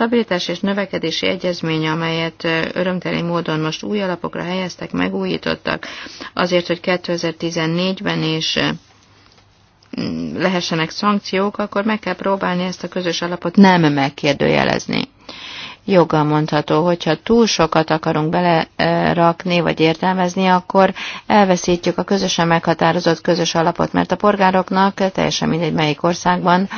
stabilitás és növekedési egyezménye, amelyet örömteli módon most új alapokra helyeztek, megújítottak, azért, hogy 2014-ben is lehessenek szankciók, akkor meg kell próbálni ezt a közös alapot nem megkérdőjelezni joga mondható, hogyha túl sokat akarunk belerakni vagy értelmezni, akkor elveszítjük a közösen meghatározott közös alapot, mert a polgároknak teljesen mindegy melyik országban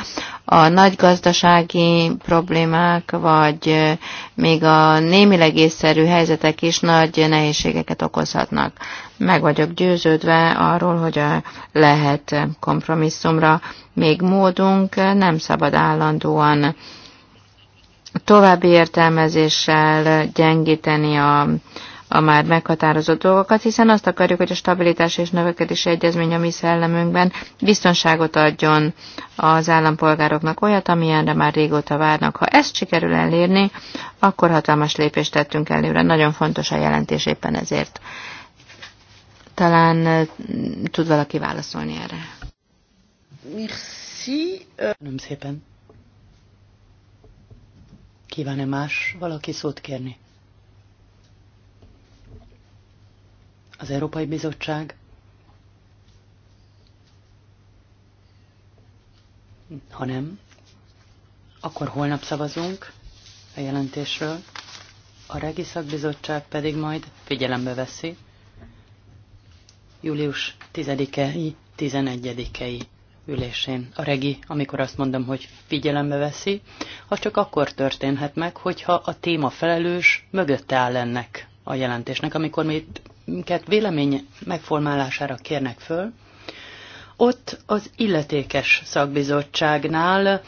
a nagy gazdasági problémák, vagy még a némileg észszerű helyzetek is nagy nehézségeket okozhatnak. Meg vagyok győződve arról, hogy a lehet kompromisszumra még módunk, nem szabad állandóan további értelmezéssel gyengíteni a, a már meghatározott dolgokat, hiszen azt akarjuk, hogy a stabilitás és növekedési egyezmény a mi szellemünkben biztonságot adjon az állampolgároknak olyat, amilyenre már régóta várnak. Ha ezt sikerül elérni, akkor hatalmas lépést tettünk előre. Nagyon fontos a jelentés éppen ezért. Talán tud valaki válaszolni erre. Merci. Köszönöm szépen. Kíván-e más valaki szót kérni? Az Európai Bizottság? Ha nem, akkor holnap szavazunk a jelentésről, a Regi Szakbizottság pedig majd figyelembe veszi július 10-i, 11-i ülésén. A regi, amikor azt mondom, hogy figyelembe veszi, az csak akkor történhet meg, hogyha a téma felelős mögötte áll ennek a jelentésnek, amikor mi minket vélemény megformálására kérnek föl, ott az illetékes szakbizottságnál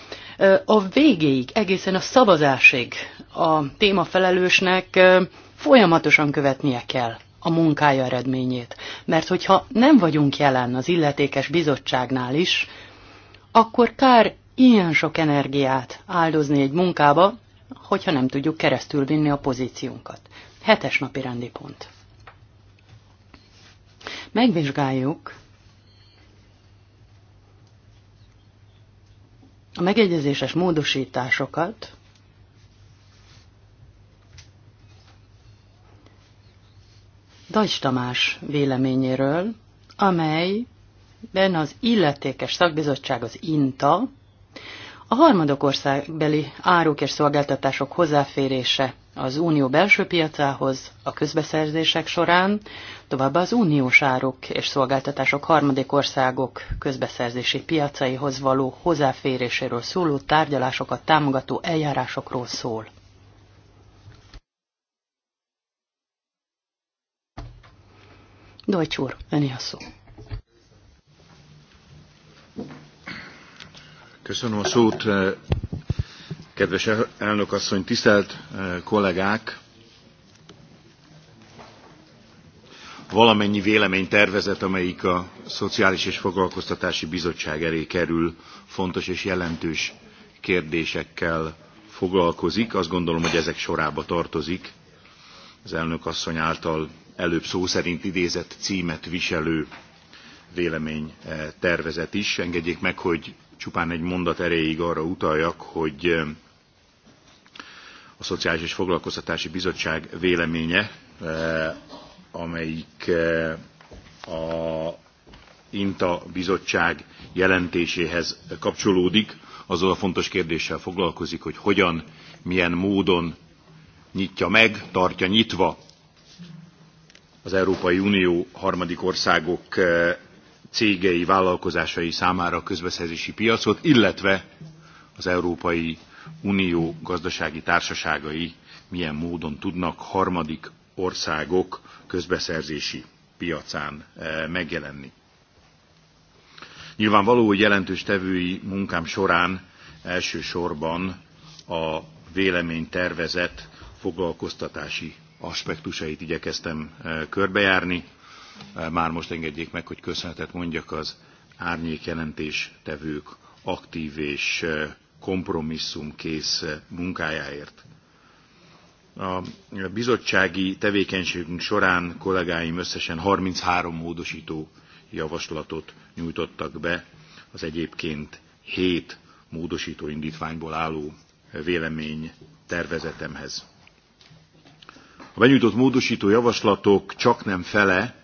a végéig, egészen a szavazásig a témafelelősnek folyamatosan követnie kell a munkája eredményét. Mert hogyha nem vagyunk jelen az illetékes bizottságnál is, akkor kár ilyen sok energiát áldozni egy munkába, hogyha nem tudjuk keresztül vinni a pozíciónkat. Hetes napi rendi pont. Megvizsgáljuk a megegyezéses módosításokat, Dajs Tamás véleményéről, amelyben az illetékes szakbizottság az INTA, a harmadok országbeli áruk és szolgáltatások hozzáférése az unió belső piacához a közbeszerzések során, továbbá az uniós áruk és szolgáltatások harmadik országok közbeszerzési piacaihoz való hozzáféréséről szóló tárgyalásokat támogató eljárásokról szól. Deutsch úr, öné a szó. Köszönöm a szót, eh, kedves elnök asszony, tisztelt eh, kollégák! Valamennyi véleménytervezet, amelyik a Szociális és Foglalkoztatási Bizottság elé kerül, fontos és jelentős kérdésekkel foglalkozik. Azt gondolom, hogy ezek sorába tartozik az elnök asszony által előbb szó szerint idézett címet viselő vélemény eh, tervezet is. Engedjék meg, hogy csupán egy mondat erejéig arra utaljak, hogy eh, a Szociális és Foglalkoztatási Bizottság véleménye, eh, amelyik a INTA bizottság jelentéséhez kapcsolódik, azzal a fontos kérdéssel foglalkozik, hogy hogyan, milyen módon nyitja meg, tartja nyitva az Európai Unió harmadik országok eh, cégei, vállalkozásai számára a közbeszerzési piacot, illetve az Európai Unió gazdasági társaságai milyen módon tudnak harmadik országok közbeszerzési piacán eh, megjelenni. Nyilvánvaló, hogy jelentős tevői munkám során elsősorban a véleménytervezet foglalkoztatási aspektusait igyekeztem e, körbejárni. E, már most engedjék meg, hogy köszönetet mondjak az jelentés tevők aktív és e, kompromisszumkész munkájáért. A bizottsági tevékenységünk során kollégáim összesen 33 módosító javaslatot nyújtottak be az egyébként 7 módosító indítványból álló vélemény tervezetemhez. A benyújtott módosító javaslatok csak nem fele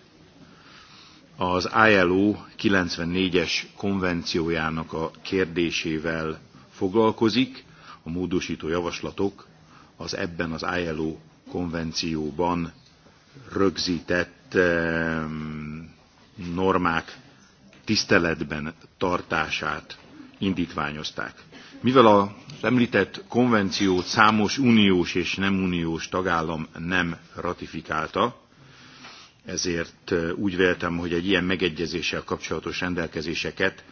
az ILO 94-es konvenciójának a kérdésével foglalkozik. A módosító javaslatok az ebben az ILO konvencióban rögzített normák tiszteletben tartását indítványozták. Mivel a említett konvenciót számos uniós és nem uniós tagállam nem ratifikálta, ezért úgy véltem, hogy egy ilyen megegyezéssel kapcsolatos rendelkezéseket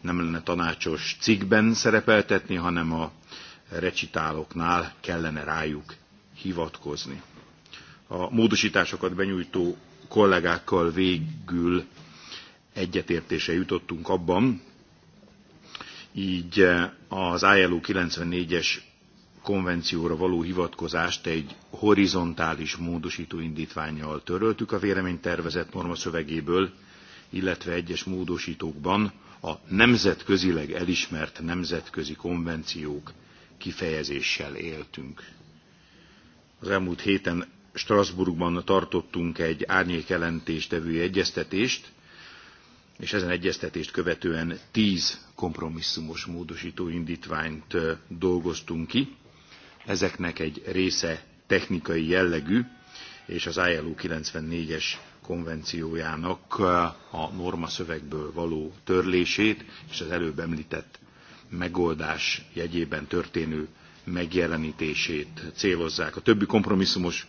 nem lenne tanácsos cikkben szerepeltetni, hanem a recitáloknál kellene rájuk hivatkozni. A módosításokat benyújtó kollégákkal végül egyetértése jutottunk abban, így eh, az ILO 94-es konvencióra való hivatkozást egy horizontális módosító indítványjal töröltük a véleménytervezet norma szövegéből, illetve egyes módosítókban a nemzetközileg elismert nemzetközi konvenciók kifejezéssel éltünk. Az elmúlt héten Strasbourgban tartottunk egy árnyékjelentéstevői egyeztetést, és ezen egyeztetést követően tíz kompromisszumos módosító indítványt dolgoztunk ki. Ezeknek egy része technikai jellegű, és az ILO 94-es konvenciójának a norma szövegből való törlését és az előbb említett megoldás jegyében történő megjelenítését célozzák. A többi kompromisszumos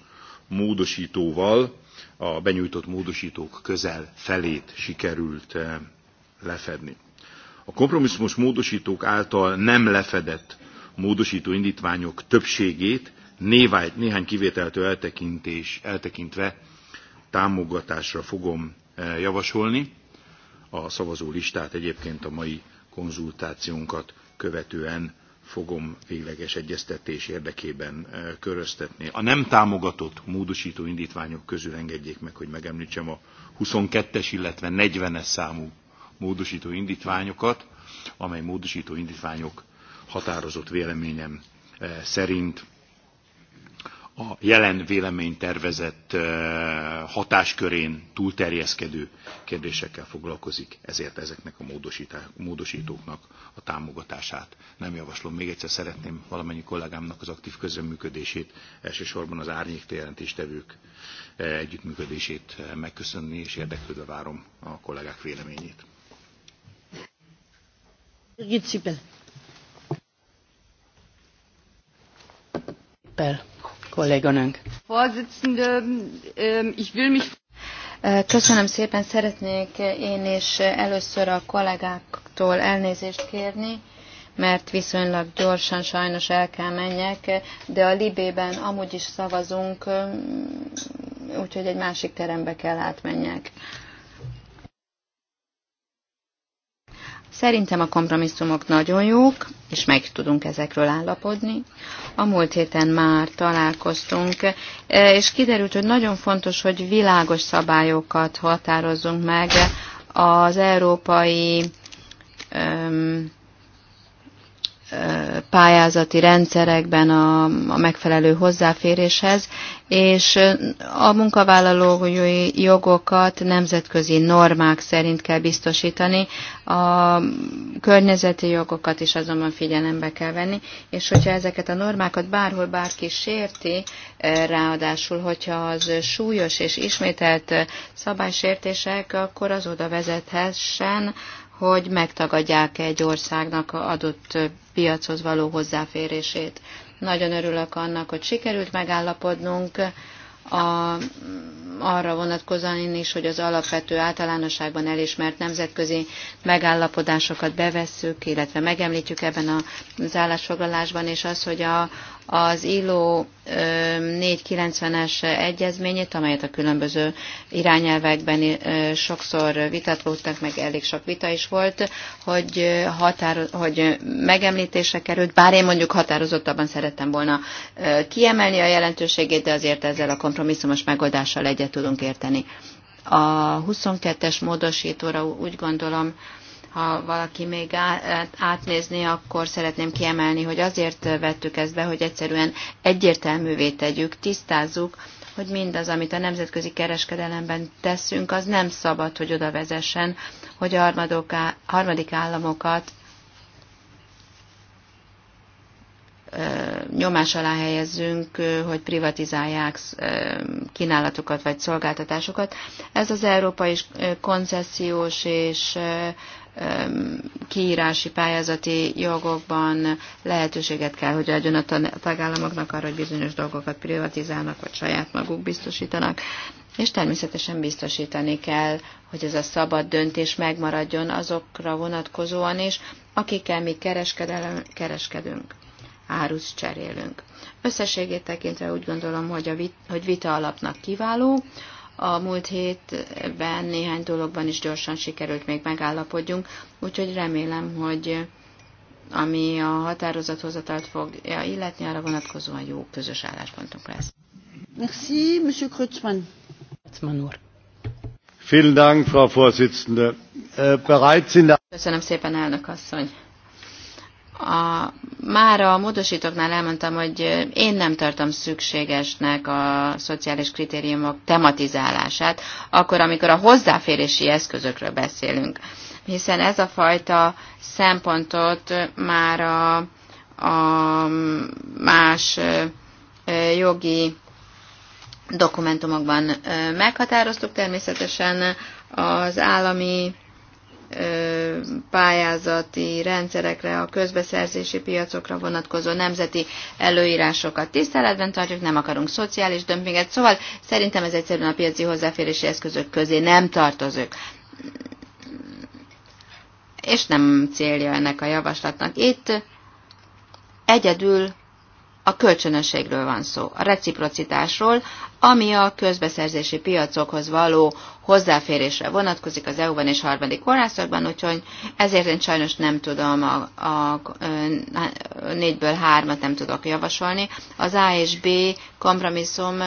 módosítóval a benyújtott módosítók közel felét sikerült eh, lefedni. A kompromisszumos módosítók által nem lefedett módosító indítványok többségét névány, néhány kivételtől eltekintés, eltekintve támogatásra fogom eh, javasolni. A szavazólistát egyébként a mai konzultációnkat követően fogom végleges egyeztetés érdekében eh, köröztetni. A nem támogatott módosító indítványok közül engedjék meg, hogy megemlítsem a 22-es, illetve 40-es számú módosító indítványokat, amely módosító indítványok határozott véleményem eh, szerint a jelen véleménytervezett hatáskörén túlterjeszkedő kérdésekkel foglalkozik, ezért ezeknek a módosítóknak a támogatását nem javaslom. Még egyszer szeretném valamennyi kollégámnak az aktív közreműködését, elsősorban az árnyéktéjelentéstevők együttműködését megköszönni, és érdeklődve várom a kollégák véleményét. Köszönöm kolléganőnk. Ähm, köszönöm szépen, szeretnék én is először a kollégáktól elnézést kérni, mert viszonylag gyorsan sajnos el kell menjek, de a Libében amúgy is szavazunk, úgyhogy egy másik terembe kell átmenjek. Szerintem a kompromisszumok nagyon jók, és meg tudunk ezekről állapodni. A múlt héten már találkoztunk, e, és kiderült, hogy nagyon fontos, hogy világos szabályokat határozzunk meg az európai öm, pályázati rendszerekben a, a megfelelő hozzáféréshez, és a munkavállalói jogokat nemzetközi normák szerint kell biztosítani, a környezeti jogokat is azonban figyelembe kell venni, és hogyha ezeket a normákat bárhol bárki sérti, eh, ráadásul, hogyha az súlyos és ismételt eh, szabálysértések, akkor az oda vezethessen, hogy megtagadják egy országnak adott eh, piachoz való hozzáférését. Nagyon örülök annak, hogy sikerült megállapodnunk a, arra vonatkozóan is, hogy az alapvető általánosságban elismert nemzetközi megállapodásokat bevesszük, illetve megemlítjük ebben az állásfoglalásban, és az, hogy a, az ILO 490-es egyezményét, amelyet a különböző irányelvekben sokszor vitatkoztak, meg elég sok vita is volt, hogy, határo- hogy megemlítése került, bár én mondjuk határozottabban szerettem volna kiemelni a jelentőségét, de azért ezzel a kompromisszumos megoldással egyet tudunk érteni. A 22-es módosítóra úgy gondolom, ha valaki még átnézni, akkor szeretném kiemelni, hogy azért vettük ezt be, hogy egyszerűen egyértelművé tegyük, tisztázzuk, hogy mindaz, amit a nemzetközi kereskedelemben teszünk, az nem szabad, hogy oda vezessen, hogy a harmadik államokat nyomás alá helyezzünk, hogy privatizálják kínálatokat vagy szolgáltatásokat. Ez az európai koncesziós és kiírási pályázati jogokban lehetőséget kell, hogy adjon a tagállamoknak arra, hogy bizonyos dolgokat privatizálnak, vagy saját maguk biztosítanak. És természetesen biztosítani kell, hogy ez a szabad döntés megmaradjon azokra vonatkozóan is, akikkel mi kereskedünk, árus cserélünk. Összességét tekintve úgy gondolom, hogy, a vit, hogy vita alapnak kiváló, a múlt hétben néhány dologban is gyorsan sikerült még megállapodjunk, úgyhogy remélem, hogy ami a határozathozatalt fogja illetni, arra vonatkozóan jó közös álláspontunk lesz. Merci, Monsieur Kreutzmann. Kreutzmann úr. Vielen Dank, Frau Vorsitzende. Äh, Bereits in der Köszönöm szépen, elnök asszony. A, már a módosítóknál elmondtam, hogy én nem tartom szükségesnek a szociális kritériumok tematizálását, akkor, amikor a hozzáférési eszközökről beszélünk. Hiszen ez a fajta szempontot már a, a más jogi dokumentumokban meghatároztuk, természetesen az állami pályázati rendszerekre, a közbeszerzési piacokra vonatkozó nemzeti előírásokat tiszteletben tartjuk, nem akarunk szociális dömpinget, szóval szerintem ez egyszerűen a piaci hozzáférési eszközök közé nem tartozik. És nem célja ennek a javaslatnak. Itt egyedül a kölcsönösségről van szó, a reciprocitásról, ami a közbeszerzési piacokhoz való hozzáférésre vonatkozik az EU-ban és harmadik országban, úgyhogy ezért én sajnos nem tudom, a, a, a négyből hármat nem tudok javasolni. Az A és B kompromisszum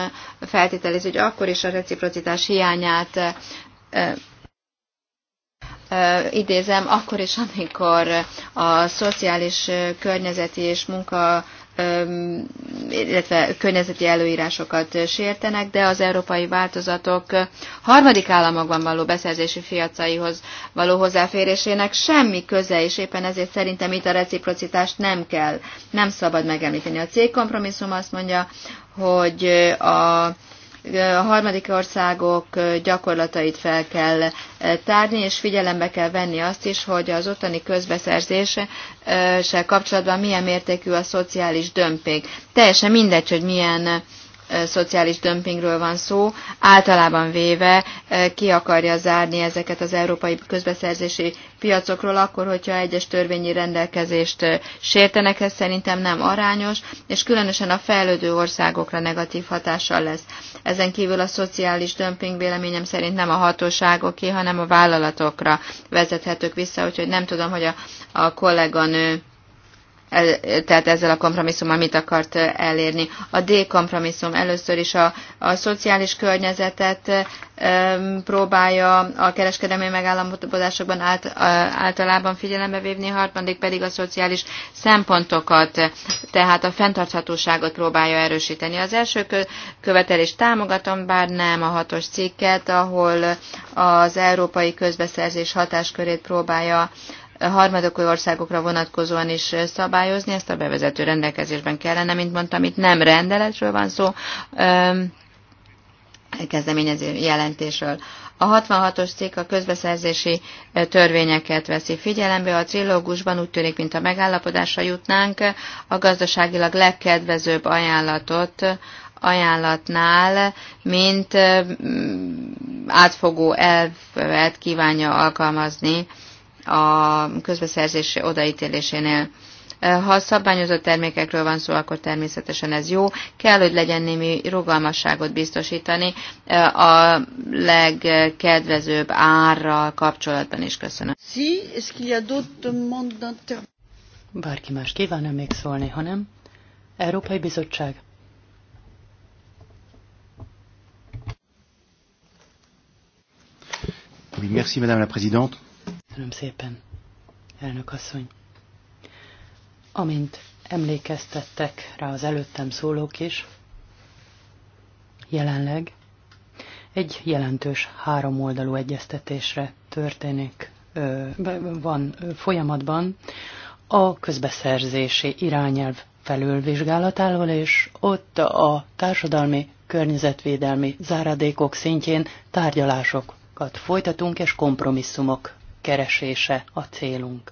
feltételez, hogy akkor is a reciprocitás hiányát idézem, akkor is, amikor a szociális, környezeti és munka illetve környezeti előírásokat sértenek, de az európai változatok harmadik államokban való beszerzési fiacaihoz való hozzáférésének semmi köze, és éppen ezért szerintem itt a reciprocitást nem kell, nem szabad megemlíteni. A cégkompromisszum azt mondja, hogy a a harmadik országok gyakorlatait fel kell eh, tárni, és figyelembe kell venni azt is, hogy az ottani közbeszerzéssel kapcsolatban milyen mértékű a szociális dömping. Teljesen mindegy, hogy milyen szociális dömpingről van szó, általában véve ki akarja zárni ezeket az európai közbeszerzési piacokról akkor, hogyha egyes törvényi rendelkezést sértenek, ez szerintem nem arányos, és különösen a fejlődő országokra negatív hatással lesz. Ezen kívül a szociális dömping véleményem szerint nem a hatóságoké, hanem a vállalatokra vezethetők vissza, úgyhogy nem tudom, hogy a, a kolléganő tehát ezzel a kompromisszummal mit akart elérni. A D kompromisszum először is a, a szociális környezetet próbálja a kereskedelmi megállapodásokban át, általában figyelembe vívni, harmadik pedig a szociális szempontokat, tehát a fenntarthatóságot próbálja erősíteni. Az első követelést támogatom, bár nem a hatos cikket, ahol az európai közbeszerzés hatáskörét próbálja harmadik országokra vonatkozóan is szabályozni, ezt a bevezető rendelkezésben kellene, mint mondtam, itt nem rendeletről van szó, kezdeményező jelentésről. A 66-os cikk a közbeszerzési törvényeket veszi figyelembe. A trilógusban úgy tűnik, mint a megállapodásra jutnánk. A gazdaságilag legkedvezőbb ajánlatot ajánlatnál, mint átfogó elvet kívánja alkalmazni a közbeszerzés odaítélésénél. Ha szabványozott termékekről van szó, akkor természetesen ez jó. Kell, hogy legyen némi rugalmasságot biztosítani a legkedvezőbb árral kapcsolatban is. Köszönöm. Si, est-ce Bárki más kívánna még szólni, hanem Európai Bizottság. Oui, merci Madame la Présidente. Köszönöm szépen, elnök asszony. Amint emlékeztettek rá az előttem szólók is, jelenleg egy jelentős háromoldalú egyeztetésre történik, van folyamatban a közbeszerzési irányelv felülvizsgálatával, és ott a társadalmi környezetvédelmi záradékok szintjén tárgyalásokat folytatunk és kompromisszumok keresése a célunk.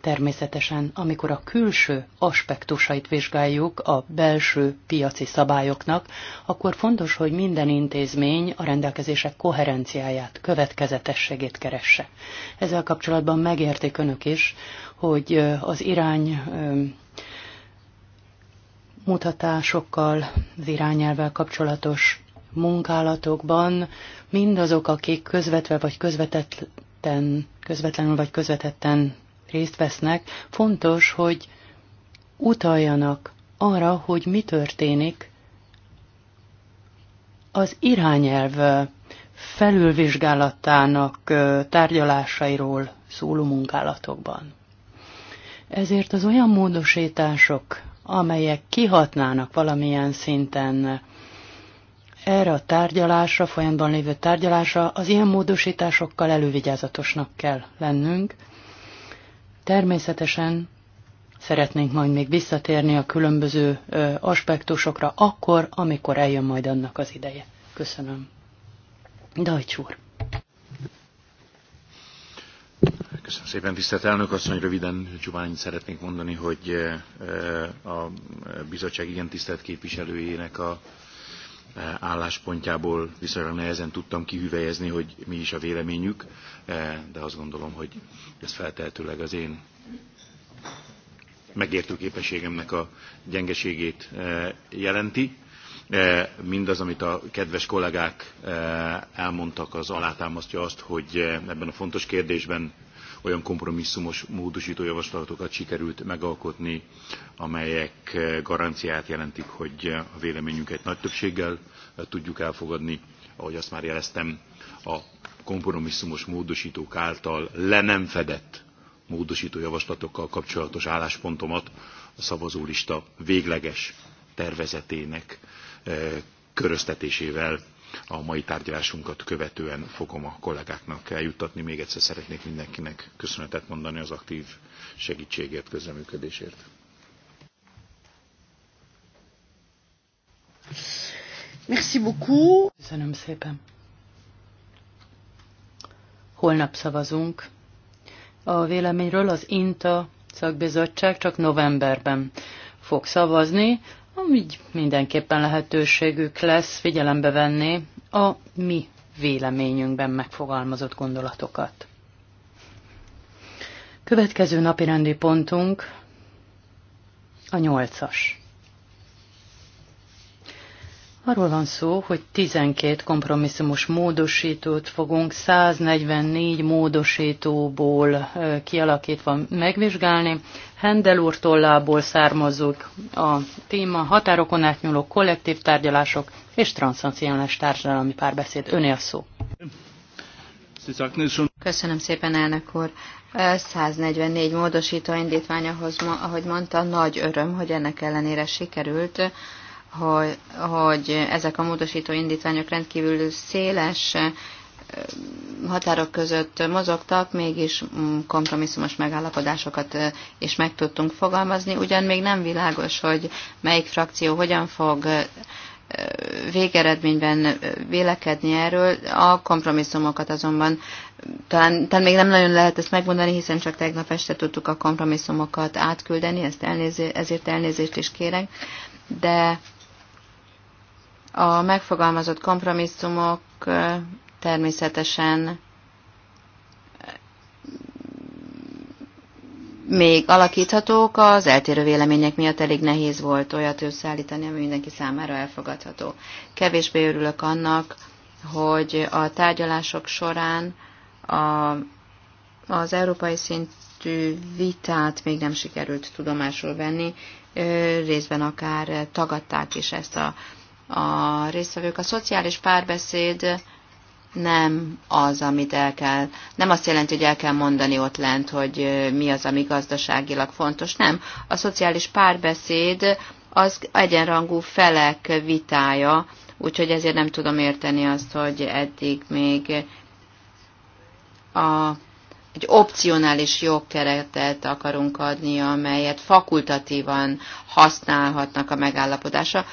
Természetesen, amikor a külső aspektusait vizsgáljuk a belső piaci szabályoknak, akkor fontos, hogy minden intézmény a rendelkezések koherenciáját, következetességét keresse. Ezzel kapcsolatban megérték önök is, hogy az irány mutatásokkal, az irányelvel kapcsolatos munkálatokban mindazok, akik közvetve vagy közvetett, ketten közvetlenül vagy közvetetten részt vesznek, fontos, hogy utaljanak arra, hogy mi történik az irányelv felülvizsgálatának tárgyalásairól szóló munkálatokban. Ezért az olyan módosítások, amelyek kihatnának valamilyen szinten erre a tárgyalásra, folyamban lévő tárgyalásra az ilyen módosításokkal elővigyázatosnak kell lennünk. Természetesen szeretnénk majd még visszatérni a különböző aspektusokra akkor, amikor eljön majd annak az ideje. Köszönöm. Dajcs úr. Köszönöm szépen, tisztelt elnök asszony. Röviden csupán szeretnék mondani, hogy a bizottság igen tisztelt képviselőjének a E, álláspontjából viszonylag nehezen tudtam kihüvelyezni, hogy mi is a véleményük, e, de azt gondolom, hogy ez feltehetőleg az én megértő képességemnek a gyengeségét e, jelenti. Mindaz, amit a kedves kollégák elmondtak, az alátámasztja azt, hogy ebben a fontos kérdésben olyan kompromisszumos módosító javaslatokat sikerült megalkotni, amelyek eh, garanciát jelentik, hogy eh, a véleményünket nagy többséggel eh, tudjuk elfogadni, ahogy azt már jeleztem, a kompromisszumos módosítók által le nem fedett módosító javaslatokkal kapcsolatos álláspontomat a szavazólista végleges tervezetének köröztetésével a mai tárgyalásunkat követően fogom a kollégáknak eljuttatni. Még egyszer szeretnék mindenkinek köszönetet mondani az aktív segítségért, közreműködésért. Merci beaucoup. Köszönöm szépen. Holnap szavazunk. A véleményről az INTA szakbizottság csak novemberben fog szavazni így mindenképpen lehetőségük lesz figyelembe venni a mi véleményünkben megfogalmazott gondolatokat. Következő napi rendi pontunk a nyolcas. Arról van szó, hogy 12 kompromisszumos módosítót fogunk 144 módosítóból kialakítva megvizsgálni. Hendel úr tollából származók a téma határokon átnyúló kollektív tárgyalások és transzanciális társadalmi párbeszéd. Öné a szó. Köszönöm szépen, elnök úr. 144 módosító indítványahoz, ahogy mondta, nagy öröm, hogy ennek ellenére sikerült hogy, hogy ezek a módosító indítványok rendkívül széles határok között mozogtak, mégis kompromisszumos megállapodásokat is meg tudtunk fogalmazni. Ugyan még nem világos, hogy melyik frakció hogyan fog végeredményben vélekedni erről. A kompromisszumokat azonban talán, talán még nem nagyon lehet ezt megmondani, hiszen csak tegnap este tudtuk a kompromisszumokat átküldeni, ezt elnézé, ezért elnézést is kérek, de a megfogalmazott kompromisszumok természetesen még alakíthatók, az eltérő vélemények miatt elég nehéz volt olyat összeállítani, ami mindenki számára elfogadható. Kevésbé örülök annak, hogy a tárgyalások során a, az európai szintű vitát még nem sikerült tudomásul venni, részben akár tagadták is ezt a a résztvevők. A szociális párbeszéd nem az, amit el kell, nem azt jelenti, hogy el kell mondani ott lent, hogy mi az, ami gazdaságilag fontos. Nem. A szociális párbeszéd az egyenrangú felek vitája, úgyhogy ezért nem tudom érteni azt, hogy eddig még a, egy opcionális jogkeretet akarunk adni, amelyet fakultatívan használhatnak a megállapodása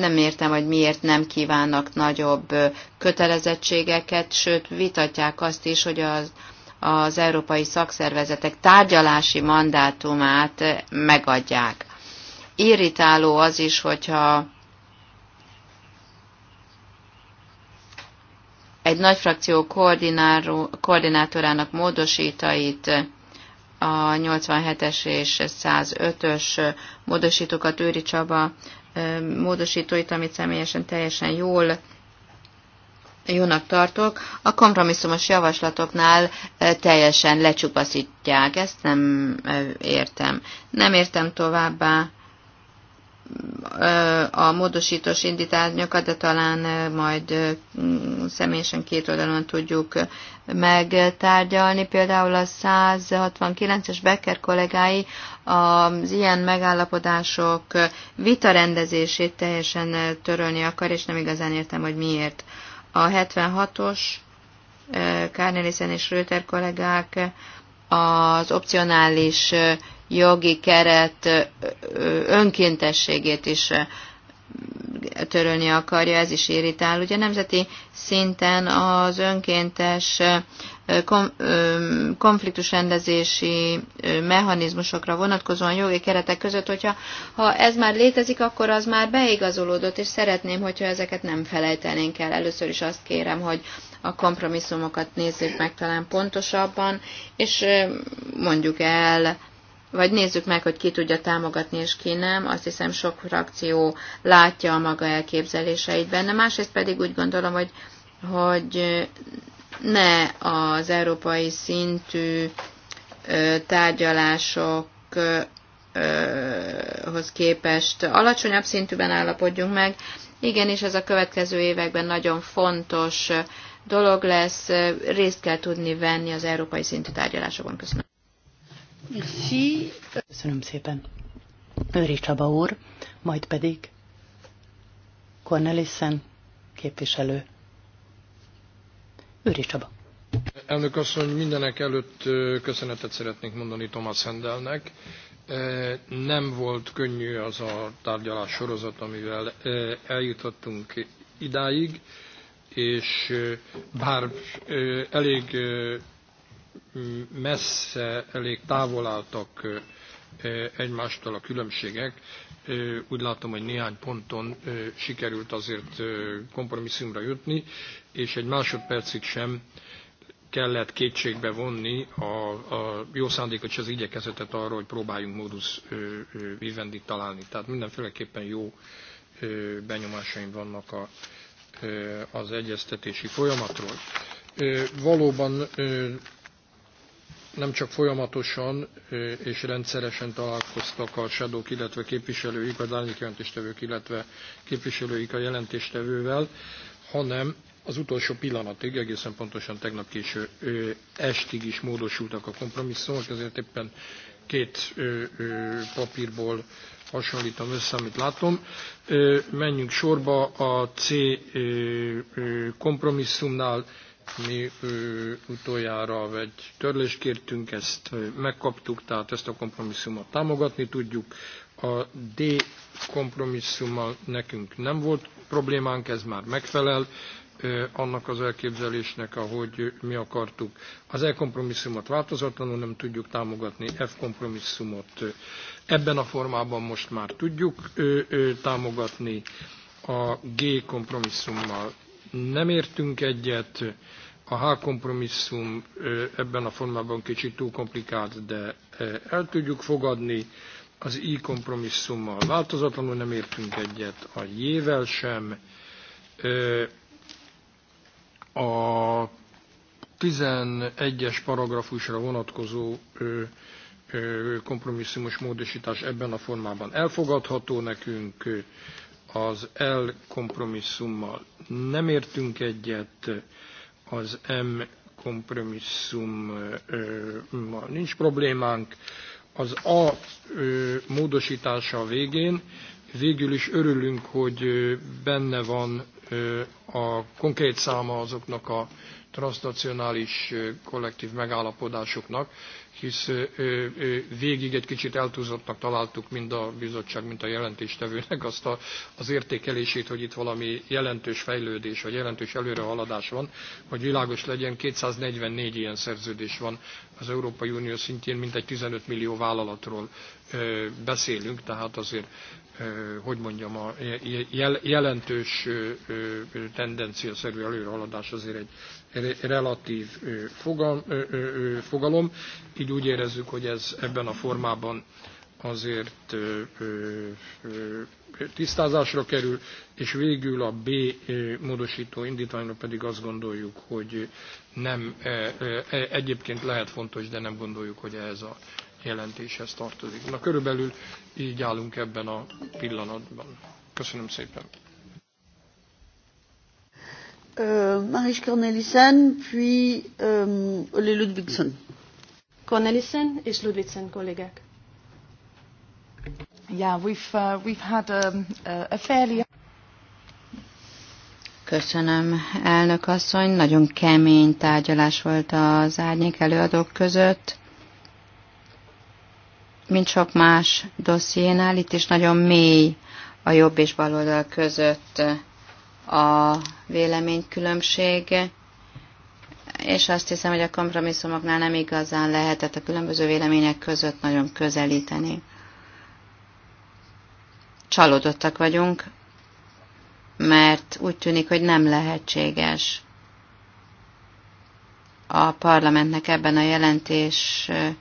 nem értem, hogy miért nem kívánnak nagyobb kötelezettségeket, sőt vitatják azt is, hogy az, az európai szakszervezetek tárgyalási mandátumát megadják. Irritáló az is, hogyha egy nagy frakció koordinátorának módosítait a 87-es és 105-ös módosítókat Őri Csaba módosítóit, amit személyesen teljesen jól jónak tartok, a kompromisszumos javaslatoknál teljesen lecsupaszítják. Ezt nem értem. Nem értem továbbá a módosítós indítányokat, de talán majd személyesen két oldalon tudjuk megtárgyalni. Például a 169-es Becker kollégái az ilyen megállapodások vitarendezését teljesen törölni akar, és nem igazán értem, hogy miért. A 76-os Kárnélisen és Röter kollégák az opcionális jogi keret önkéntességét is törölni akarja, ez is irritál. Ugye nemzeti szinten az önkéntes konfliktusrendezési mechanizmusokra vonatkozóan jogi keretek között, hogyha ha ez már létezik, akkor az már beigazolódott, és szeretném, hogyha ezeket nem felejtenénk el. Először is azt kérem, hogy a kompromisszumokat nézzük meg talán pontosabban, és mondjuk el vagy nézzük meg, hogy ki tudja támogatni és ki nem. Azt hiszem sok frakció látja a maga elképzeléseit benne. Másrészt pedig úgy gondolom, hogy, hogy ne az európai szintű tárgyalásokhoz képest alacsonyabb szintűben állapodjunk meg. Igenis, ez a következő években nagyon fontos dolog lesz, részt kell tudni venni az európai szintű tárgyalásokon. Köszönöm. Merci. Köszönöm szépen. Őri Csaba úr, majd pedig Cornelissen képviselő. Őri Csaba. Elnök asszony, mindenek előtt köszönetet szeretnék mondani Thomas Hendelnek. Nem volt könnyű az a tárgyalás sorozat, amivel eljutottunk idáig, és bár elég messze, elég távol álltak egymástól a különbségek. Úgy látom, hogy néhány ponton sikerült azért kompromisszumra jutni, és egy másodpercig sem kellett kétségbe vonni a, a jó szándékot és az igyekezetet arra, hogy próbáljunk módusz vivendi találni. Tehát mindenféleképpen jó benyomásaim vannak a, az egyeztetési folyamatról. Valóban nem csak folyamatosan és rendszeresen találkoztak a sadók, illetve képviselőik, az árnyék jelentéstevők, illetve képviselőik a jelentéstevővel, hanem az utolsó pillanatig, egészen pontosan tegnap késő estig is módosultak a kompromisszumok, ezért éppen két papírból hasonlítom össze, amit látom. Menjünk sorba a C kompromisszumnál mi ö, utoljára egy törlést kértünk, ezt megkaptuk, tehát ezt a kompromisszumot támogatni tudjuk. A D kompromisszummal nekünk nem volt problémánk, ez már megfelel ö, annak az elképzelésnek, ahogy mi akartuk. Az E kompromisszumot változatlanul nem tudjuk támogatni, F kompromisszumot ö, ebben a formában most már tudjuk támogatni a G kompromisszummal nem értünk egyet, a H kompromisszum ebben a formában kicsit túl komplikált, de el tudjuk fogadni. Az I kompromisszummal változatlanul nem értünk egyet, a J-vel sem. A 11-es paragrafusra vonatkozó kompromisszumos módosítás ebben a formában elfogadható nekünk az L kompromisszummal nem értünk egyet, az M kompromisszummal nincs problémánk, az A módosítása a végén, végül is örülünk, hogy benne van a konkrét száma azoknak a transnacionális kollektív megállapodásoknak, hisz ö, ö, végig egy kicsit eltúzottnak találtuk mind a bizottság, mind a jelentéstevőnek azt a, az értékelését, hogy itt valami jelentős fejlődés, vagy jelentős előrehaladás van, hogy világos legyen, 244 ilyen szerződés van az Európai Unió szintjén, mintegy 15 millió vállalatról ö, beszélünk, tehát azért hogy mondjam, a jelentős tendencia szerű előrehaladás azért egy relatív fogalom, így úgy érezzük, hogy ez ebben a formában azért tisztázásra kerül, és végül a B módosító indítványra pedig azt gondoljuk, hogy nem, e, egyébként lehet fontos, de nem gondoljuk, hogy ez a jelentéshez tartozik. Na körülbelül így állunk ebben a pillanatban. Köszönöm szépen euh, Marie Cornelissen, puis euh, Ole Ludwigsen. Cornelissen et Ludwigsen, collègues. Yeah, we've, uh, we've had a, um, uh, a fairly... Köszönöm, elnök asszony. Nagyon kemény tárgyalás volt az árnyék előadók között. Mint sok más dossziénál, itt is nagyon mély a jobb és baloldal között a véleménykülönbség, és azt hiszem, hogy a kompromisszumoknál nem igazán lehetett a különböző vélemények között nagyon közelíteni. Csalódottak vagyunk, mert úgy tűnik, hogy nem lehetséges a parlamentnek ebben a jelentésben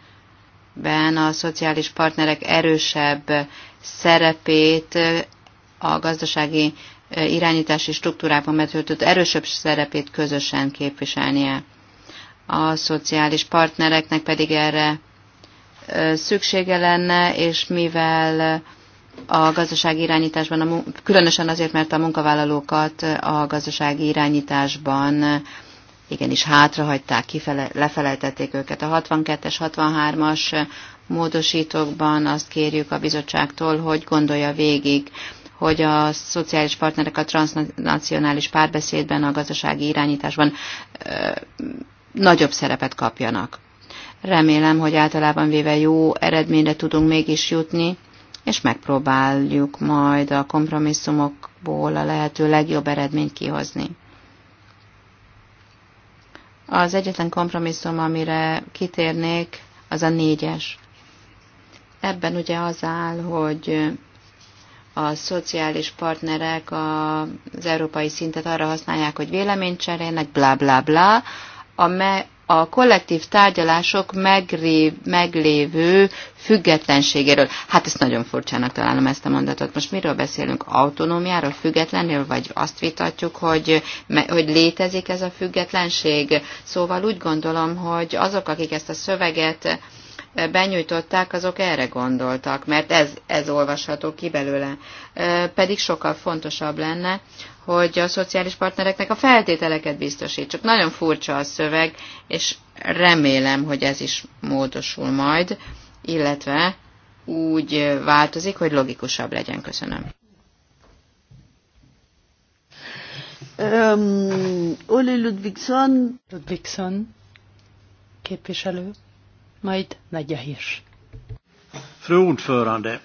a szociális partnerek erősebb szerepét a gazdasági irányítási struktúrában betöltött erősebb szerepét közösen képviselnie. A szociális partnereknek pedig erre szüksége lenne, és mivel a gazdasági irányításban, a, különösen azért, mert a munkavállalókat a gazdasági irányításban igenis hátrahagyták, kifele, lefeleltették őket. A 62-es, 63-as módosítókban azt kérjük a bizottságtól, hogy gondolja végig hogy a szociális partnerek a transnacionális párbeszédben, a gazdasági irányításban nagyobb szerepet kapjanak. Remélem, hogy általában véve jó eredményre tudunk mégis jutni, és megpróbáljuk majd a kompromisszumokból a lehető legjobb eredményt kihozni. Az egyetlen kompromisszum, amire kitérnék, az a négyes. Ebben ugye az áll, hogy a szociális partnerek az európai szintet arra használják, hogy véleményt cserélnek, bla bla bla, a, me, a kollektív tárgyalások megrév, meglévő függetlenségéről. Hát ezt nagyon furcsának találom ezt a mondatot. Most miről beszélünk? Autonómiáról, függetlenről, vagy azt vitatjuk, hogy, hogy létezik ez a függetlenség? Szóval úgy gondolom, hogy azok, akik ezt a szöveget benyújtották, azok erre gondoltak, mert ez, ez olvasható ki belőle. Pedig sokkal fontosabb lenne, hogy a szociális partnereknek a feltételeket biztosítsuk. Nagyon furcsa a szöveg, és remélem, hogy ez is módosul majd, illetve úgy változik, hogy logikusabb legyen. Köszönöm. Um, Oli Ludvigson. Ludvigson képviselő majd Nagyja Hirs. Fru ordförande,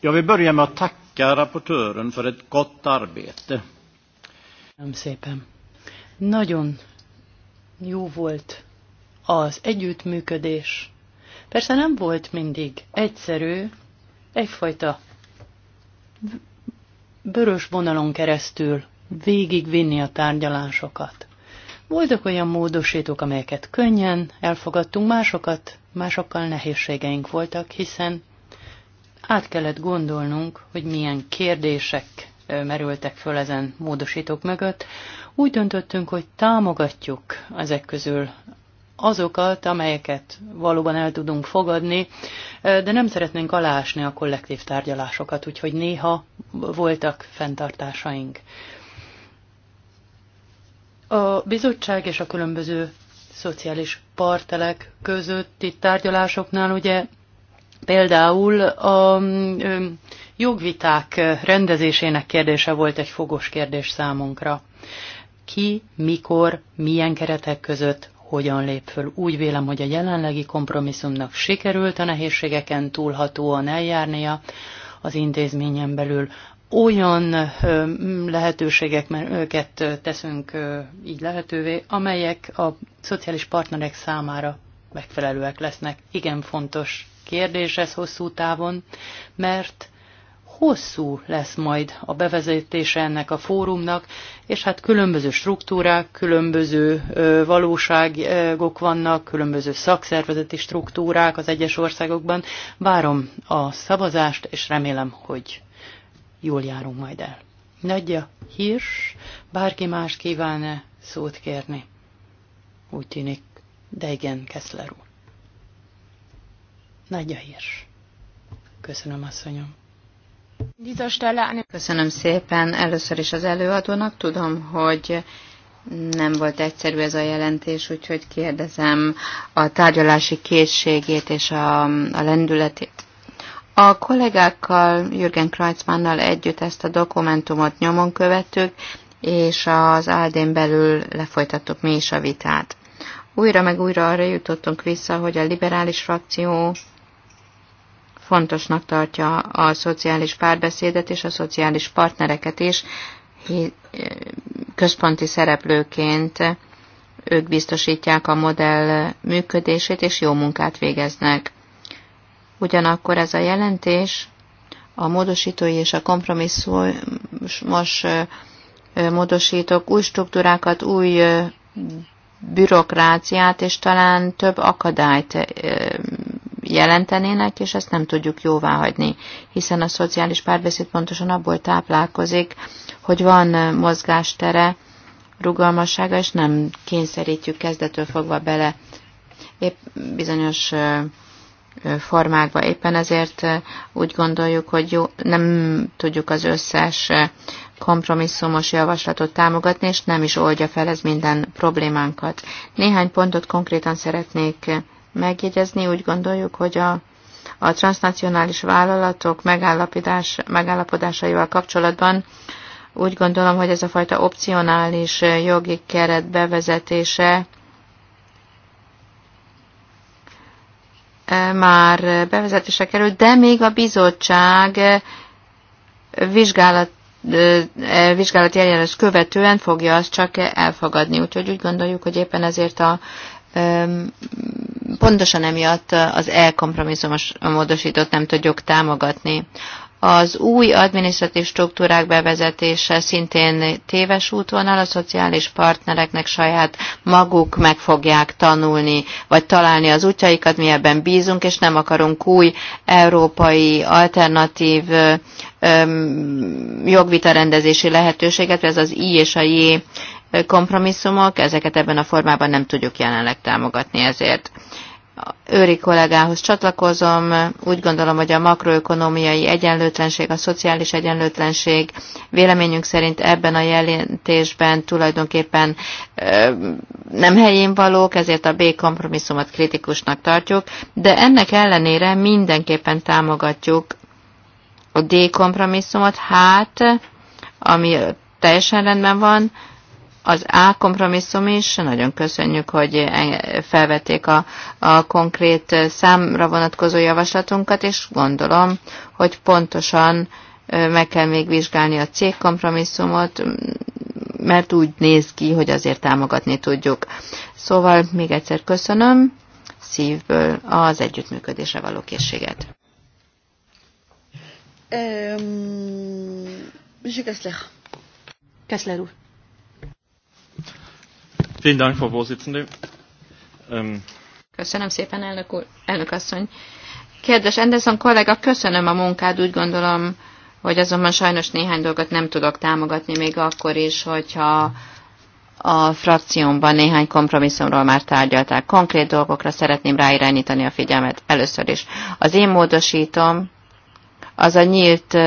jag vill börja med att tacka rapportören för ett gott arbete. Köszönöm szépen. Nagyon jó volt az együttműködés. Persze nem volt mindig egyszerű, egyfajta vörös vonalon keresztül végigvinni a tárgyalásokat. Voltak olyan módosítók, amelyeket könnyen elfogadtunk, másokat, másokkal nehézségeink voltak, hiszen át kellett gondolnunk, hogy milyen kérdések merültek föl ezen módosítók mögött. Úgy döntöttünk, hogy támogatjuk ezek közül azokat, amelyeket valóban el tudunk fogadni, de nem szeretnénk alásni a kollektív tárgyalásokat, úgyhogy néha voltak fenntartásaink. A bizottság és a különböző szociális partelek közötti tárgyalásoknál ugye például a jogviták rendezésének kérdése volt egy fogos kérdés számunkra. Ki, mikor, milyen keretek között hogyan lép föl. Úgy vélem, hogy a jelenlegi kompromisszumnak sikerült a nehézségeken túlhatóan eljárnia az intézményen belül olyan lehetőségeket teszünk így lehetővé, amelyek a szociális partnerek számára megfelelőek lesznek. Igen fontos kérdés ez hosszú távon, mert hosszú lesz majd a bevezetése ennek a fórumnak, és hát különböző struktúrák, különböző valóságok vannak, különböző szakszervezeti struktúrák az egyes országokban. Várom a szavazást, és remélem, hogy jól járunk majd el. Nagyja, hírs. bárki más kíván-e szót kérni? Úgy tűnik, de igen, Keszler úr. Nagyja hírs. Köszönöm, asszonyom. Köszönöm szépen először is az előadónak. Tudom, hogy nem volt egyszerű ez a jelentés, úgyhogy kérdezem a tárgyalási készségét és a, a lendületét a kollégákkal, Jürgen Kreutzmannnal együtt ezt a dokumentumot nyomon követtük, és az Áldén belül lefolytattuk mi is a vitát. Újra meg újra arra jutottunk vissza, hogy a liberális frakció fontosnak tartja a szociális párbeszédet és a szociális partnereket is központi szereplőként. Ők biztosítják a modell működését, és jó munkát végeznek. Ugyanakkor ez a jelentés a módosítói és a kompromisszumos módosítók új struktúrákat, új bürokráciát és talán több akadályt jelentenének, és ezt nem tudjuk jóvá hagyni, hiszen a szociális párbeszéd pontosan abból táplálkozik, hogy van mozgástere, rugalmassága, és nem kényszerítjük kezdetől fogva bele épp bizonyos formákba. Éppen ezért úgy gondoljuk, hogy jó, nem tudjuk az összes kompromisszumos javaslatot támogatni, és nem is oldja fel ez minden problémánkat. Néhány pontot konkrétan szeretnék megjegyezni. Úgy gondoljuk, hogy a, a transnacionális vállalatok megállapodás, megállapodásaival kapcsolatban úgy gondolom, hogy ez a fajta opcionális jogi keret bevezetése már bevezetésre került, de még a bizottság vizsgálat eh, vizsgálati eljárás követően fogja azt csak elfogadni. Úgyhogy úgy gondoljuk, hogy éppen ezért a pontosan emiatt az elkompromisszumos módosítót nem tudjuk támogatni. Az új adminisztratív struktúrák bevezetése szintén téves útvonal, a szociális partnereknek saját maguk meg fogják tanulni, vagy találni az útjaikat, mi ebben bízunk, és nem akarunk új európai alternatív öm, jogvita rendezési lehetőséget, ez az I és a J kompromisszumok, ezeket ebben a formában nem tudjuk jelenleg támogatni ezért őri kollégához csatlakozom. Úgy gondolom, hogy a makroökonomiai egyenlőtlenség, a szociális egyenlőtlenség véleményünk szerint ebben a jelentésben tulajdonképpen nem helyén valók, ezért a B kompromisszumot kritikusnak tartjuk, de ennek ellenére mindenképpen támogatjuk a D kompromisszumot, hát, ami teljesen rendben van, az A kompromisszum is, nagyon köszönjük, hogy e, felvették a, a konkrét számra vonatkozó javaslatunkat, és gondolom, hogy pontosan e, meg kell még vizsgálni a cég kompromisszumot, mert úgy néz ki, hogy azért támogatni tudjuk. Szóval még egyszer köszönöm szívből az együttműködésre való készséget. Um, Kessler. Kessler úr. Vielen Dank, Frau Vorsitzende. Ähm, köszönöm szépen, elnök, úr, elnök asszony. Kedves Anderson kollega, köszönöm a munkád, úgy gondolom, hogy azonban sajnos néhány dolgot nem tudok támogatni, még akkor is, hogyha a frakciómban néhány kompromisszumról már tárgyalták. Konkrét dolgokra szeretném ráirányítani a figyelmet először is. Az én módosítom az a nyílt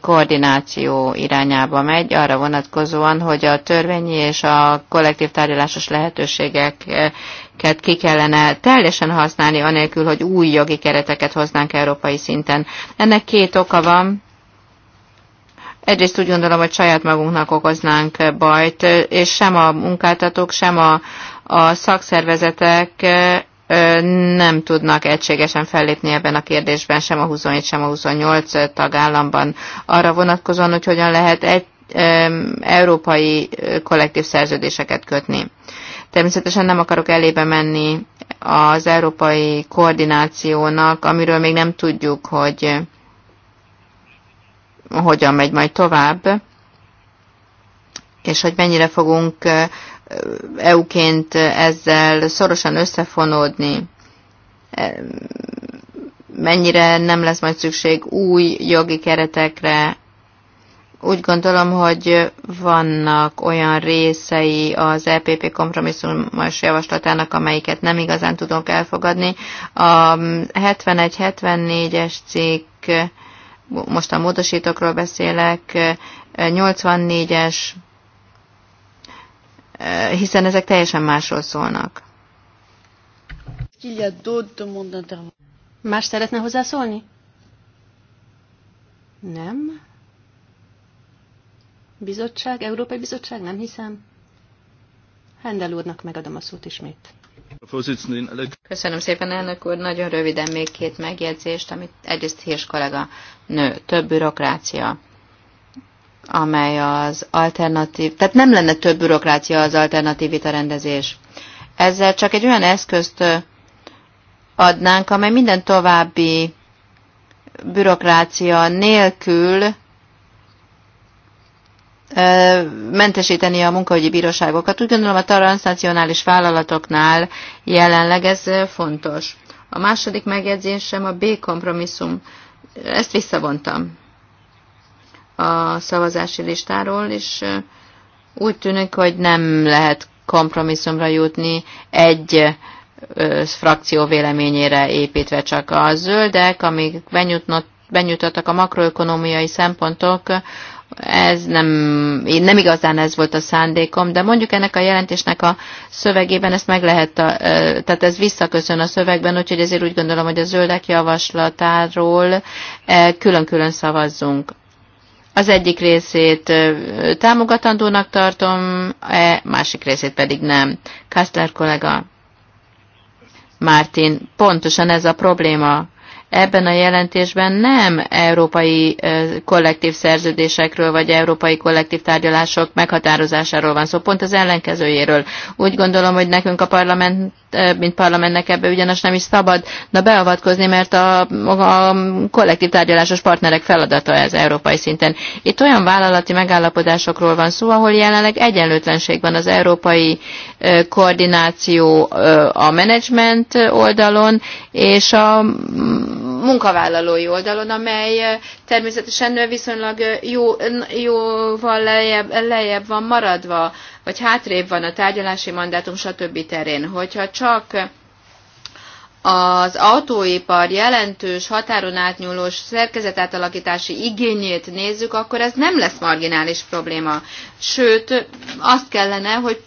koordináció irányába megy, arra vonatkozóan, hogy a törvényi és a kollektív tárgyalásos lehetőségeket ki kellene teljesen használni, anélkül, hogy új jogi kereteket hoznánk európai szinten. Ennek két oka van. Egyrészt úgy gondolom, hogy saját magunknak okoznánk bajt, és sem a munkáltatók, sem a, a szakszervezetek nem tudnak egységesen fellépni ebben a kérdésben sem a 27, sem a 28 tagállamban. Arra vonatkozóan, hogy hogyan lehet egy európai kollektív szerződéseket kötni. Természetesen nem akarok elébe menni az európai koordinációnak, amiről még nem tudjuk, hogy hogyan megy majd tovább, és hogy mennyire fogunk EU-ként ezzel szorosan összefonódni, e, mennyire nem lesz majd szükség új jogi keretekre. Úgy gondolom, hogy vannak olyan részei az EPP kompromisszumos javaslatának, amelyiket nem igazán tudunk elfogadni. A 71-74-es cikk, most a módosítókról beszélek, 84-es Eh, hiszen ezek teljesen másról szólnak. Más szeretne hozzászólni? Nem. Bizottság, Európai Bizottság, nem hiszem. Hendel úrnak megadom a szót ismét. Köszönöm szépen, elnök úr. Nagyon röviden még két megjegyzést, amit egyrészt hírs kollega nő, több bürokrácia amely az alternatív, tehát nem lenne több bürokrácia az alternatív vitarendezés. Ezzel csak egy olyan eszközt adnánk, amely minden további bürokrácia nélkül mentesíteni a munkahogyi bíróságokat. Úgy gondolom a transnacionális vállalatoknál jelenleg ez fontos. A második megjegyzésem a B kompromisszum. Ezt visszavontam a szavazási listáról, és úgy tűnik, hogy nem lehet kompromisszumra jutni egy frakció véleményére építve csak a zöldek, amik benyújtottak a makroökonomiai szempontok, ez nem, én nem igazán ez volt a szándékom, de mondjuk ennek a jelentésnek a szövegében ezt meg lehet, tehát ez visszaköszön a szövegben, úgyhogy ezért úgy gondolom, hogy a zöldek javaslatáról külön-külön szavazzunk. Az egyik részét támogatandónak tartom, e másik részét pedig nem. Kastler kollega, Mártin, pontosan ez a probléma. Ebben a jelentésben nem európai kollektív szerződésekről vagy európai kollektív tárgyalások meghatározásáról van szó, szóval pont az ellenkezőjéről. Úgy gondolom, hogy nekünk a parlament mint parlamentnek ebbe ugyanis nem is szabadna beavatkozni, mert a, a kollektív tárgyalásos partnerek feladata ez európai szinten. Itt olyan vállalati megállapodásokról van szó, ahol jelenleg egyenlőtlenség van az európai koordináció a menedzsment oldalon és a munkavállalói oldalon, amely természetesen viszonylag jó, jóval lejjebb, lejjebb van maradva vagy hátrébb van a tárgyalási mandátum, stb. terén. Hogyha csak az autóipar jelentős határon átnyúlós szerkezetátalakítási igényét nézzük, akkor ez nem lesz marginális probléma. Sőt, azt kellene, hogy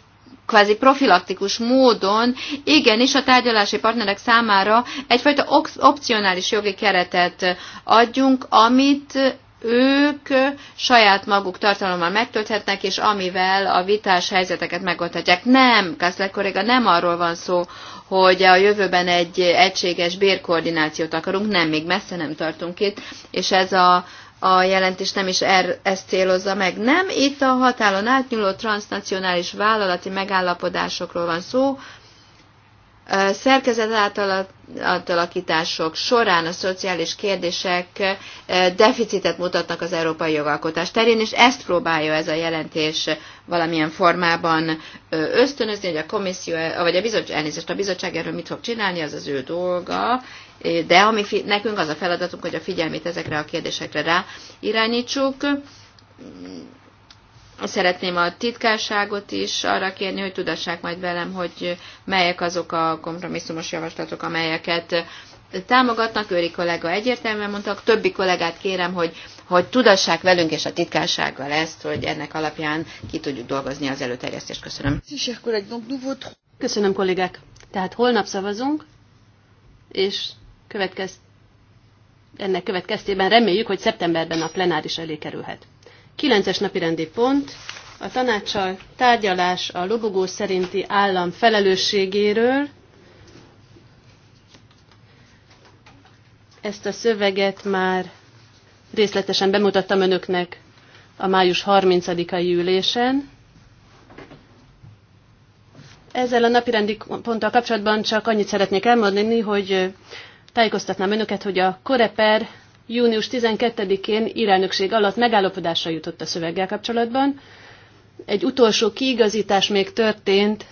kvázi profilaktikus módon igenis a tárgyalási partnerek számára egyfajta opcionális jogi keretet adjunk, amit ők saját maguk tartalommal megtölthetnek, és amivel a vitás helyzeteket megoldhatják. Nem, Kaszler kolléga, nem arról van szó, hogy a jövőben egy egységes bérkoordinációt akarunk, nem, még messze nem tartunk itt, és ez a, a jelentés nem is er, ezt célozza meg. Nem, itt a határon átnyúló transnacionális vállalati megállapodásokról van szó, szerkezet átalakítások során a szociális kérdések deficitet mutatnak az európai jogalkotás terén, és ezt próbálja ez a jelentés valamilyen formában ösztönözni, hogy a komisszió, vagy a bizottság, elnézést, a bizottság erről mit fog csinálni, az az ő dolga, de ami nekünk az a feladatunk, hogy a figyelmét ezekre a kérdésekre rá irányítsuk, Szeretném a titkárságot is arra kérni, hogy tudassák majd velem, hogy melyek azok a kompromisszumos javaslatok, amelyeket támogatnak. Őri kollega egyértelműen mondtak, többi kollégát kérem, hogy, hogy tudassák velünk és a titkársággal ezt, hogy ennek alapján ki tudjuk dolgozni az előterjesztést. Köszönöm. Köszönöm kollégák. Tehát holnap szavazunk, és következ... ennek következtében reméljük, hogy szeptemberben a plenáris elé kerülhet. Kilences napi rendi pont, a tanácssal tárgyalás a lobogó szerinti állam felelősségéről. Ezt a szöveget már részletesen bemutattam önöknek a május 30-ai ülésen. Ezzel a napirendi ponttal kapcsolatban csak annyit szeretnék elmondani, hogy tájékoztatnám önöket, hogy a Koreper június 12-én irelnökség alatt megállapodásra jutott a szöveggel kapcsolatban. Egy utolsó kiigazítás még történt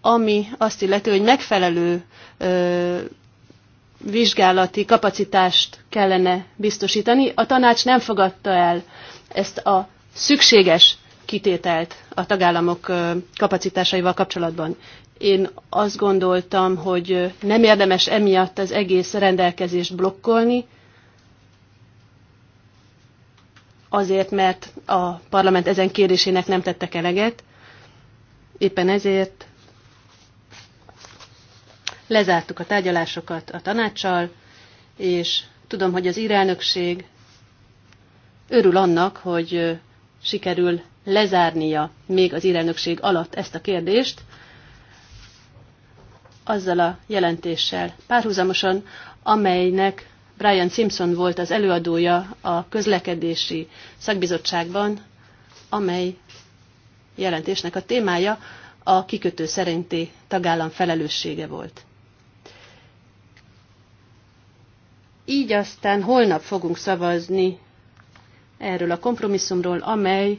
ami azt illeti, hogy megfelelő ö, vizsgálati kapacitást kellene biztosítani. A tanács nem fogadta el ezt a szükséges kitételt a tagállamok kapacitásaival kapcsolatban. Én azt gondoltam, hogy nem érdemes emiatt az egész rendelkezést blokkolni, azért, mert a parlament ezen kérésének nem tettek eleget. Éppen ezért lezártuk a tárgyalásokat a tanácssal, és tudom, hogy az irelnökség örül annak, hogy sikerül lezárnia még az irelnökség alatt ezt a kérdést, azzal a jelentéssel párhuzamosan, amelynek Brian Simpson volt az előadója a közlekedési szakbizottságban, amely jelentésnek a témája a kikötő szerinti tagállam felelőssége volt. Így aztán holnap fogunk szavazni erről a kompromisszumról, amely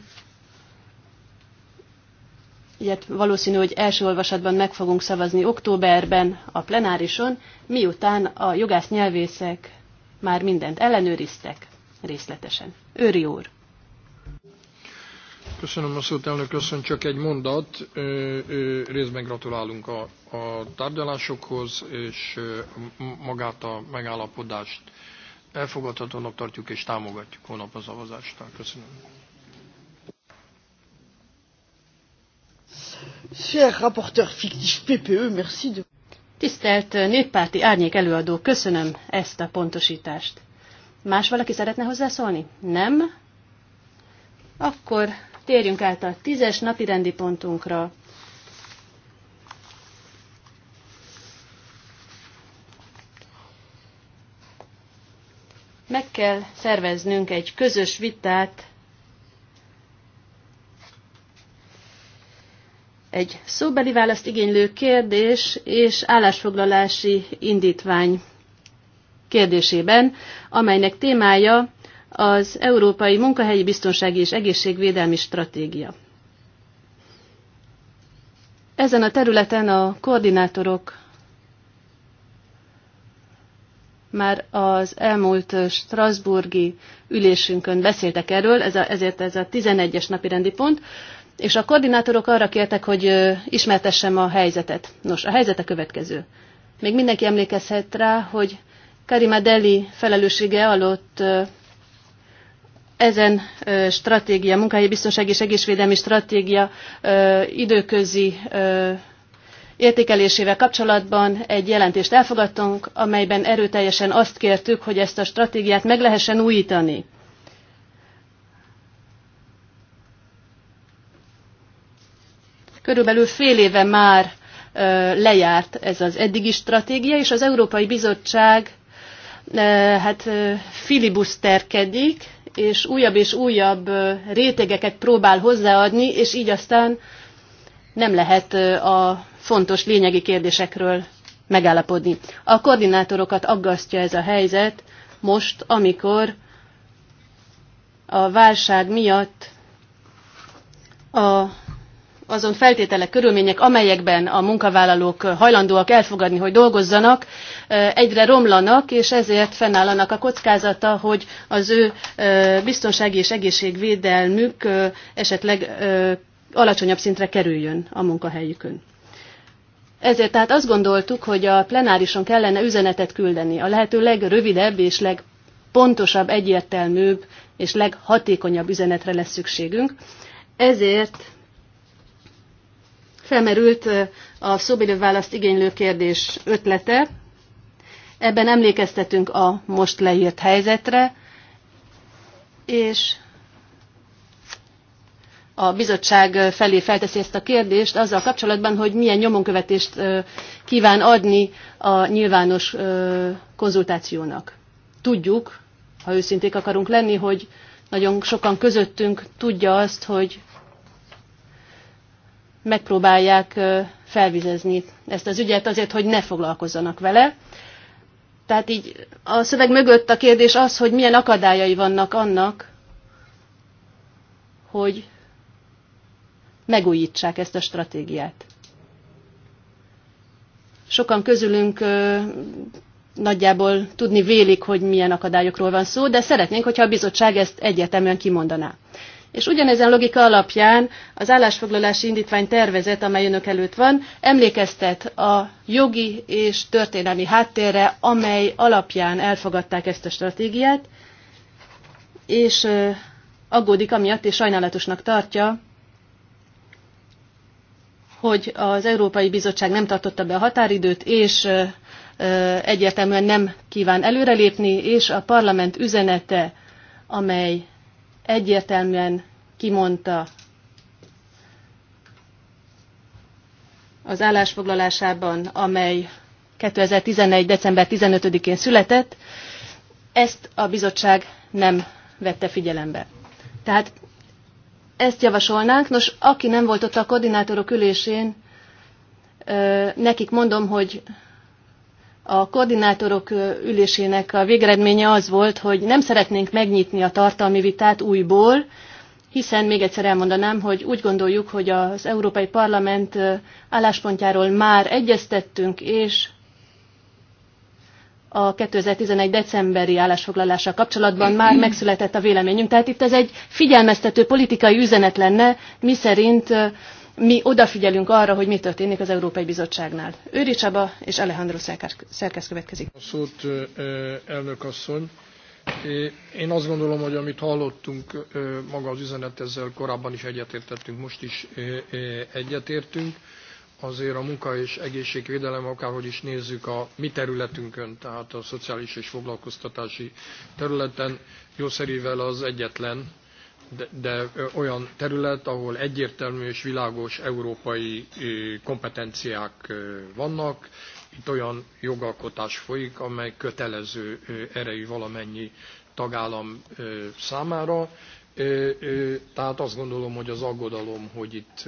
ilyet valószínű, hogy első olvasatban meg fogunk szavazni októberben a plenárison, miután a jogász nyelvészek már mindent ellenőriztek részletesen. Őri úr! Köszönöm a szót, elnök köszönöm csak egy mondat. részben gratulálunk a, a tárgyalásokhoz, és magát a megállapodást elfogadhatónak tartjuk és támogatjuk holnap a szavazást. Köszönöm. Cher rapporteur fictif PPE, merci de... Tisztelt néppárti árnyék előadó, köszönöm ezt a pontosítást. Más valaki szeretne hozzászólni? Nem? Akkor térjünk át a tízes napi rendi pontunkra. Meg kell szerveznünk egy közös vitát egy szóbeli választ igénylő kérdés és állásfoglalási indítvány kérdésében, amelynek témája az Európai Munkahelyi Biztonsági és Egészségvédelmi Stratégia. Ezen a területen a koordinátorok már az elmúlt Strasburgi ülésünkön beszéltek erről, ez a, ezért ez a 11-es napi rendi pont és a koordinátorok arra kértek, hogy ismertessem a helyzetet. Nos, a helyzet a következő. Még mindenki emlékezhet rá, hogy Karima Deli felelőssége alatt ezen stratégia, munkahelyi biztonsági és egészvédelmi stratégia időközi értékelésével kapcsolatban egy jelentést elfogadtunk, amelyben erőteljesen azt kértük, hogy ezt a stratégiát meg lehessen újítani Körülbelül fél éve már lejárt ez az eddigi stratégia, és az Európai Bizottság hát filibuszterkedik, és újabb és újabb rétegeket próbál hozzáadni, és így aztán nem lehet a fontos lényegi kérdésekről megállapodni. A koordinátorokat aggasztja ez a helyzet most, amikor a válság miatt a azon feltételek, körülmények, amelyekben a munkavállalók hajlandóak elfogadni, hogy dolgozzanak, egyre romlanak, és ezért fennáll annak a kockázata, hogy az ő biztonsági és egészségvédelmük esetleg alacsonyabb szintre kerüljön a munkahelyükön. Ezért tehát azt gondoltuk, hogy a plenárison kellene üzenetet küldeni, a lehető legrövidebb és legpontosabb, egyértelműbb és leghatékonyabb üzenetre lesz szükségünk. Ezért felmerült a szóbeli választ igénylő kérdés ötlete. Ebben emlékeztetünk a most leírt helyzetre, és a bizottság felé felteszi ezt a kérdést azzal kapcsolatban, hogy milyen nyomonkövetést kíván adni a nyilvános konzultációnak. Tudjuk, ha őszinték akarunk lenni, hogy nagyon sokan közöttünk tudja azt, hogy megpróbálják felvizezni ezt az ügyet azért, hogy ne foglalkozzanak vele. Tehát így a szöveg mögött a kérdés az, hogy milyen akadályai vannak annak, hogy megújítsák ezt a stratégiát. Sokan közülünk ö, nagyjából tudni vélik, hogy milyen akadályokról van szó, de szeretnénk, hogyha a bizottság ezt egyetemen kimondaná és ugyanezen logika alapján az állásfoglalási indítvány tervezet, amely önök előtt van, emlékeztet a jogi és történelmi háttérre, amely alapján elfogadták ezt a stratégiát, és aggódik amiatt, és sajnálatosnak tartja, hogy az Európai Bizottság nem tartotta be a határidőt, és egyértelműen nem kíván előrelépni, és a parlament üzenete, amely egyértelműen kimondta az állásfoglalásában, amely 2011. december 15-én született, ezt a bizottság nem vette figyelembe. Tehát ezt javasolnánk. Nos, aki nem volt ott a koordinátorok ülésén, nekik mondom, hogy a koordinátorok ülésének a végeredménye az volt, hogy nem szeretnénk megnyitni a tartalmi vitát újból, hiszen még egyszer elmondanám, hogy úgy gondoljuk, hogy az Európai Parlament álláspontjáról már egyeztettünk, és a 2011. decemberi állásfoglalással kapcsolatban már megszületett a véleményünk. Tehát itt ez egy figyelmeztető politikai üzenet lenne, miszerint mi odafigyelünk arra, hogy mi történik az Európai Bizottságnál. Őri Csaba és Alejandro Szerkesz következik. A szót, elnök asszony. Én azt gondolom, hogy amit hallottunk, maga az üzenet ezzel korábban is egyetértettünk, most is egyetértünk. Azért a munka és egészségvédelem, akárhogy is nézzük a mi területünkön, tehát a szociális és foglalkoztatási területen jószerűvel az egyetlen de, de olyan terület, ahol egyértelmű és világos európai kompetenciák vannak, itt olyan jogalkotás folyik, amely kötelező erejű valamennyi tagállam számára. Tehát azt gondolom, hogy az aggodalom, hogy itt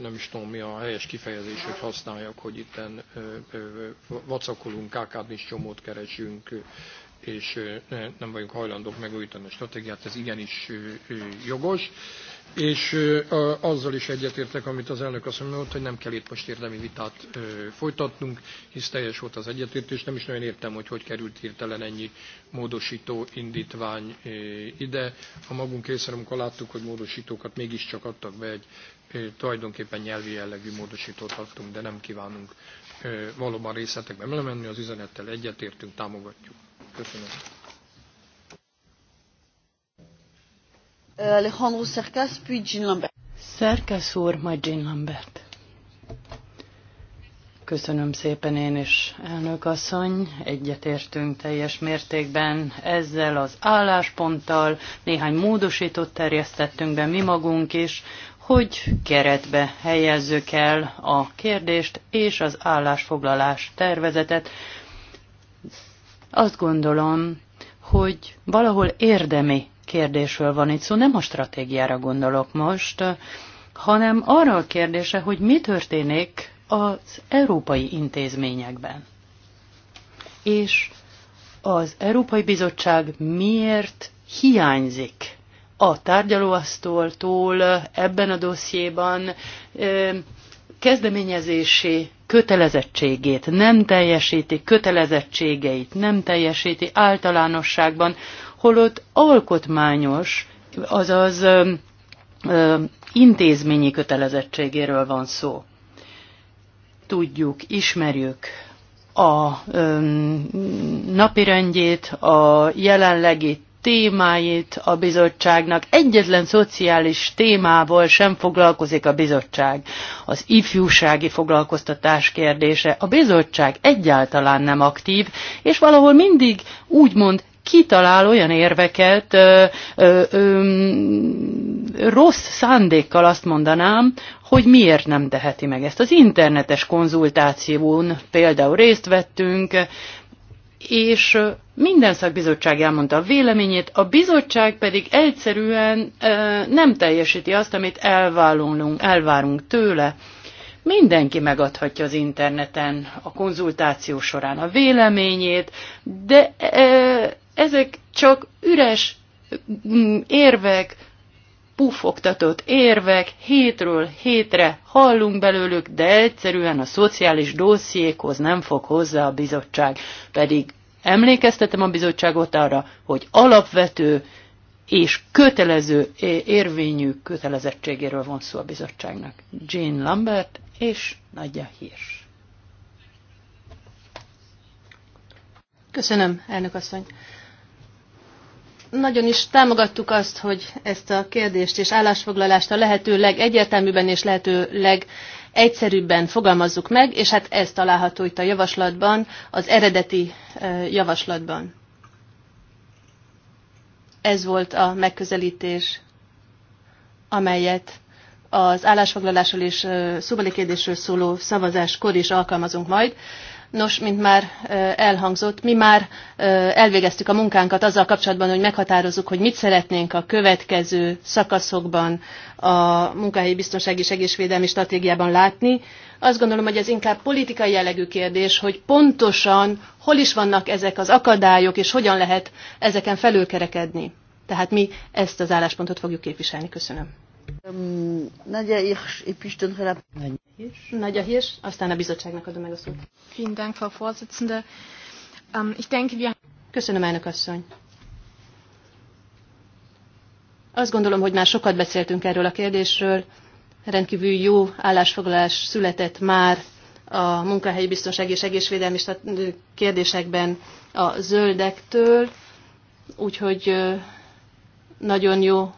nem is tudom mi a helyes kifejezés, hogy használjak, hogy itten vacakolunk, kákádnis csomót keresünk, és nem vagyunk hajlandók megújítani a stratégiát, ez igenis jogos. És azzal is egyetértek, amit az elnök azt mondta, hogy nem kell itt most érdemi vitát folytatnunk, hisz teljes volt az egyetértés. Nem is nagyon értem, hogy hogy került hirtelen ennyi módosító indítvány ide. A magunk részéről, amikor láttuk, hogy módosítókat mégiscsak adtak be, egy tulajdonképpen nyelvi jellegű módosítót adtunk, de nem kívánunk valóban részletekbe belemenni. Az üzenettel egyetértünk, támogatjuk. Köszönöm. Alejandro Szerkász, puis Jean Lambert. Szerkesz úr, majd Jean Lambert. Köszönöm szépen én is, elnök asszony. Egyetértünk teljes mértékben ezzel az állásponttal. Néhány módosított terjesztettünk be mi magunk is, hogy keretbe helyezzük el a kérdést és az állásfoglalás tervezetet, azt gondolom, hogy valahol érdemi kérdésről van itt szó, nem a stratégiára gondolok most, hanem arra a kérdése, hogy mi történik az európai intézményekben. És az Európai Bizottság miért hiányzik a tárgyalóasztaltól ebben a dossziéban kezdeményezési kötelezettségét nem teljesíti, kötelezettségeit nem teljesíti általánosságban, holott alkotmányos, azaz ö, ö, intézményi kötelezettségéről van szó. Tudjuk, ismerjük a napirendjét, a jelenlegi témáit a bizottságnak. Egyetlen szociális témával sem foglalkozik a bizottság. Az ifjúsági foglalkoztatás kérdése. A bizottság egyáltalán nem aktív, és valahol mindig úgymond kitalál olyan érveket, ö, ö, ö, rossz szándékkal azt mondanám, hogy miért nem teheti meg ezt. Az internetes konzultáción például részt vettünk, és minden szakbizottság elmondta a véleményét, a bizottság pedig egyszerűen nem teljesíti azt, amit elvárunk, elvárunk tőle. Mindenki megadhatja az interneten a konzultáció során a véleményét, de ezek csak üres mm, érvek, pufogtatott érvek, hétről hétre hallunk belőlük, de egyszerűen a szociális dossziékhoz nem fog hozzá a bizottság. Pedig emlékeztetem a bizottságot arra, hogy alapvető és kötelező érvényű kötelezettségéről van szó a bizottságnak. Jean Lambert és Nagyja Hirsch. Köszönöm, elnök asszony. Nagyon is támogattuk azt, hogy ezt a kérdést és állásfoglalást a lehető legegyértelműbben és lehető legegyszerűbben fogalmazzuk meg, és hát ez található itt a javaslatban, az eredeti javaslatban. Ez volt a megközelítés, amelyet az állásfoglalásról és szóbeli kérdésről szóló szavazáskor is alkalmazunk majd. Nos, mint már elhangzott, mi már elvégeztük a munkánkat azzal kapcsolatban, hogy meghatározzuk, hogy mit szeretnénk a következő szakaszokban a munkahelyi biztonsági és egészvédelmi stratégiában látni. Azt gondolom, hogy ez inkább politikai jellegű kérdés, hogy pontosan hol is vannak ezek az akadályok, és hogyan lehet ezeken felülkerekedni. Tehát mi ezt az álláspontot fogjuk képviselni. Köszönöm. Nagy a hírs, et puis a donnerai aztán a bizottságnak adom meg a szót. Vielen Dank, Frau Vorsitzende. Um, ich denke, wir... Köszönöm, elnök asszony. Azt gondolom, hogy már sokat beszéltünk erről a kérdésről. Rendkívül jó állásfoglalás született már a munkahelyi biztonsági és egészvédelmi kérdésekben a zöldektől, úgyhogy nagyon jó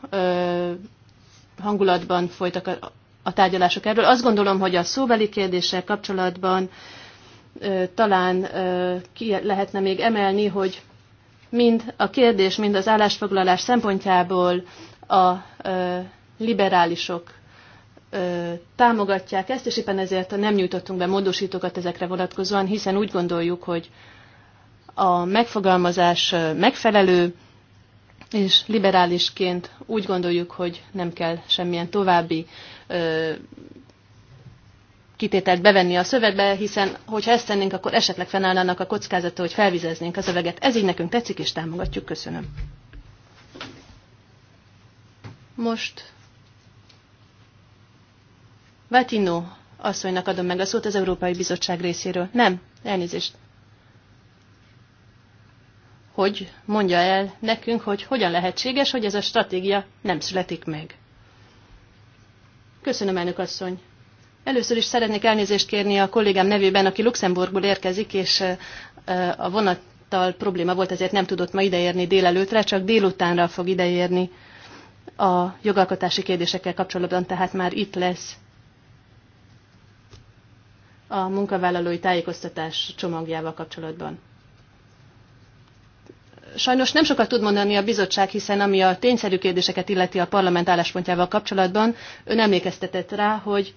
hangulatban folytak a, a tárgyalások erről. Azt gondolom, hogy a szóbeli kérdéssel kapcsolatban ö, talán ö, ki lehetne még emelni, hogy mind a kérdés, mind az állásfoglalás szempontjából a ö, liberálisok ö, támogatják ezt, és éppen ezért nem nyújtottunk be módosítókat ezekre vonatkozóan, hiszen úgy gondoljuk, hogy a megfogalmazás megfelelő, és liberálisként úgy gondoljuk, hogy nem kell semmilyen további ö, kitételt bevenni a szövegbe, hiszen hogyha ezt tennénk, akkor esetleg fennállnának a kockázata, hogy felvizeznénk a szöveget. Ez így nekünk tetszik, és támogatjuk. Köszönöm. Most Vatino asszonynak adom meg a szót az Európai Bizottság részéről. Nem, elnézést, hogy mondja el nekünk, hogy hogyan lehetséges, hogy ez a stratégia nem születik meg. Köszönöm, elnök asszony. Először is szeretnék elnézést kérni a kollégám nevében, aki Luxemburgból érkezik, és a vonattal probléma volt, ezért nem tudott ma ideérni délelőtre, csak délutánra fog ideérni a jogalkotási kérdésekkel kapcsolatban, tehát már itt lesz a munkavállalói tájékoztatás csomagjával kapcsolatban sajnos nem sokat tud mondani a bizottság, hiszen ami a tényszerű kérdéseket illeti a parlament álláspontjával kapcsolatban, ön emlékeztetett rá, hogy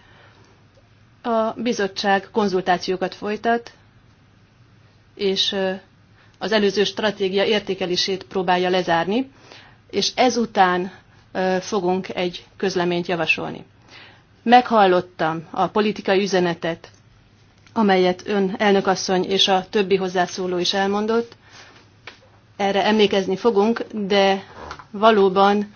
a bizottság konzultációkat folytat, és az előző stratégia értékelését próbálja lezárni, és ezután fogunk egy közleményt javasolni. Meghallottam a politikai üzenetet, amelyet ön elnökasszony és a többi hozzászóló is elmondott, erre emlékezni fogunk, de valóban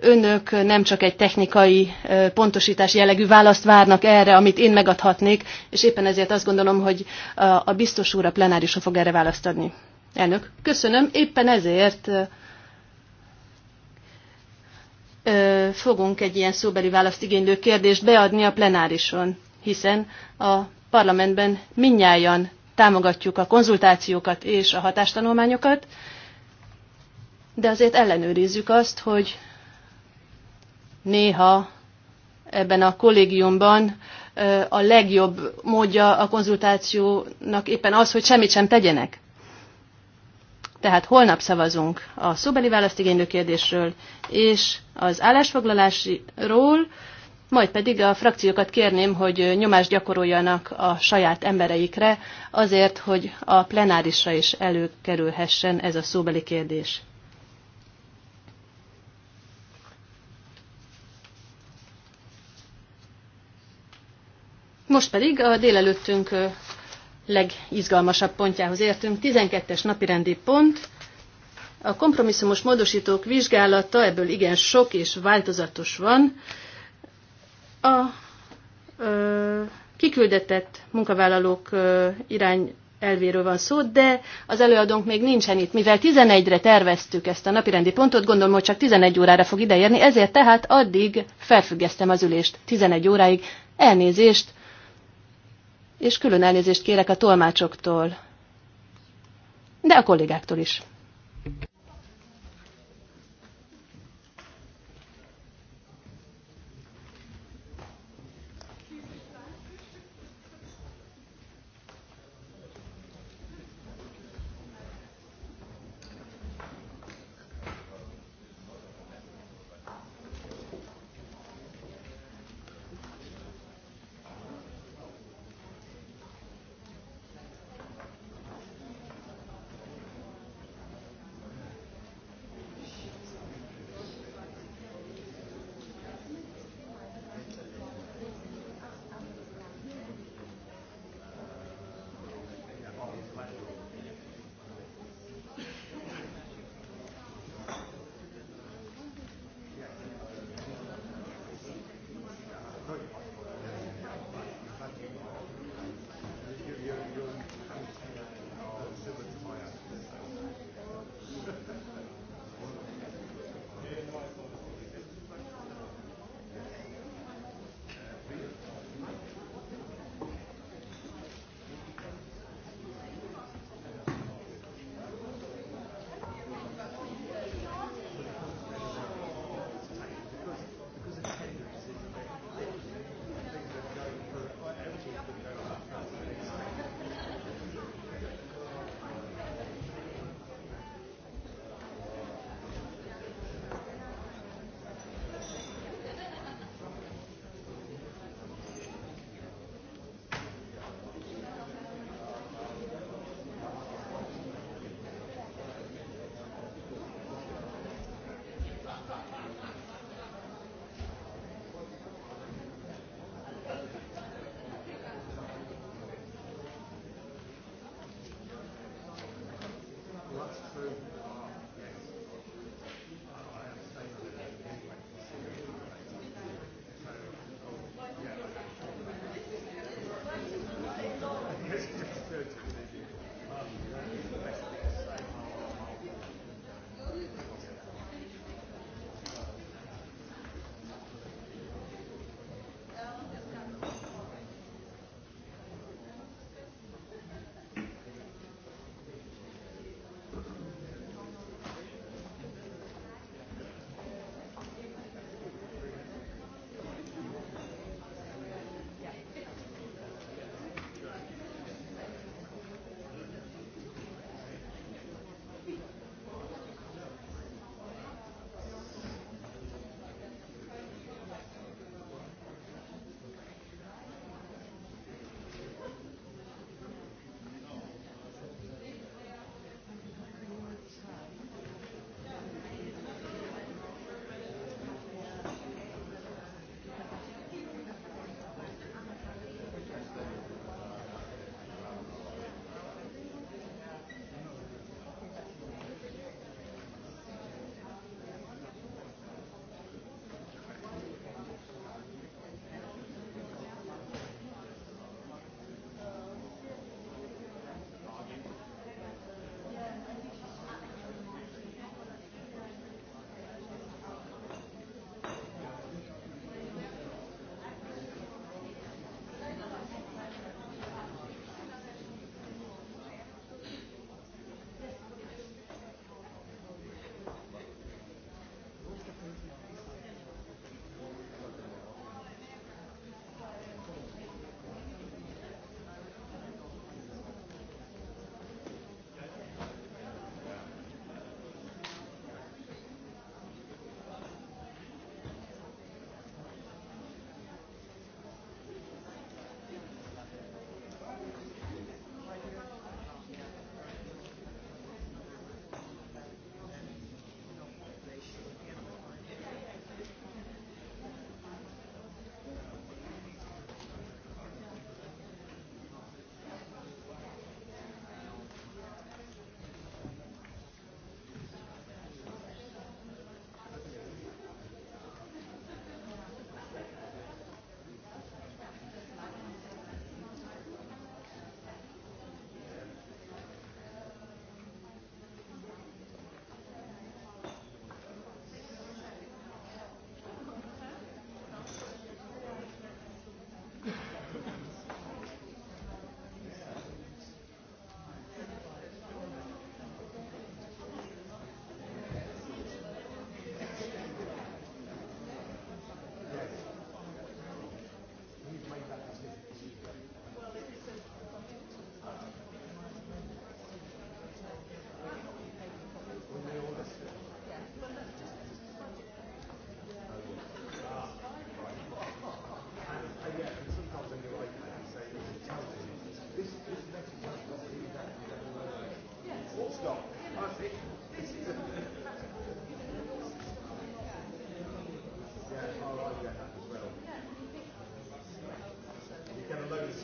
önök nem csak egy technikai pontosítás jellegű választ várnak erre, amit én megadhatnék, és éppen ezért azt gondolom, hogy a biztos úr a plenárison fog erre választ adni. Elnök, köszönöm, éppen ezért fogunk egy ilyen szóbeli választ igénylő kérdést beadni a plenárison, hiszen a parlamentben minnyáján támogatjuk a konzultációkat és a hatástanulmányokat, de azért ellenőrizzük azt, hogy néha ebben a kollégiumban a legjobb módja a konzultációnak éppen az, hogy semmit sem tegyenek. Tehát holnap szavazunk a szóbeli választigénylő kérdésről és az állásfoglalásról, majd pedig a frakciókat kérném, hogy nyomást gyakoroljanak a saját embereikre, azért, hogy a plenárisra is előkerülhessen ez a szóbeli kérdés. Most pedig a délelőttünk legizgalmasabb pontjához értünk. 12-es napirendi pont. A kompromisszumos módosítók vizsgálata, ebből igen sok és változatos van. A ö, kiküldetett munkavállalók ö, irány elvéről van szó, de az előadónk még nincsen itt. Mivel 11-re terveztük ezt a napirendi pontot, gondolom, hogy csak 11 órára fog ideérni, ezért tehát addig felfüggesztem az ülést 11 óráig. Elnézést, és külön elnézést kérek a tolmácsoktól, de a kollégáktól is.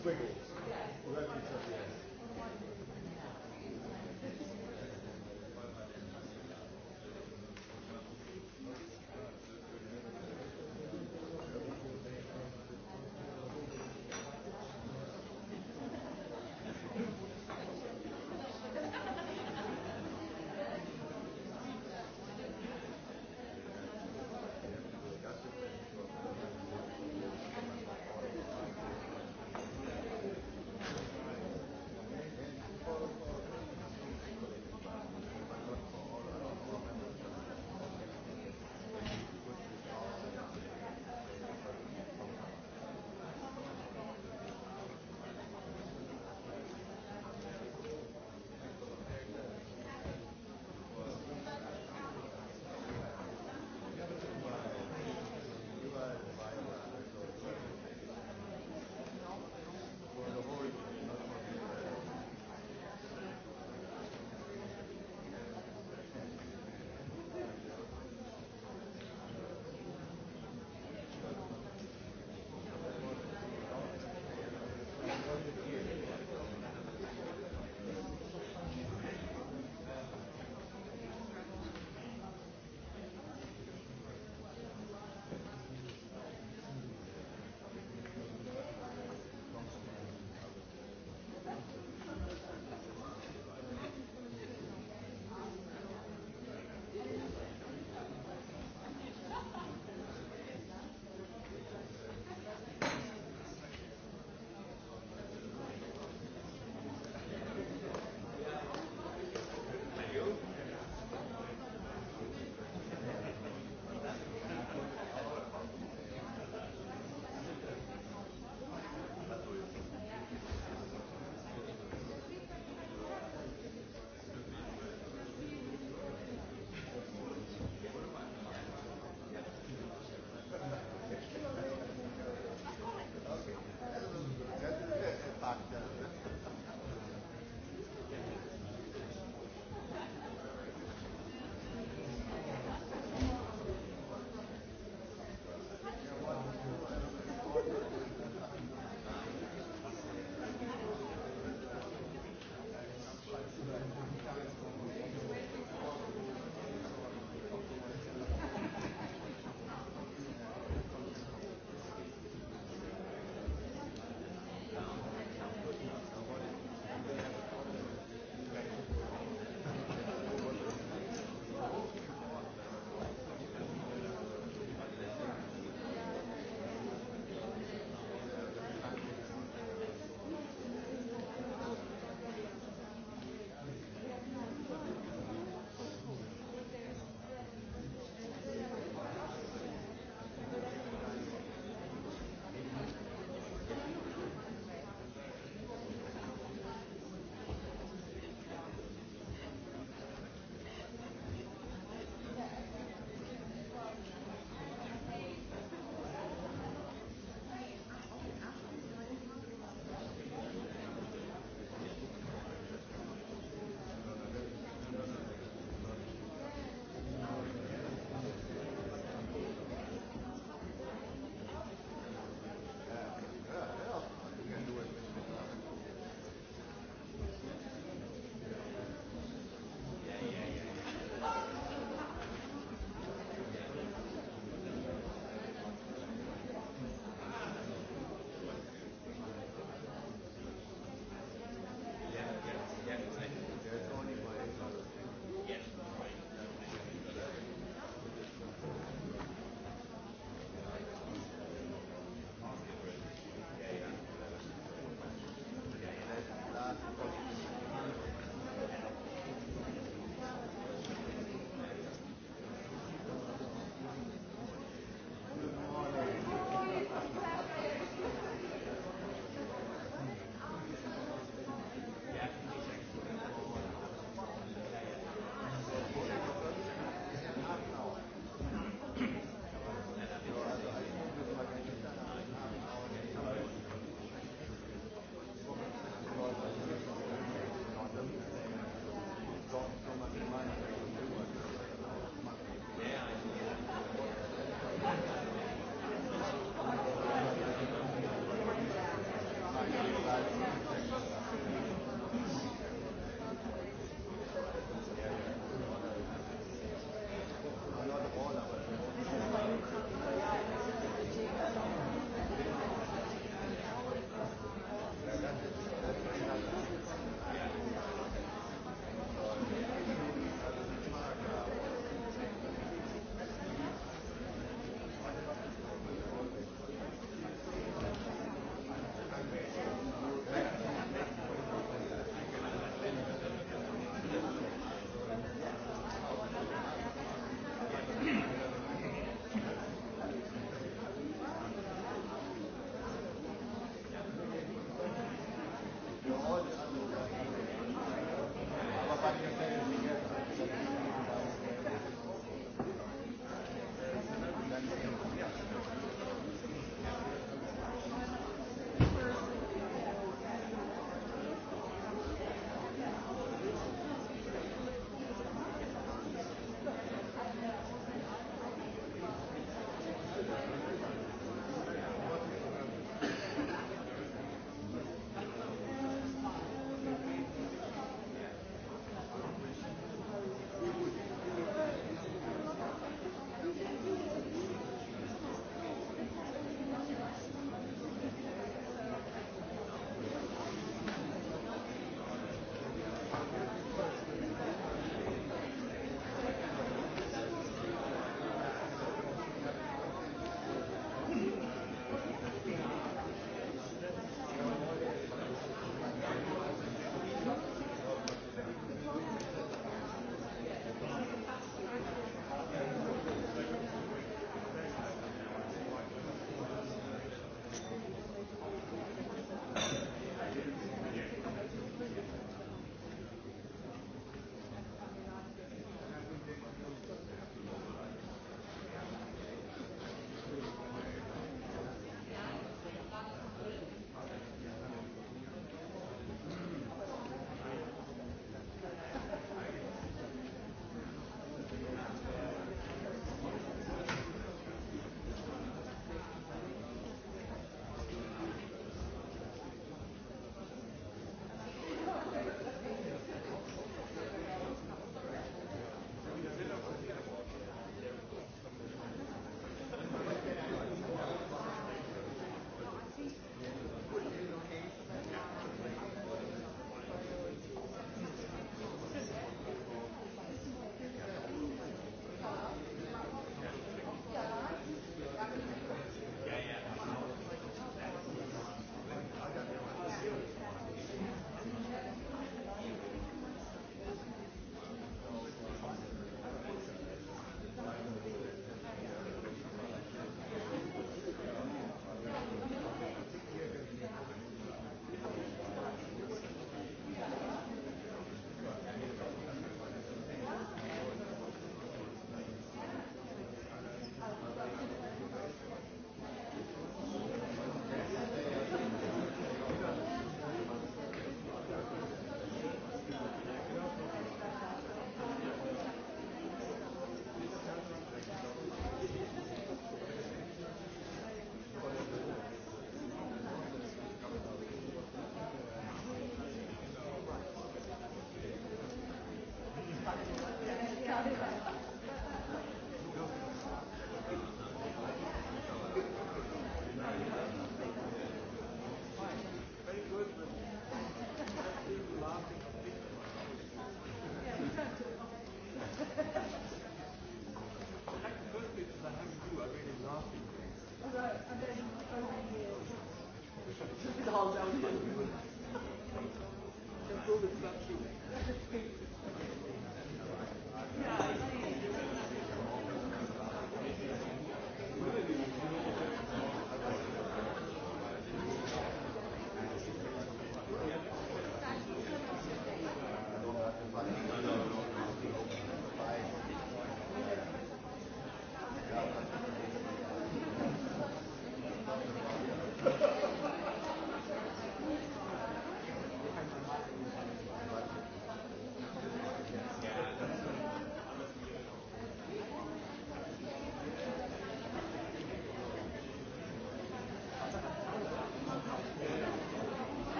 squiggles.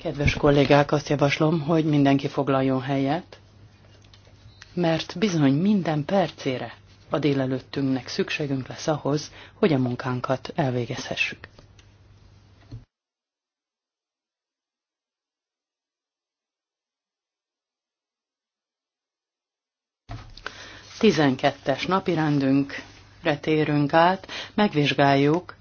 Kedves kollégák, azt javaslom, hogy mindenki foglaljon helyet, mert bizony minden percére a délelőttünknek szükségünk lesz ahhoz, hogy a munkánkat elvégezhessük. Tizenkettes napi rendünkre térünk át, megvizsgáljuk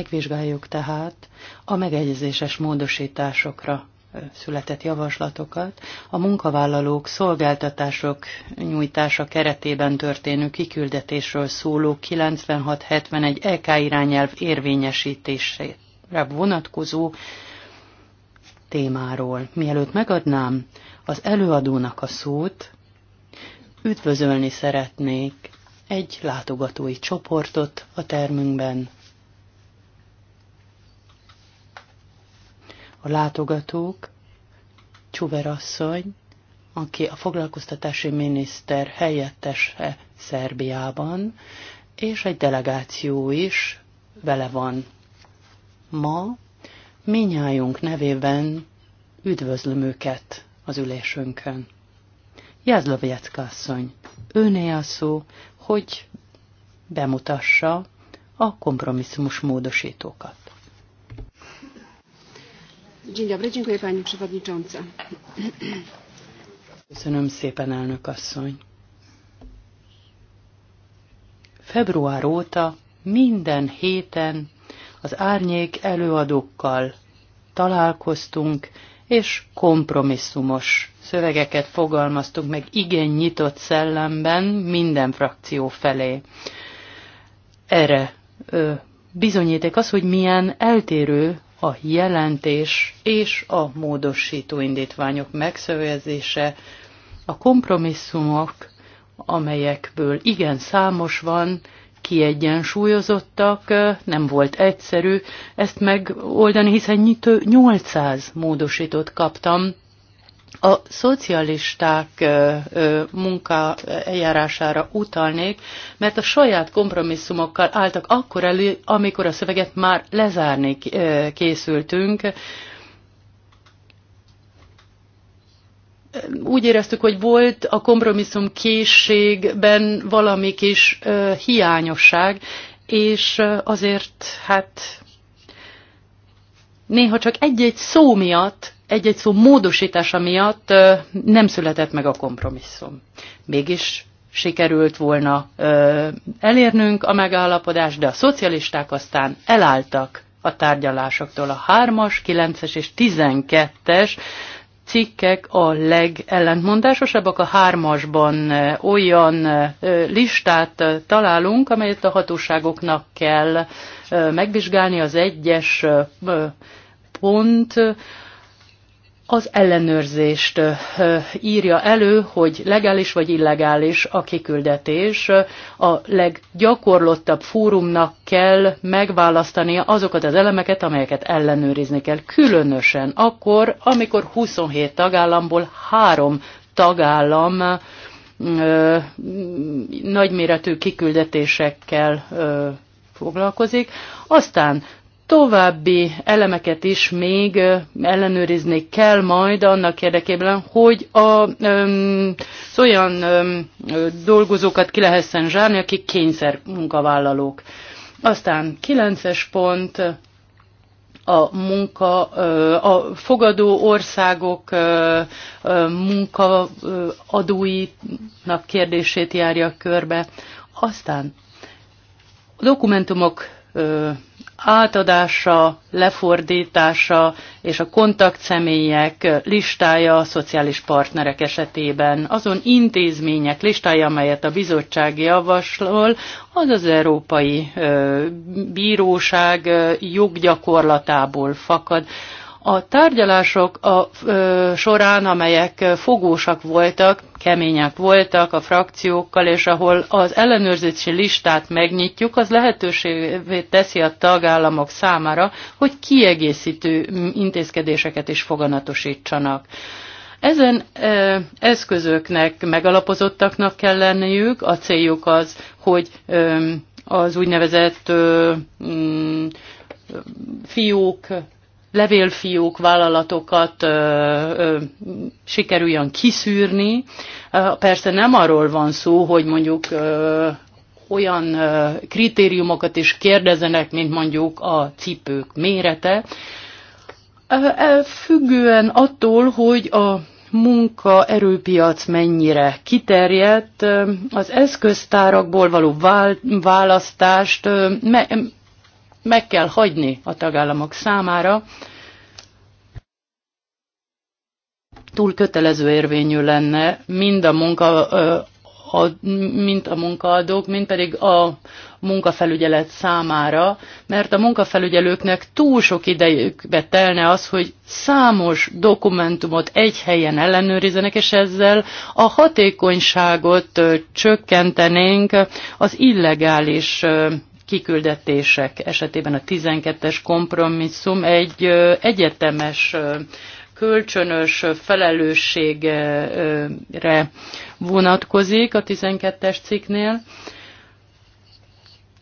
Megvizsgáljuk tehát a megegyezéses módosításokra született javaslatokat, a munkavállalók szolgáltatások nyújtása keretében történő kiküldetésről szóló 9671 EK irányelv érvényesítésére vonatkozó témáról. Mielőtt megadnám az előadónak a szót, üdvözölni szeretnék egy látogatói csoportot a termünkben, a látogatók, Csuver asszony, aki a foglalkoztatási miniszter helyettese Szerbiában, és egy delegáció is vele van. Ma minnyájunk nevében üdvözlöm őket az ülésünkön. Jázlovjecka asszony, őné a szó, hogy bemutassa a kompromisszumos módosítókat. Köszönöm szépen, elnök asszony. Február óta minden héten az árnyék előadókkal találkoztunk, és kompromisszumos szövegeket fogalmaztunk meg igen nyitott szellemben minden frakció felé. Erre ö, bizonyíték az, hogy milyen eltérő a jelentés és a módosító indítványok megszövezése, a kompromisszumok, amelyekből igen számos van, kiegyensúlyozottak, nem volt egyszerű ezt megoldani, hiszen 800 módosítót kaptam a szocialisták munka eljárására utalnék, mert a saját kompromisszumokkal álltak akkor elő, amikor a szöveget már lezárni készültünk. Úgy éreztük, hogy volt a kompromisszum készségben valami kis hiányosság, és azért hát néha csak egy-egy szó miatt egy-egy szó módosítása miatt nem született meg a kompromisszum. Mégis sikerült volna elérnünk a megállapodást, de a szocialisták aztán elálltak a tárgyalásoktól. A 3-as, 9-es és 12-es cikkek a legellentmondásosabbak. A 3-asban olyan listát találunk, amelyet a hatóságoknak kell megvizsgálni. Az egyes pont az ellenőrzést írja elő, hogy legális vagy illegális a kiküldetés. A leggyakorlottabb fórumnak kell megválasztania azokat az elemeket, amelyeket ellenőrizni kell. Különösen akkor, amikor 27 tagállamból három tagállam nagyméretű kiküldetésekkel foglalkozik. Aztán további elemeket is még ellenőrizni kell majd annak érdekében, hogy a, az olyan dolgozókat ki lehessen zsárni, akik kényszer munkavállalók. Aztán kilences pont, a munka, a fogadó országok munkaadóinak kérdését járja körbe. Aztán a dokumentumok átadása, lefordítása és a kontaktszemélyek listája a szociális partnerek esetében. Azon intézmények listája, amelyet a bizottság javasol, az az Európai Bíróság joggyakorlatából fakad, a tárgyalások a, ö, során, amelyek fogósak voltak, kemények voltak a frakciókkal, és ahol az ellenőrzési listát megnyitjuk, az lehetőségé teszi a tagállamok számára, hogy kiegészítő intézkedéseket is foganatosítsanak. Ezen ö, eszközöknek megalapozottaknak kell lenniük, a céljuk az, hogy ö, az úgynevezett ö, mm, fiók levélfiók vállalatokat ö, ö, sikerüljön kiszűrni. Persze nem arról van szó, hogy mondjuk ö, olyan ö, kritériumokat is kérdezenek, mint mondjuk a cipők mérete, függően attól, hogy a munkaerőpiac mennyire kiterjedt, az eszköztárakból való választást meg kell hagyni a tagállamok számára, túl kötelező érvényű lenne mind a munka a, mint a munkaadók, mint pedig a munkafelügyelet számára, mert a munkafelügyelőknek túl sok idejükbe telne az, hogy számos dokumentumot egy helyen ellenőrizenek, és ezzel a hatékonyságot csökkentenénk az illegális kiküldetések esetében a 12-es kompromisszum egy egyetemes kölcsönös felelősségre vonatkozik a 12-es cikknél.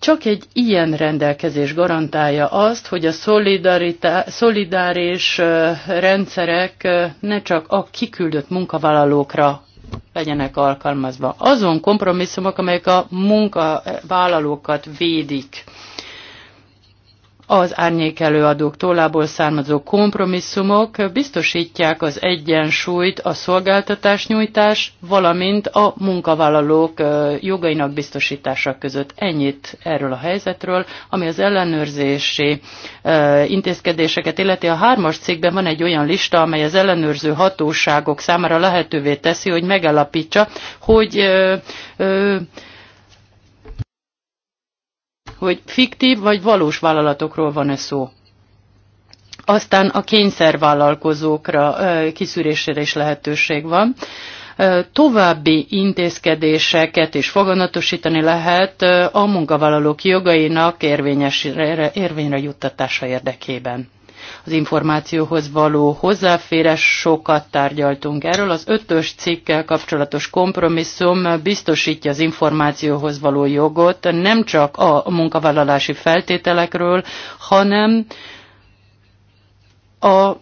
Csak egy ilyen rendelkezés garantálja azt, hogy a szolidáris rendszerek ne csak a kiküldött munkavállalókra legyenek alkalmazva. Azon kompromisszumok, amelyek a munkavállalókat védik az árnyékelőadók tollából származó kompromisszumok biztosítják az egyensúlyt a szolgáltatásnyújtás, valamint a munkavállalók jogainak biztosítása között. Ennyit erről a helyzetről, ami az ellenőrzési intézkedéseket illeti. A hármas cikkben van egy olyan lista, amely az ellenőrző hatóságok számára lehetővé teszi, hogy megállapítsa, hogy hogy fiktív vagy valós vállalatokról van-e szó. Aztán a kényszervállalkozókra kiszűrésére is lehetőség van további intézkedéseket is foganatosítani lehet a munkavállalók jogainak érvényre juttatása érdekében az információhoz való hozzáférés, sokat tárgyaltunk erről. Az ötös cikkkel kapcsolatos kompromisszum biztosítja az információhoz való jogot nem csak a munkavállalási feltételekről, hanem a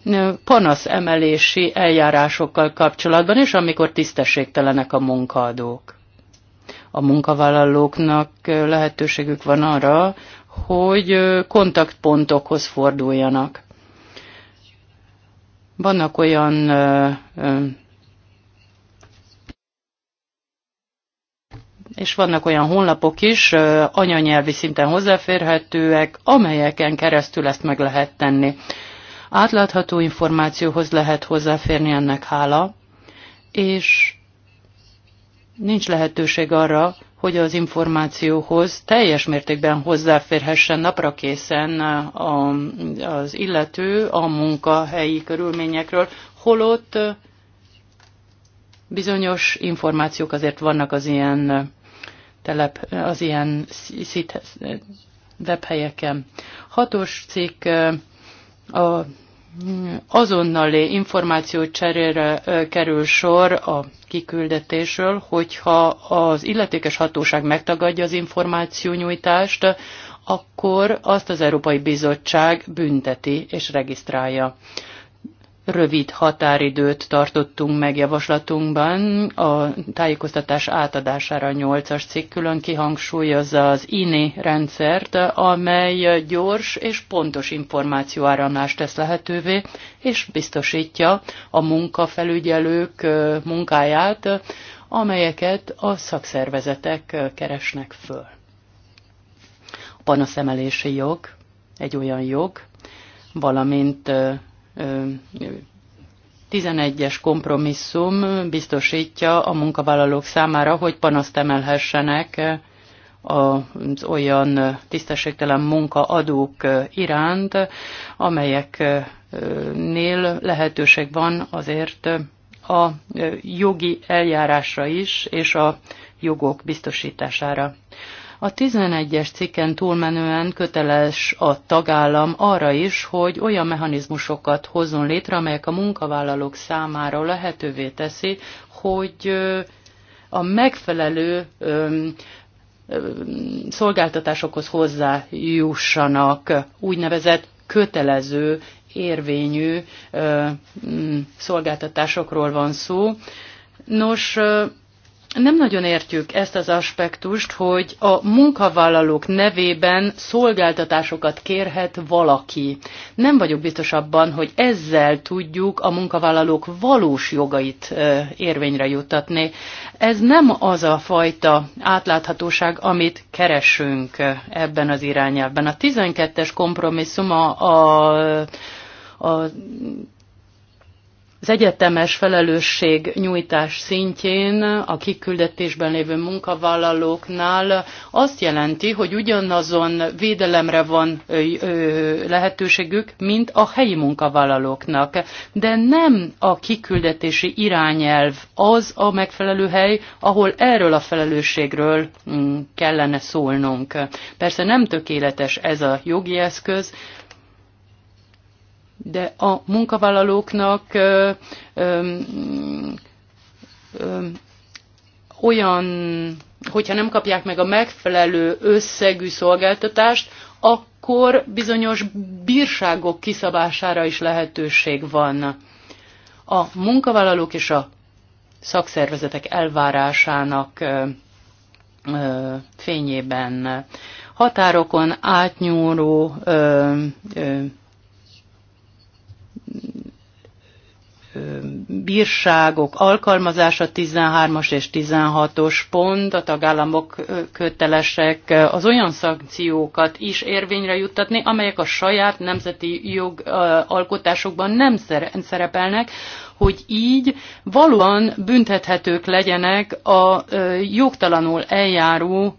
panasz emelési eljárásokkal kapcsolatban, és amikor tisztességtelenek a munkaadók. A munkavállalóknak lehetőségük van arra, hogy kontaktpontokhoz forduljanak. Vannak olyan és vannak olyan honlapok is, anyanyelvi szinten hozzáférhetőek, amelyeken keresztül ezt meg lehet tenni. Átlátható információhoz lehet hozzáférni ennek hála, és nincs lehetőség arra, hogy az információhoz teljes mértékben hozzáférhessen naprakészen a, az illető a munkahelyi körülményekről, holott bizonyos információk azért vannak az ilyen telep, az ilyen webhelyeken. Hatos cikk a azonnali cserére kerül sor a kiküldetésről, hogyha az illetékes hatóság megtagadja az információnyújtást, akkor azt az Európai Bizottság bünteti és regisztrálja rövid határidőt tartottunk meg javaslatunkban a tájékoztatás átadására a nyolcas cikk külön kihangsúlyozza az INI rendszert, amely gyors és pontos információáramlást tesz lehetővé, és biztosítja a munkafelügyelők munkáját, amelyeket a szakszervezetek keresnek föl. A panaszemelési jog egy olyan jog, valamint 11-es kompromisszum biztosítja a munkavállalók számára, hogy panaszt emelhessenek az olyan tisztességtelen munkaadók iránt, amelyeknél lehetőség van azért a jogi eljárásra is, és a jogok biztosítására. A 11-es cikken túlmenően köteles a tagállam arra is, hogy olyan mechanizmusokat hozzon létre, amelyek a munkavállalók számára lehetővé teszi, hogy a megfelelő szolgáltatásokhoz hozzájussanak úgynevezett kötelező érvényű szolgáltatásokról van szó. Nos, nem nagyon értjük ezt az aspektust, hogy a munkavállalók nevében szolgáltatásokat kérhet valaki. Nem vagyok biztos abban, hogy ezzel tudjuk a munkavállalók valós jogait érvényre juttatni. Ez nem az a fajta átláthatóság, amit keresünk ebben az irányában. A 12-es kompromisszum a, a, a az egyetemes felelősség nyújtás szintjén a kiküldetésben lévő munkavállalóknál azt jelenti, hogy ugyanazon védelemre van lehetőségük, mint a helyi munkavállalóknak. De nem a kiküldetési irányelv az a megfelelő hely, ahol erről a felelősségről mm, kellene szólnunk. Persze nem tökéletes ez a jogi eszköz, de a munkavállalóknak ö, ö, ö, olyan, hogyha nem kapják meg a megfelelő összegű szolgáltatást, akkor bizonyos bírságok kiszabására is lehetőség van. A munkavállalók és a szakszervezetek elvárásának fényében határokon átnyúló bírságok alkalmazása 13-as és 16-os pont, a tagállamok kötelesek az olyan szankciókat is érvényre juttatni, amelyek a saját nemzeti jogalkotásokban nem szerepelnek, hogy így valóan büntethetők legyenek a jogtalanul eljáró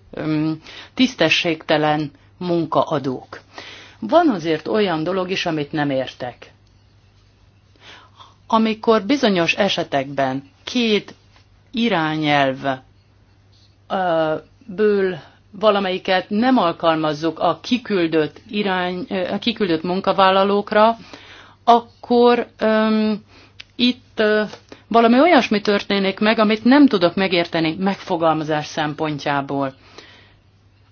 tisztességtelen munkaadók. Van azért olyan dolog is, amit nem értek amikor bizonyos esetekben két irányelv ből valamelyiket nem alkalmazzuk a kiküldött, irány, a kiküldött munkavállalókra, akkor um, itt uh, valami olyasmi történik meg, amit nem tudok megérteni megfogalmazás szempontjából.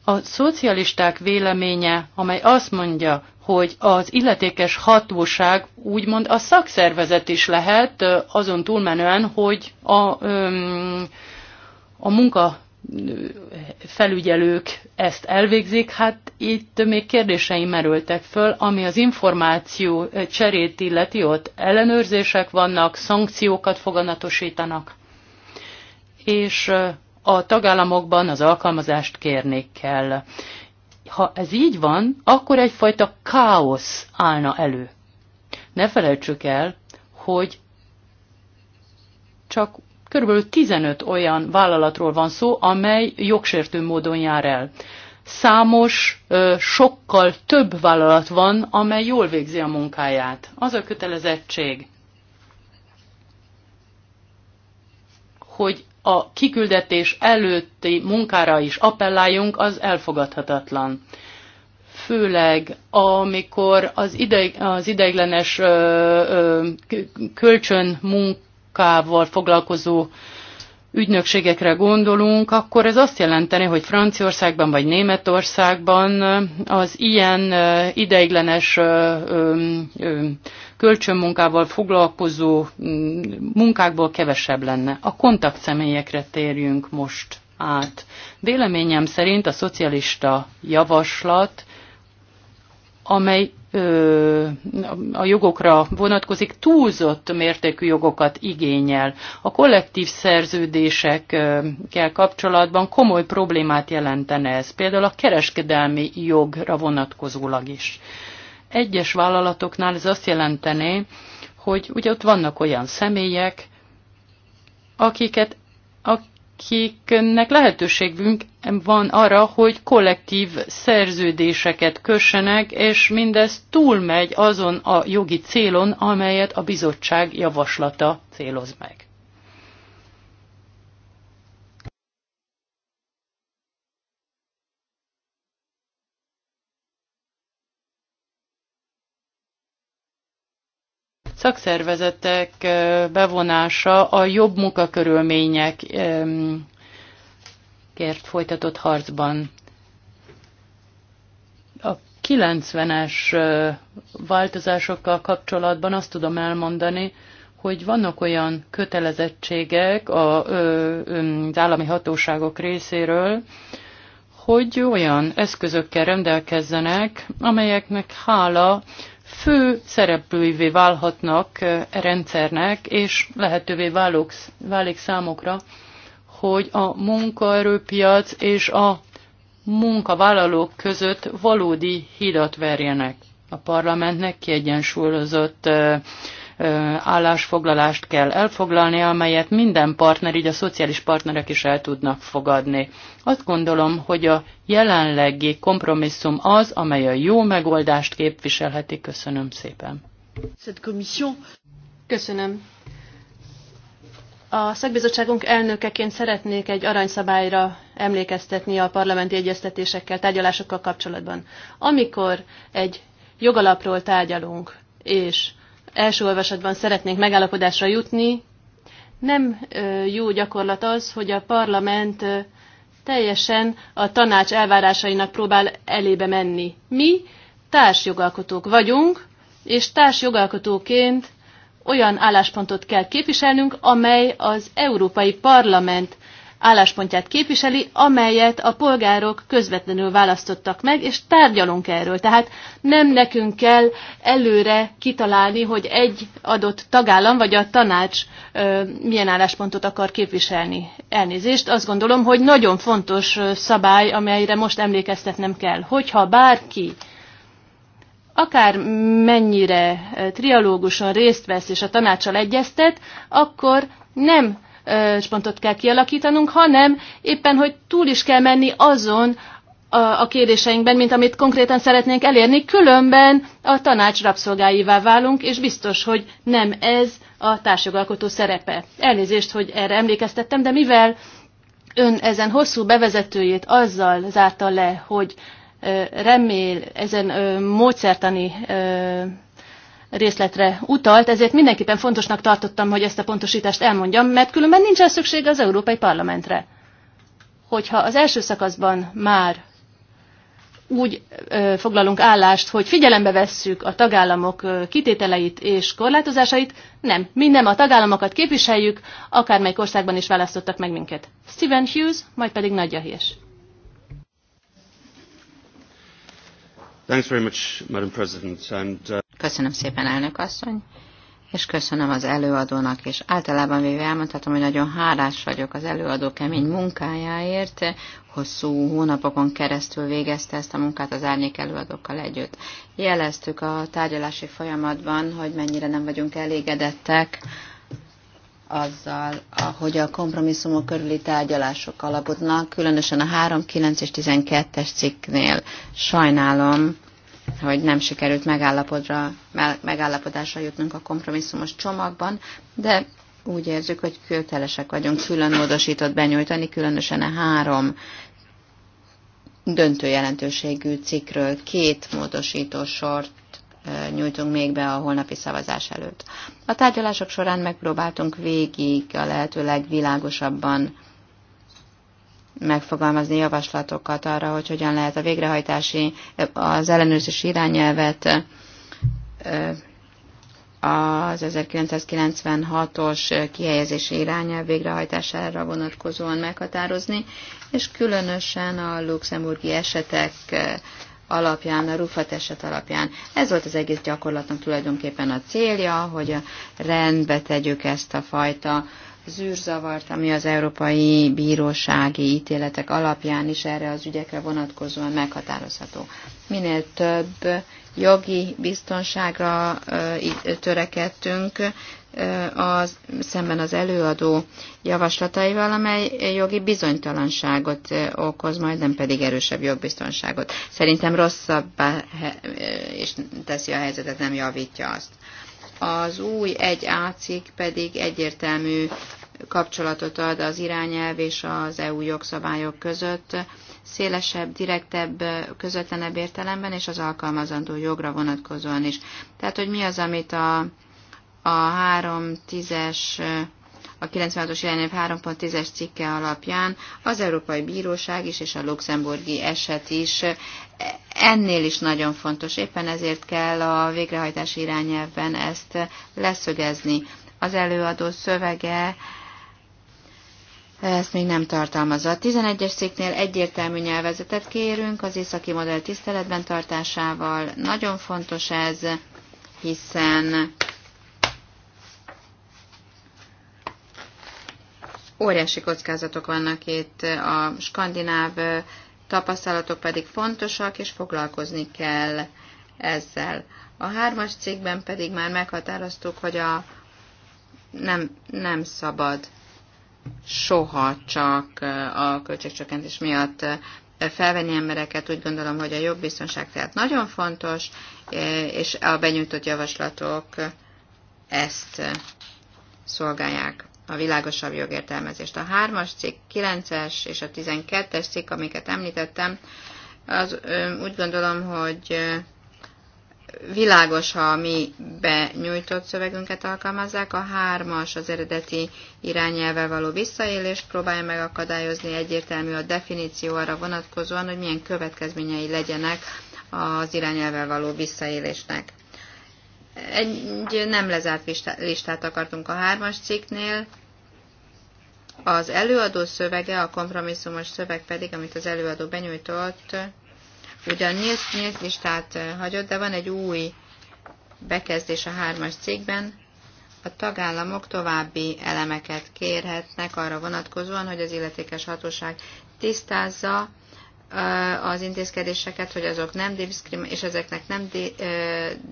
A szocialisták véleménye, amely azt mondja, hogy az illetékes hatóság úgymond a szakszervezet is lehet, azon túlmenően, hogy a, a munka felügyelők ezt elvégzik. Hát itt még kérdéseim merültek föl, ami az információ cserét illeti, ott ellenőrzések vannak, szankciókat foganatosítanak, és a tagállamokban az alkalmazást kérnék kell. Ha ez így van, akkor egyfajta káosz állna elő. Ne felejtsük el, hogy csak körülbelül 15 olyan vállalatról van szó, amely jogsértő módon jár el. Számos, sokkal több vállalat van, amely jól végzi a munkáját. Az a kötelezettség, hogy a kiküldetés előtti munkára is appelláljunk, az elfogadhatatlan. Főleg amikor az, ideig, az ideiglenes ö, ö, kölcsön munkával foglalkozó ügynökségekre gondolunk, akkor ez azt jelenteni, hogy Franciaországban vagy Németországban az ilyen ideiglenes kölcsönmunkával foglalkozó mm, munkákból kevesebb lenne. A kontaktszemélyekre térjünk most át. Véleményem szerint a szocialista javaslat, amely ö, a jogokra vonatkozik, túlzott mértékű jogokat igényel. A kollektív szerződésekkel kapcsolatban komoly problémát jelentene ez, például a kereskedelmi jogra vonatkozólag is. Egyes vállalatoknál ez azt jelentené, hogy ugye ott vannak olyan személyek, akiket, akiknek lehetőségünk van arra, hogy kollektív szerződéseket kössenek, és mindez túlmegy azon a jogi célon, amelyet a bizottság javaslata céloz meg. szakszervezetek bevonása a jobb munkakörülmények kért folytatott harcban. A 90-es változásokkal kapcsolatban azt tudom elmondani, hogy vannak olyan kötelezettségek a, az állami hatóságok részéről, hogy olyan eszközökkel rendelkezzenek, amelyeknek hála fő szereplőivé válhatnak e, e rendszernek, és lehetővé válok, válik számokra, hogy a munkaerőpiac és a munkavállalók között valódi hidat verjenek. A parlamentnek kiegyensúlyozott e, állásfoglalást kell elfoglalni, amelyet minden partner, így a szociális partnerek is el tudnak fogadni. Azt gondolom, hogy a jelenlegi kompromisszum az, amely a jó megoldást képviselheti. Köszönöm szépen. Köszönöm. A szakbizottságunk elnökeként szeretnék egy aranyszabályra emlékeztetni a parlamenti egyeztetésekkel, tárgyalásokkal kapcsolatban. Amikor egy jogalapról tárgyalunk, és első olvasatban szeretnénk megállapodásra jutni, nem jó gyakorlat az, hogy a parlament teljesen a tanács elvárásainak próbál elébe menni. Mi társjogalkotók vagyunk, és társjogalkotóként olyan álláspontot kell képviselnünk, amely az Európai Parlament álláspontját képviseli, amelyet a polgárok közvetlenül választottak meg, és tárgyalunk erről. Tehát nem nekünk kell előre kitalálni, hogy egy adott tagállam vagy a tanács ö, milyen álláspontot akar képviselni. Elnézést, azt gondolom, hogy nagyon fontos szabály, amelyre most emlékeztetnem kell. Hogyha bárki akár mennyire trialóguson részt vesz és a tanácsal egyeztet, akkor nem pontot kell kialakítanunk, hanem éppen, hogy túl is kell menni azon a, a kérdéseinkben, mint amit konkrétan szeretnénk elérni, különben a tanács rabszolgáivá válunk, és biztos, hogy nem ez a társjogalkotó szerepe. Elnézést, hogy erre emlékeztettem, de mivel ön ezen hosszú bevezetőjét azzal zárta le, hogy remél ezen módszertani részletre utalt, ezért mindenképpen fontosnak tartottam, hogy ezt a pontosítást elmondjam, mert különben nincsen szüksége az Európai Parlamentre. Hogyha az első szakaszban már úgy ö, foglalunk állást, hogy figyelembe vesszük a tagállamok ö, kitételeit és korlátozásait, nem, mi nem a tagállamokat képviseljük, akármelyik országban is választottak meg minket. Stephen Hughes, majd pedig Nagy Hirsch. Thanks very much, Madam President. And, uh... Köszönöm szépen, elnök asszony, és köszönöm az előadónak, és általában véve elmondhatom, hogy nagyon hálás vagyok az előadó kemény munkájáért, hosszú hónapokon keresztül végezte ezt a munkát az árnyék előadókkal együtt. Jeleztük a tárgyalási folyamatban, hogy mennyire nem vagyunk elégedettek azzal, hogy a kompromisszumok körüli tárgyalások alapodnak, különösen a 3, 9 és 12-es cikknél. Sajnálom, hogy nem sikerült megállapodra, megállapodásra jutnunk a kompromisszumos csomagban, de úgy érzük, hogy kötelesek vagyunk külön módosított benyújtani, különösen a három döntő jelentőségű cikkről két módosító sort nyújtunk még be a holnapi szavazás előtt. A tárgyalások során megpróbáltunk végig a lehető legvilágosabban megfogalmazni javaslatokat arra, hogy hogyan lehet a végrehajtási, az ellenőrzési irányelvet az 1996-os kihelyezési irányelv végrehajtására vonatkozóan meghatározni, és különösen a luxemburgi esetek alapján, a Rufat eset alapján. Ez volt az egész gyakorlatnak tulajdonképpen a célja, hogy rendbe tegyük ezt a fajta zűrzavart, ami az európai bírósági ítéletek alapján is erre az ügyekre vonatkozóan meghatározható. Minél több jogi biztonságra törekedtünk az, szemben az előadó javaslataival, amely jogi bizonytalanságot okoz, majd nem pedig erősebb jogbiztonságot. Szerintem rosszabb és teszi a helyzetet, nem javítja azt. Az új egy ácik pedig egyértelmű kapcsolatot ad az irányelv és az EU jogszabályok között, szélesebb, direktebb, közvetlenebb értelemben, és az alkalmazandó jogra vonatkozóan is. Tehát, hogy mi az, amit a, a 3.10-es a 96-os jelenév 3.10-es cikke alapján az Európai Bíróság is és a luxemburgi eset is ennél is nagyon fontos. Éppen ezért kell a végrehajtási irányelvben ezt leszögezni. Az előadó szövege ezt még nem tartalmazza. A 11-es cikknél egyértelmű nyelvezetet kérünk az északi modell tiszteletben tartásával. Nagyon fontos ez, hiszen Óriási kockázatok vannak itt, a skandináv tapasztalatok pedig fontosak, és foglalkozni kell ezzel. A hármas cikkben pedig már meghatároztuk, hogy a nem, nem szabad soha csak a költségcsökkentés miatt felvenni embereket. Úgy gondolom, hogy a jobb biztonság tehát nagyon fontos, és a benyújtott javaslatok ezt szolgálják a világosabb jogértelmezést. A 3-as cikk, 9-es és a 12-es cikk, amiket említettem, az úgy gondolom, hogy világos, ha mi benyújtott szövegünket alkalmazzák, a hármas az eredeti irányelve való visszaélést próbálja megakadályozni egyértelmű a definíció arra vonatkozóan, hogy milyen következményei legyenek az irányelve való visszaélésnek egy nem lezárt listát akartunk a hármas cikknél. Az előadó szövege, a kompromisszumos szöveg pedig, amit az előadó benyújtott, ugyan nyílt, nyílt listát hagyott, de van egy új bekezdés a hármas cikkben. A tagállamok további elemeket kérhetnek arra vonatkozóan, hogy az illetékes hatóság tisztázza, az intézkedéseket, hogy azok nem és ezeknek nem di,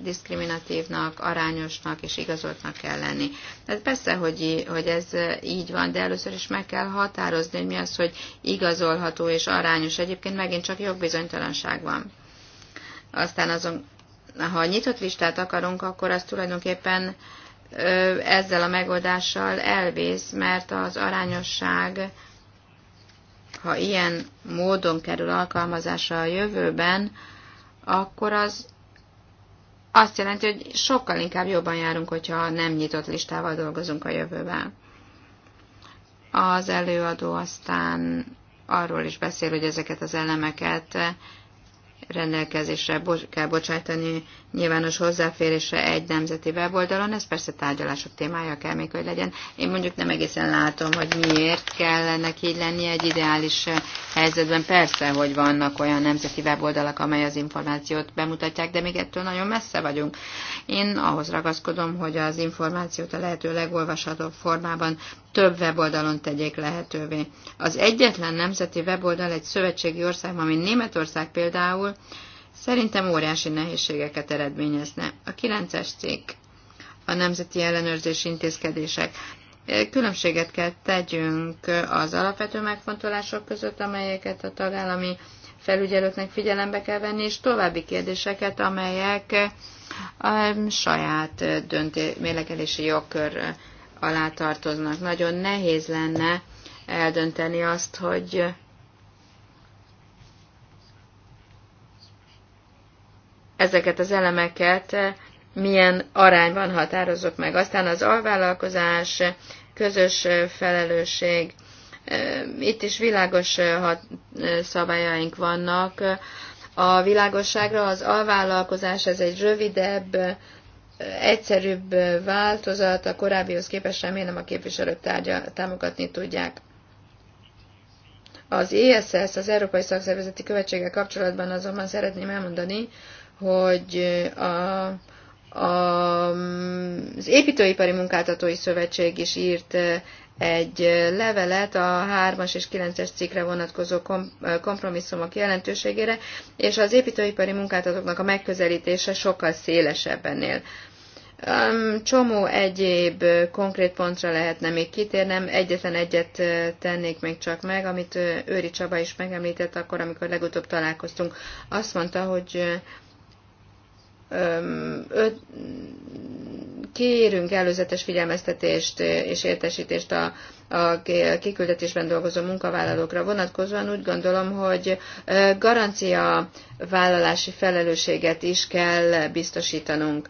diszkriminatívnak, arányosnak és igazoltnak kell lenni. Tehát persze, hogy, hogy ez így van, de először is meg kell határozni, hogy mi az, hogy igazolható és arányos. Egyébként megint csak jogbizonytalanság van. Aztán azon, ha nyitott listát akarunk, akkor az tulajdonképpen ezzel a megoldással elvész, mert az arányosság ha ilyen módon kerül alkalmazásra a jövőben, akkor az azt jelenti, hogy sokkal inkább jobban járunk, hogyha nem nyitott listával dolgozunk a jövőben. Az előadó aztán arról is beszél, hogy ezeket az elemeket rendelkezésre kell bocsátani nyilvános hozzáférésre egy nemzeti weboldalon, ez persze tárgyalások témája kell még, hogy legyen. Én mondjuk nem egészen látom, hogy miért kell így lenni egy ideális helyzetben. Persze, hogy vannak olyan nemzeti weboldalak, amely az információt bemutatják, de még ettől nagyon messze vagyunk. Én ahhoz ragaszkodom, hogy az információt a lehető legolvashatóbb formában több weboldalon tegyék lehetővé. Az egyetlen nemzeti weboldal egy szövetségi ország, mint Németország például, szerintem óriási nehézségeket eredményezne. A 9-es cikk, a nemzeti ellenőrzés intézkedések. Különbséget kell tegyünk az alapvető megfontolások között, amelyeket a tagállami felügyelőknek figyelembe kell venni, és további kérdéseket, amelyek a saját dönté- mélegelési jogkör alá tartoznak. Nagyon nehéz lenne eldönteni azt, hogy ezeket az elemeket milyen arányban határozok meg. Aztán az alvállalkozás, közös felelősség, itt is világos szabályaink vannak. A világosságra az alvállalkozás, ez egy rövidebb, egyszerűbb változat, a korábbihoz képest remélem a képviselők tárgya, támogatni tudják. Az ESS, az Európai Szakszervezeti Követséggel kapcsolatban azonban szeretném elmondani, hogy a, a, az építőipari munkáltatói szövetség is írt egy levelet a 3-as és 9-es cikkre vonatkozó kompromisszumok jelentőségére, és az építőipari munkáltatóknak a megközelítése sokkal szélesebb ennél. Csomó egyéb konkrét pontra lehetne még kitérnem, egyetlen egyet tennék még csak meg, amit Őri Csaba is megemlített akkor, amikor legutóbb találkoztunk. Azt mondta, hogy öt, kérünk előzetes figyelmeztetést és értesítést a, a kiküldetésben dolgozó munkavállalókra vonatkozóan úgy gondolom, hogy garancia vállalási felelősséget is kell biztosítanunk.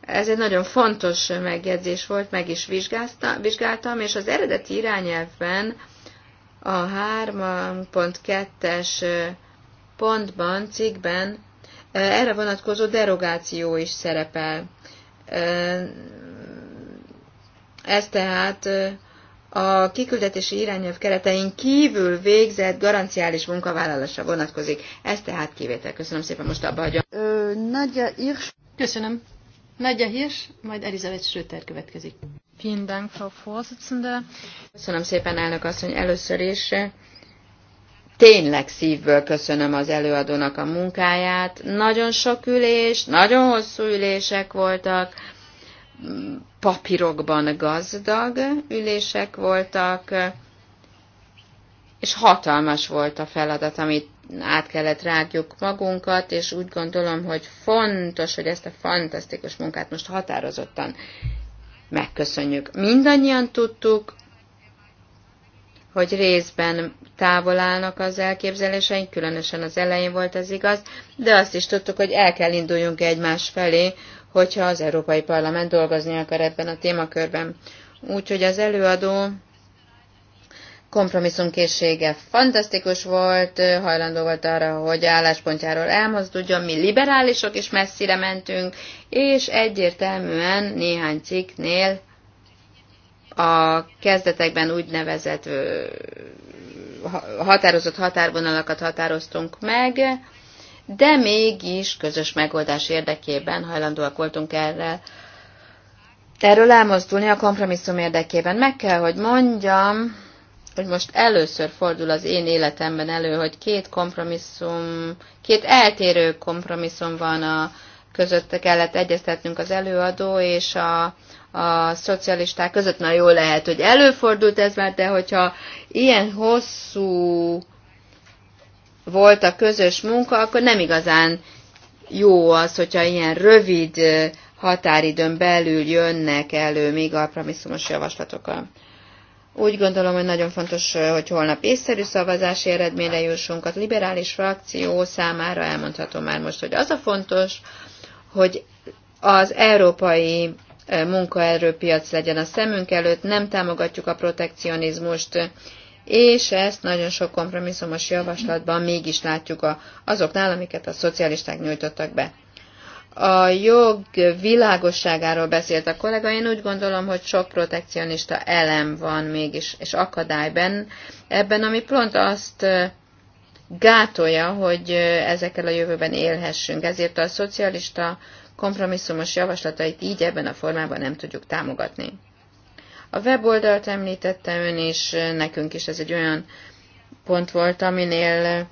Ez egy nagyon fontos megjegyzés volt, meg is vizsgáltam, és az eredeti irányelvben a 3.2-es pontban, cikkben erre vonatkozó derogáció is szerepel. Ez tehát a kiküldetési irányelv keretein kívül végzett garanciális munkavállalásra vonatkozik. Ez tehát kivétel. Köszönöm szépen, most abba hagyom. Ö, Hirsch. Köszönöm. Nagyja Hirsch, majd Elizabeth Schröter következik. Vielen Dank, Frau Vorsitzende. Köszönöm szépen, elnök asszony, először is. Tényleg szívből köszönöm az előadónak a munkáját. Nagyon sok ülés, nagyon hosszú ülések voltak, papírokban gazdag ülések voltak, és hatalmas volt a feladat, amit át kellett rágjuk magunkat, és úgy gondolom, hogy fontos, hogy ezt a fantasztikus munkát most határozottan megköszönjük. Mindannyian tudtuk, hogy részben távol állnak az elképzeléseink, különösen az elején volt ez igaz, de azt is tudtuk, hogy el kell induljunk egymás felé, hogyha az Európai Parlament dolgozni akar ebben a témakörben. Úgyhogy az előadó kompromisszumkészsége fantasztikus volt, hajlandó volt arra, hogy álláspontjáról elmozduljon, mi liberálisok is messzire mentünk, és egyértelműen néhány cikknél a kezdetekben úgynevezett határozott határvonalakat határoztunk meg, de mégis közös megoldás érdekében hajlandóak voltunk erre erről elmozdulni a kompromisszum érdekében. Meg kell, hogy mondjam, hogy most először fordul az én életemben elő, hogy két kompromisszum, két eltérő kompromisszum van a között kellett egyeztetnünk az előadó és a, a szocialisták között. Na jó lehet, hogy előfordult ez már, de hogyha ilyen hosszú volt a közös munka, akkor nem igazán jó az, hogyha ilyen rövid határidőn belül jönnek elő még a promisszumos javaslatokkal. Úgy gondolom, hogy nagyon fontos, hogy holnap észszerű szavazási eredményre jussunk. A liberális frakció számára elmondhatom már most, hogy az a fontos, hogy az európai munkaerőpiac legyen a szemünk előtt, nem támogatjuk a protekcionizmust, és ezt nagyon sok kompromisszumos javaslatban mégis látjuk a, azoknál, amiket a szocialisták nyújtottak be. A jog világosságáról beszélt a kollega, én úgy gondolom, hogy sok protekcionista elem van mégis, és akadályben ebben, ami pont azt gátolja, hogy ezekkel a jövőben élhessünk. Ezért a szocialista kompromisszumos javaslatait így ebben a formában nem tudjuk támogatni. A weboldalt említette ön is, nekünk is ez egy olyan pont volt, aminél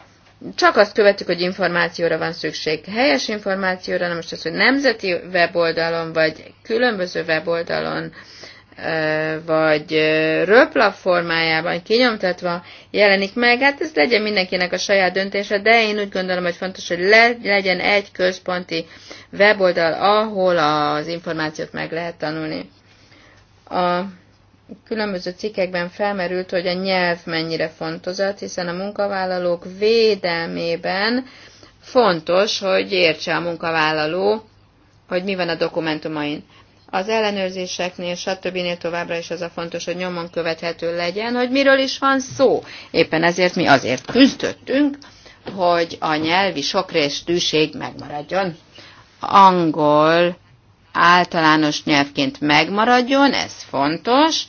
csak azt követjük, hogy információra van szükség. Helyes információra, na most az, hogy nemzeti weboldalon, vagy különböző weboldalon vagy röplap formájában kinyomtatva jelenik meg, hát ez legyen mindenkinek a saját döntése, de én úgy gondolom, hogy fontos, hogy le, legyen egy központi weboldal, ahol az információt meg lehet tanulni. A különböző cikkekben felmerült, hogy a nyelv mennyire fontosat, hiszen a munkavállalók védelmében fontos, hogy értse a munkavállaló, hogy mi van a dokumentumain az ellenőrzéseknél, stb. továbbra is az a fontos, hogy nyomon követhető legyen, hogy miről is van szó. Éppen ezért mi azért küzdöttünk, hogy a nyelvi sokrésztűség megmaradjon. Angol általános nyelvként megmaradjon, ez fontos.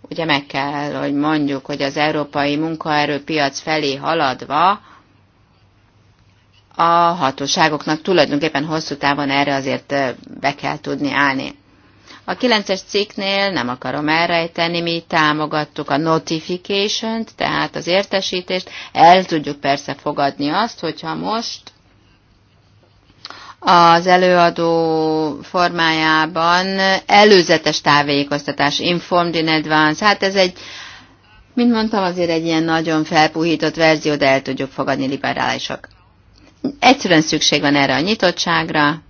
Ugye meg kell, hogy mondjuk, hogy az európai munkaerőpiac felé haladva, a hatóságoknak tulajdonképpen hosszú távon erre azért be kell tudni állni. A 9-es cikknél nem akarom elrejteni, mi támogattuk a notification-t, tehát az értesítést. El tudjuk persze fogadni azt, hogyha most az előadó formájában előzetes távékoztatás, informed in advance, hát ez egy, mint mondtam, azért egy ilyen nagyon felpuhított verzió, de el tudjuk fogadni liberálisok. Egyszerűen szükség van erre a nyitottságra,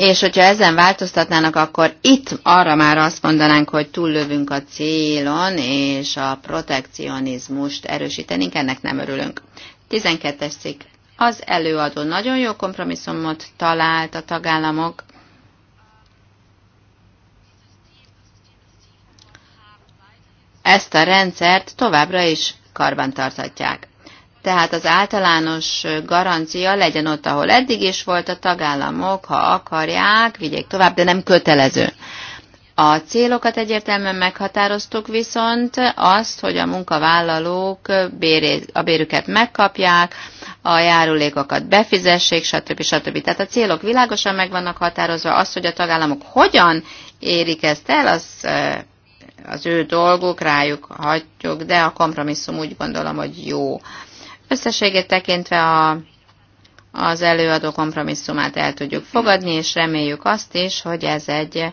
és hogyha ezen változtatnának, akkor itt arra már azt mondanánk, hogy túllövünk a célon, és a protekcionizmust erősítenénk, ennek nem örülünk. 12-es cikk. Az előadó nagyon jó kompromisszumot talált a tagállamok. Ezt a rendszert továbbra is karbantartatják. Tehát az általános garancia legyen ott, ahol eddig is volt a tagállamok, ha akarják, vigyék tovább, de nem kötelező. A célokat egyértelműen meghatároztuk viszont azt, hogy a munkavállalók a bérüket megkapják, a járulékokat befizessék, stb. stb. Tehát a célok világosan meg vannak határozva, az, hogy a tagállamok hogyan érik ezt el, az az ő dolguk, rájuk hagyjuk, de a kompromisszum úgy gondolom, hogy jó. Összességét tekintve a, az előadó kompromisszumát el tudjuk fogadni, és reméljük azt is, hogy ez egy,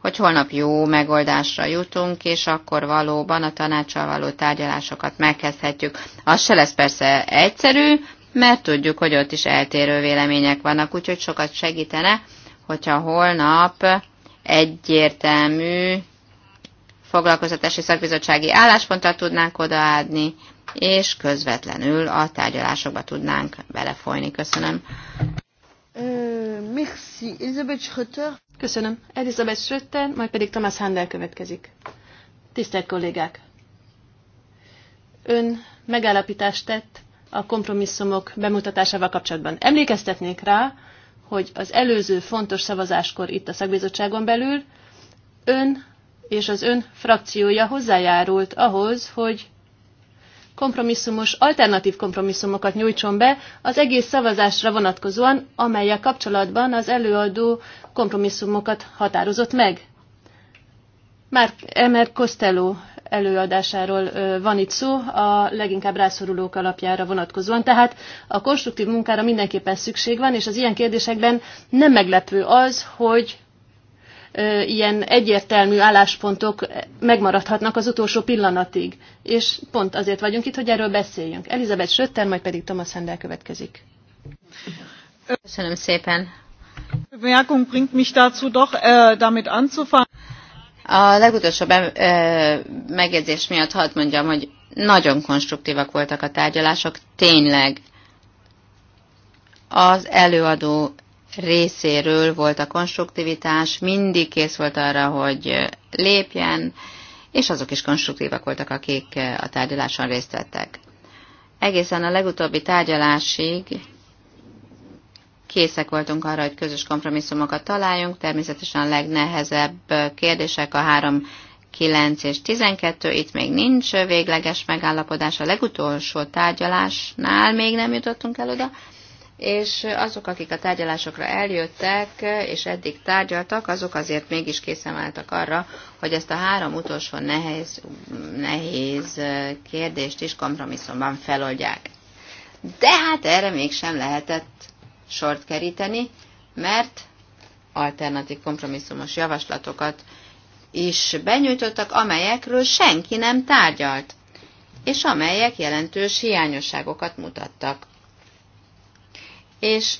hogy holnap jó megoldásra jutunk, és akkor valóban a tanácssal való tárgyalásokat megkezdhetjük. Az se lesz persze egyszerű, mert tudjuk, hogy ott is eltérő vélemények vannak, úgyhogy sokat segítene, hogyha holnap egyértelmű foglalkozatási szakbizottsági állásponttal tudnánk odaadni, és közvetlenül a tárgyalásokba tudnánk belefolyni. Köszönöm. merci. Elizabeth Schröter. Köszönöm. Elizabeth Schröter, majd pedig Thomas Handel következik. Tisztelt kollégák! Ön megállapítást tett a kompromisszumok bemutatásával kapcsolatban. Emlékeztetnék rá, hogy az előző fontos szavazáskor itt a szakbizottságon belül ön és az ön frakciója hozzájárult ahhoz, hogy kompromisszumos, alternatív kompromisszumokat nyújtson be az egész szavazásra vonatkozóan, amelyek kapcsolatban az előadó kompromisszumokat határozott meg. Már Emer eh, Costello előadásáról van itt szó, a leginkább rászorulók alapjára vonatkozóan. Tehát a konstruktív munkára mindenképpen szükség van, és az ilyen kérdésekben nem meglepő az, hogy ilyen egyértelmű álláspontok megmaradhatnak az utolsó pillanatig. És pont azért vagyunk itt, hogy erről beszéljünk. Elizabeth Schröter, majd pedig Thomas Hendel következik. Köszönöm szépen. Bemerkung bringt mich dazu doch, äh, damit anzufangen. A legutolsó be, ö, megjegyzés miatt hadd mondjam, hogy nagyon konstruktívak voltak a tárgyalások, tényleg. Az előadó részéről volt a konstruktivitás, mindig kész volt arra, hogy lépjen, és azok is konstruktívak voltak, akik a tárgyaláson részt vettek. Egészen a legutóbbi tárgyalásig készek voltunk arra, hogy közös kompromisszumokat találjunk. Természetesen a legnehezebb kérdések a 3, 9 és 12. Itt még nincs végleges megállapodás. A legutolsó tárgyalásnál még nem jutottunk el oda, és azok, akik a tárgyalásokra eljöttek, és eddig tárgyaltak, azok azért mégis készen álltak arra, hogy ezt a három utolsó nehéz, nehéz kérdést is kompromisszumban feloldják. De hát erre mégsem lehetett sort keríteni, mert alternatív kompromisszumos javaslatokat is benyújtottak, amelyekről senki nem tárgyalt, és amelyek jelentős hiányosságokat mutattak és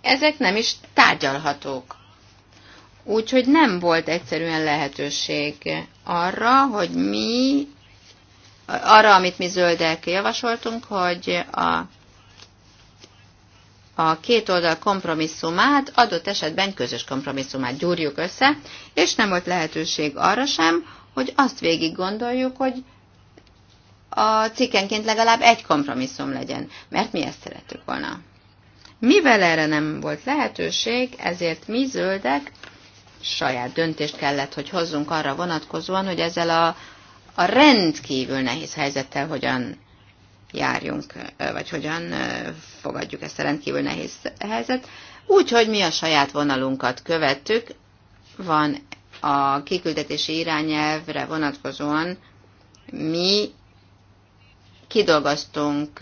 ezek nem is tárgyalhatók. Úgyhogy nem volt egyszerűen lehetőség arra, hogy mi, arra, amit mi zöldek javasoltunk, hogy a, a két oldal kompromisszumát, adott esetben közös kompromisszumát gyúrjuk össze, és nem volt lehetőség arra sem, hogy azt végig gondoljuk, hogy a cikkenként legalább egy kompromisszum legyen, mert mi ezt szerettük volna. Mivel erre nem volt lehetőség, ezért mi zöldek saját döntést kellett, hogy hozzunk arra vonatkozóan, hogy ezzel a, a rendkívül nehéz helyzettel hogyan járjunk, vagy hogyan fogadjuk ezt a rendkívül nehéz helyzet. Úgyhogy mi a saját vonalunkat követtük, van a kiküldetési irányelvre vonatkozóan mi kidolgoztunk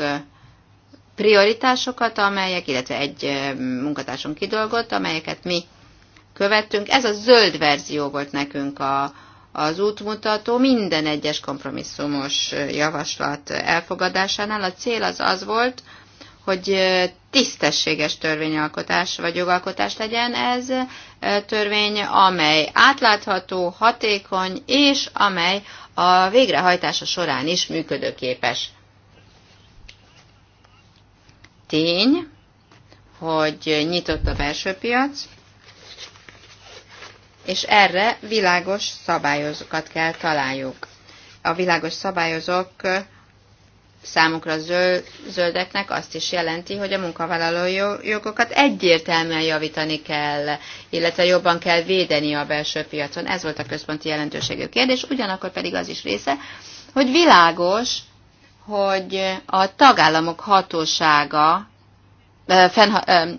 prioritásokat, amelyek, illetve egy munkatársunk kidolgott, amelyeket mi követtünk. Ez a zöld verzió volt nekünk a, az útmutató minden egyes kompromisszumos javaslat elfogadásánál. A cél az az volt, hogy tisztességes törvényalkotás vagy jogalkotás legyen ez törvény, amely átlátható, hatékony és amely a végrehajtása során is működőképes. Tény, hogy nyitott a belső piac, és erre világos szabályozókat kell találjuk. A világos szabályozók számukra zöld, zöldeknek azt is jelenti, hogy a munkavállaló jogokat egyértelműen javítani kell, illetve jobban kell védeni a belső piacon. Ez volt a központi jelentőségű kérdés, ugyanakkor pedig az is része, hogy világos, hogy a tagállamok hatósága, ö,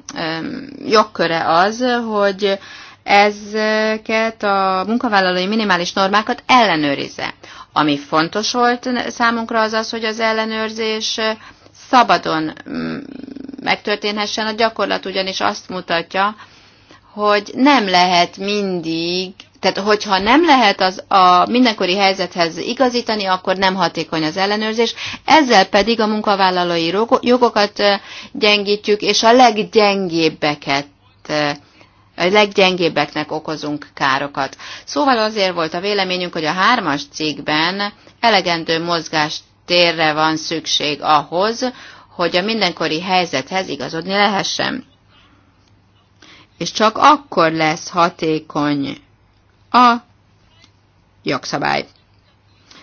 jogköre az, hogy ezeket a munkavállalói minimális normákat ellenőrizze. Ami fontos volt számunkra az az, hogy az ellenőrzés szabadon mm, megtörténhessen. A gyakorlat ugyanis azt mutatja, hogy nem lehet mindig tehát, hogyha nem lehet az a mindenkori helyzethez igazítani, akkor nem hatékony az ellenőrzés, ezzel pedig a munkavállalói jogokat gyengítjük, és a leggyengébbeket a leggyengébbeknek okozunk károkat. Szóval azért volt a véleményünk, hogy a hármas cikkben elegendő mozgástérre van szükség ahhoz, hogy a mindenkori helyzethez igazodni lehessen. És csak akkor lesz hatékony a jogszabály.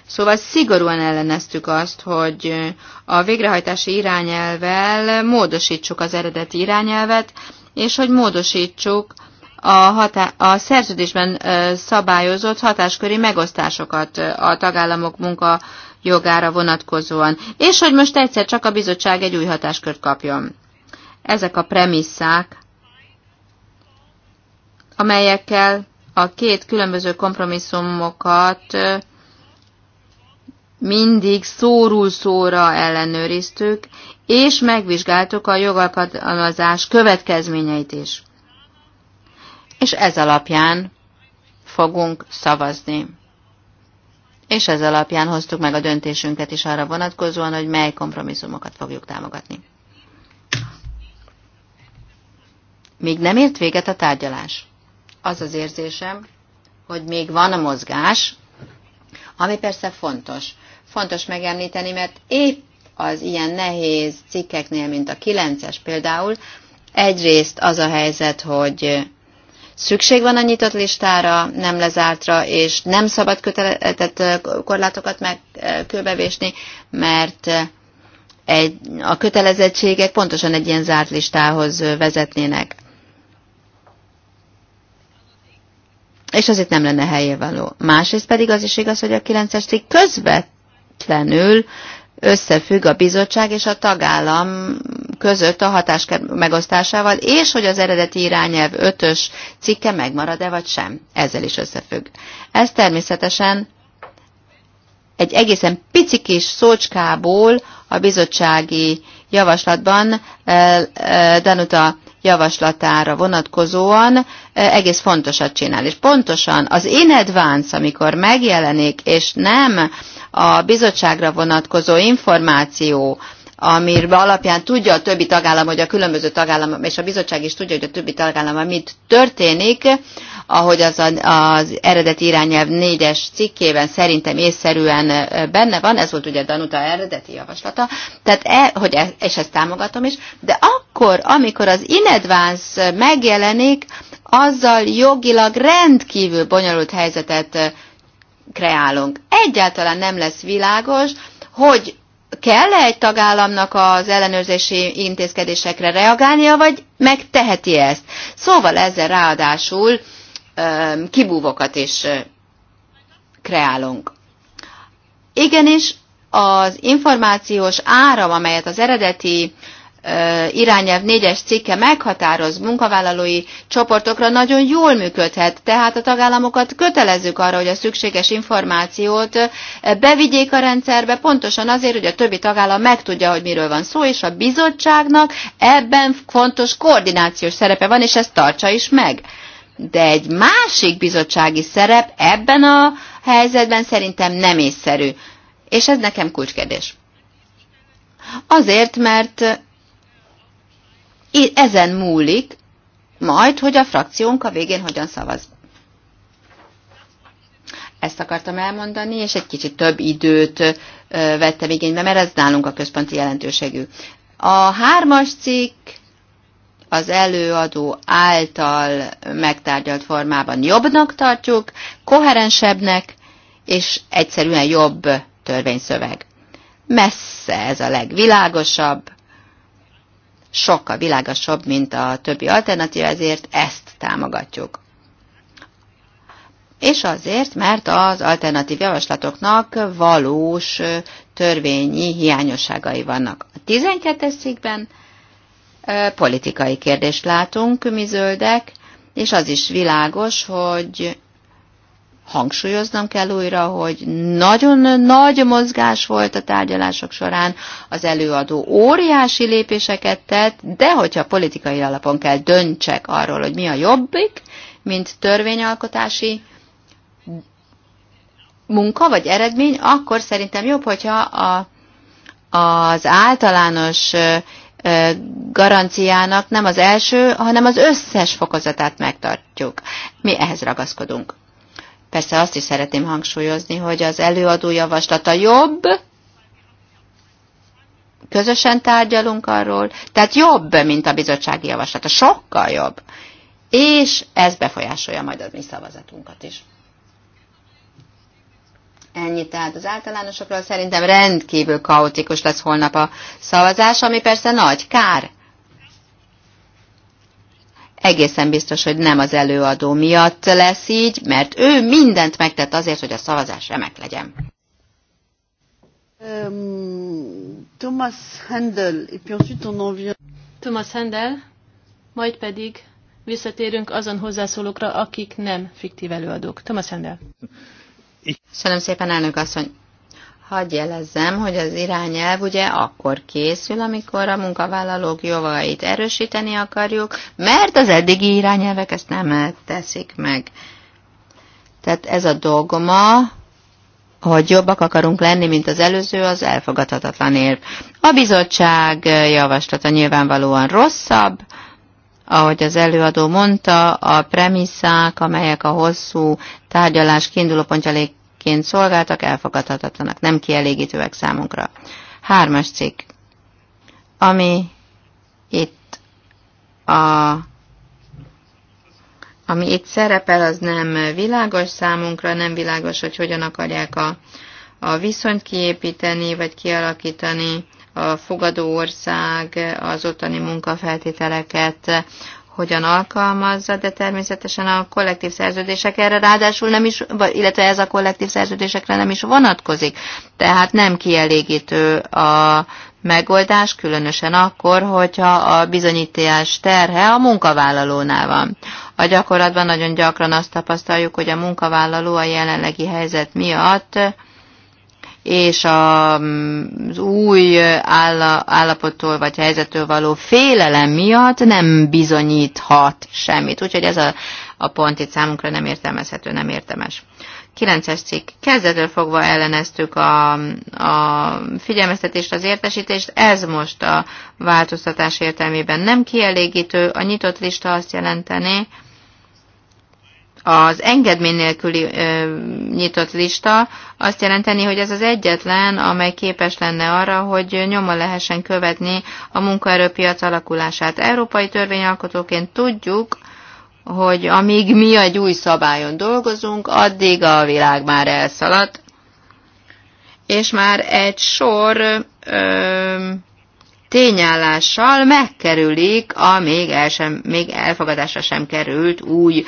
Szóval szigorúan elleneztük azt, hogy a végrehajtási irányelvel módosítsuk az eredeti irányelvet, és hogy módosítsuk a, hatá- a szerződésben szabályozott hatásköri megosztásokat a tagállamok munka jogára vonatkozóan, és hogy most egyszer csak a bizottság egy új hatáskört kapjon. Ezek a premisszák, amelyekkel a két különböző kompromisszumokat mindig szóról szóra ellenőriztük, és megvizsgáltuk a jogalkalmazás következményeit is. És ez alapján fogunk szavazni. És ez alapján hoztuk meg a döntésünket is arra vonatkozóan, hogy mely kompromisszumokat fogjuk támogatni. Még nem ért véget a tárgyalás az az érzésem, hogy még van a mozgás, ami persze fontos. Fontos megemlíteni, mert épp az ilyen nehéz cikkeknél, mint a 9-es például, egyrészt az a helyzet, hogy szükség van a nyitott listára, nem lezártra, és nem szabad kötelezett korlátokat megkőbevésni, mert egy, a kötelezettségek pontosan egy ilyen zárt listához vezetnének. és az itt nem lenne való Másrészt pedig az is igaz, hogy a 9-es cikk közvetlenül összefügg a bizottság és a tagállam között a hatás megosztásával, és hogy az eredeti irányelv 5-ös cikke megmarad-e vagy sem. Ezzel is összefügg. Ez természetesen egy egészen pici kis szócskából a bizottsági javaslatban eh, eh, Danuta javaslatára vonatkozóan eh, egész fontosat csinál. És pontosan az in advance, amikor megjelenik, és nem a bizottságra vonatkozó információ, amiben alapján tudja a többi tagállam, hogy a különböző tagállam, és a bizottság is tudja, hogy a többi tagállam mit történik, ahogy az, a, az eredeti irányelv négyes cikkében szerintem észszerűen benne van, ez volt ugye Danuta eredeti javaslata, tehát e, hogy e, és ezt támogatom is, de akkor, amikor az advance megjelenik, azzal jogilag rendkívül bonyolult helyzetet kreálunk. Egyáltalán nem lesz világos, hogy kell -e egy tagállamnak az ellenőrzési intézkedésekre reagálnia, vagy megteheti ezt? Szóval ezzel ráadásul kibúvokat is kreálunk. Igenis, az információs áram, amelyet az eredeti irányelv négyes cikke meghatároz munkavállalói csoportokra nagyon jól működhet, tehát a tagállamokat kötelezzük arra, hogy a szükséges információt bevigyék a rendszerbe, pontosan azért, hogy a többi tagállam megtudja, hogy miről van szó, és a bizottságnak ebben fontos koordinációs szerepe van, és ezt tartsa is meg. De egy másik bizottsági szerep ebben a helyzetben szerintem nem észszerű. És ez nekem kulcskedés. Azért, mert ezen múlik, majd, hogy a frakciónk a végén hogyan szavaz. Ezt akartam elmondani, és egy kicsit több időt vettem igénybe, mert ez nálunk a központi jelentőségű. A hármas cikk az előadó által megtárgyalt formában jobbnak tartjuk, koherensebbnek, és egyszerűen jobb törvényszöveg. Messze ez a legvilágosabb, sokkal világosabb, mint a többi alternatív, ezért ezt támogatjuk. És azért, mert az alternatív javaslatoknak valós törvényi hiányosságai vannak. A 12-es politikai kérdést látunk, mi zöldek, és az is világos, hogy hangsúlyoznom kell újra, hogy nagyon nagy mozgás volt a tárgyalások során, az előadó óriási lépéseket tett, de hogyha politikai alapon kell döntsek arról, hogy mi a jobbik, mint törvényalkotási munka vagy eredmény, akkor szerintem jobb, hogyha a, az általános garanciának nem az első, hanem az összes fokozatát megtartjuk. Mi ehhez ragaszkodunk. Persze azt is szeretném hangsúlyozni, hogy az előadó javaslata jobb, közösen tárgyalunk arról, tehát jobb, mint a bizottsági javaslata, sokkal jobb. És ez befolyásolja majd a mi szavazatunkat is. Ennyit tehát az általánosokról. Szerintem rendkívül kaotikus lesz holnap a szavazás, ami persze nagy kár egészen biztos, hogy nem az előadó miatt lesz így, mert ő mindent megtett azért, hogy a szavazás remek legyen. Thomas Handel, et puis ensuite on en vient... Thomas Handel, majd pedig visszatérünk azon hozzászólókra, akik nem fiktív előadók. Thomas Handel. Köszönöm szépen, elnök asszony hadd jelezzem, hogy az irányelv ugye akkor készül, amikor a munkavállalók jogait erősíteni akarjuk, mert az eddigi irányelvek ezt nem teszik meg. Tehát ez a dogma, hogy jobbak akarunk lenni, mint az előző, az elfogadhatatlan érv. A bizottság javaslata nyilvánvalóan rosszabb, ahogy az előadó mondta, a premisszák, amelyek a hosszú tárgyalás kiindulópontja ként szolgáltak, elfogadhatatlanak, nem kielégítőek számunkra. Hármas cikk, ami itt a ami itt szerepel, az nem világos számunkra, nem világos, hogy hogyan akarják a, a viszonyt kiépíteni, vagy kialakítani a fogadó ország az ottani munkafeltételeket, hogyan alkalmazza, de természetesen a kollektív szerződések erre ráadásul nem is, illetve ez a kollektív szerződésekre nem is vonatkozik. Tehát nem kielégítő a megoldás, különösen akkor, hogyha a bizonyítás terhe a munkavállalónál van. A gyakorlatban nagyon gyakran azt tapasztaljuk, hogy a munkavállaló a jelenlegi helyzet miatt és mm, az új állapottól vagy helyzettől való félelem miatt nem bizonyíthat semmit. Úgyhogy ez a, a pont itt számunkra nem értelmezhető, nem értemes. 9-es cikk. Kezdetől fogva elleneztük a, a figyelmeztetést, az értesítést. Ez most a változtatás értelmében nem kielégítő. A nyitott lista azt jelenteni, az engedmény nélküli ö, nyitott lista azt jelenteni, hogy ez az egyetlen, amely képes lenne arra, hogy nyoma lehessen követni a munkaerőpiac alakulását. Európai törvényalkotóként tudjuk, hogy amíg mi egy új szabályon dolgozunk, addig a világ már elszaladt, és már egy sor ö, tényállással megkerülik a még, el sem, még elfogadásra sem került új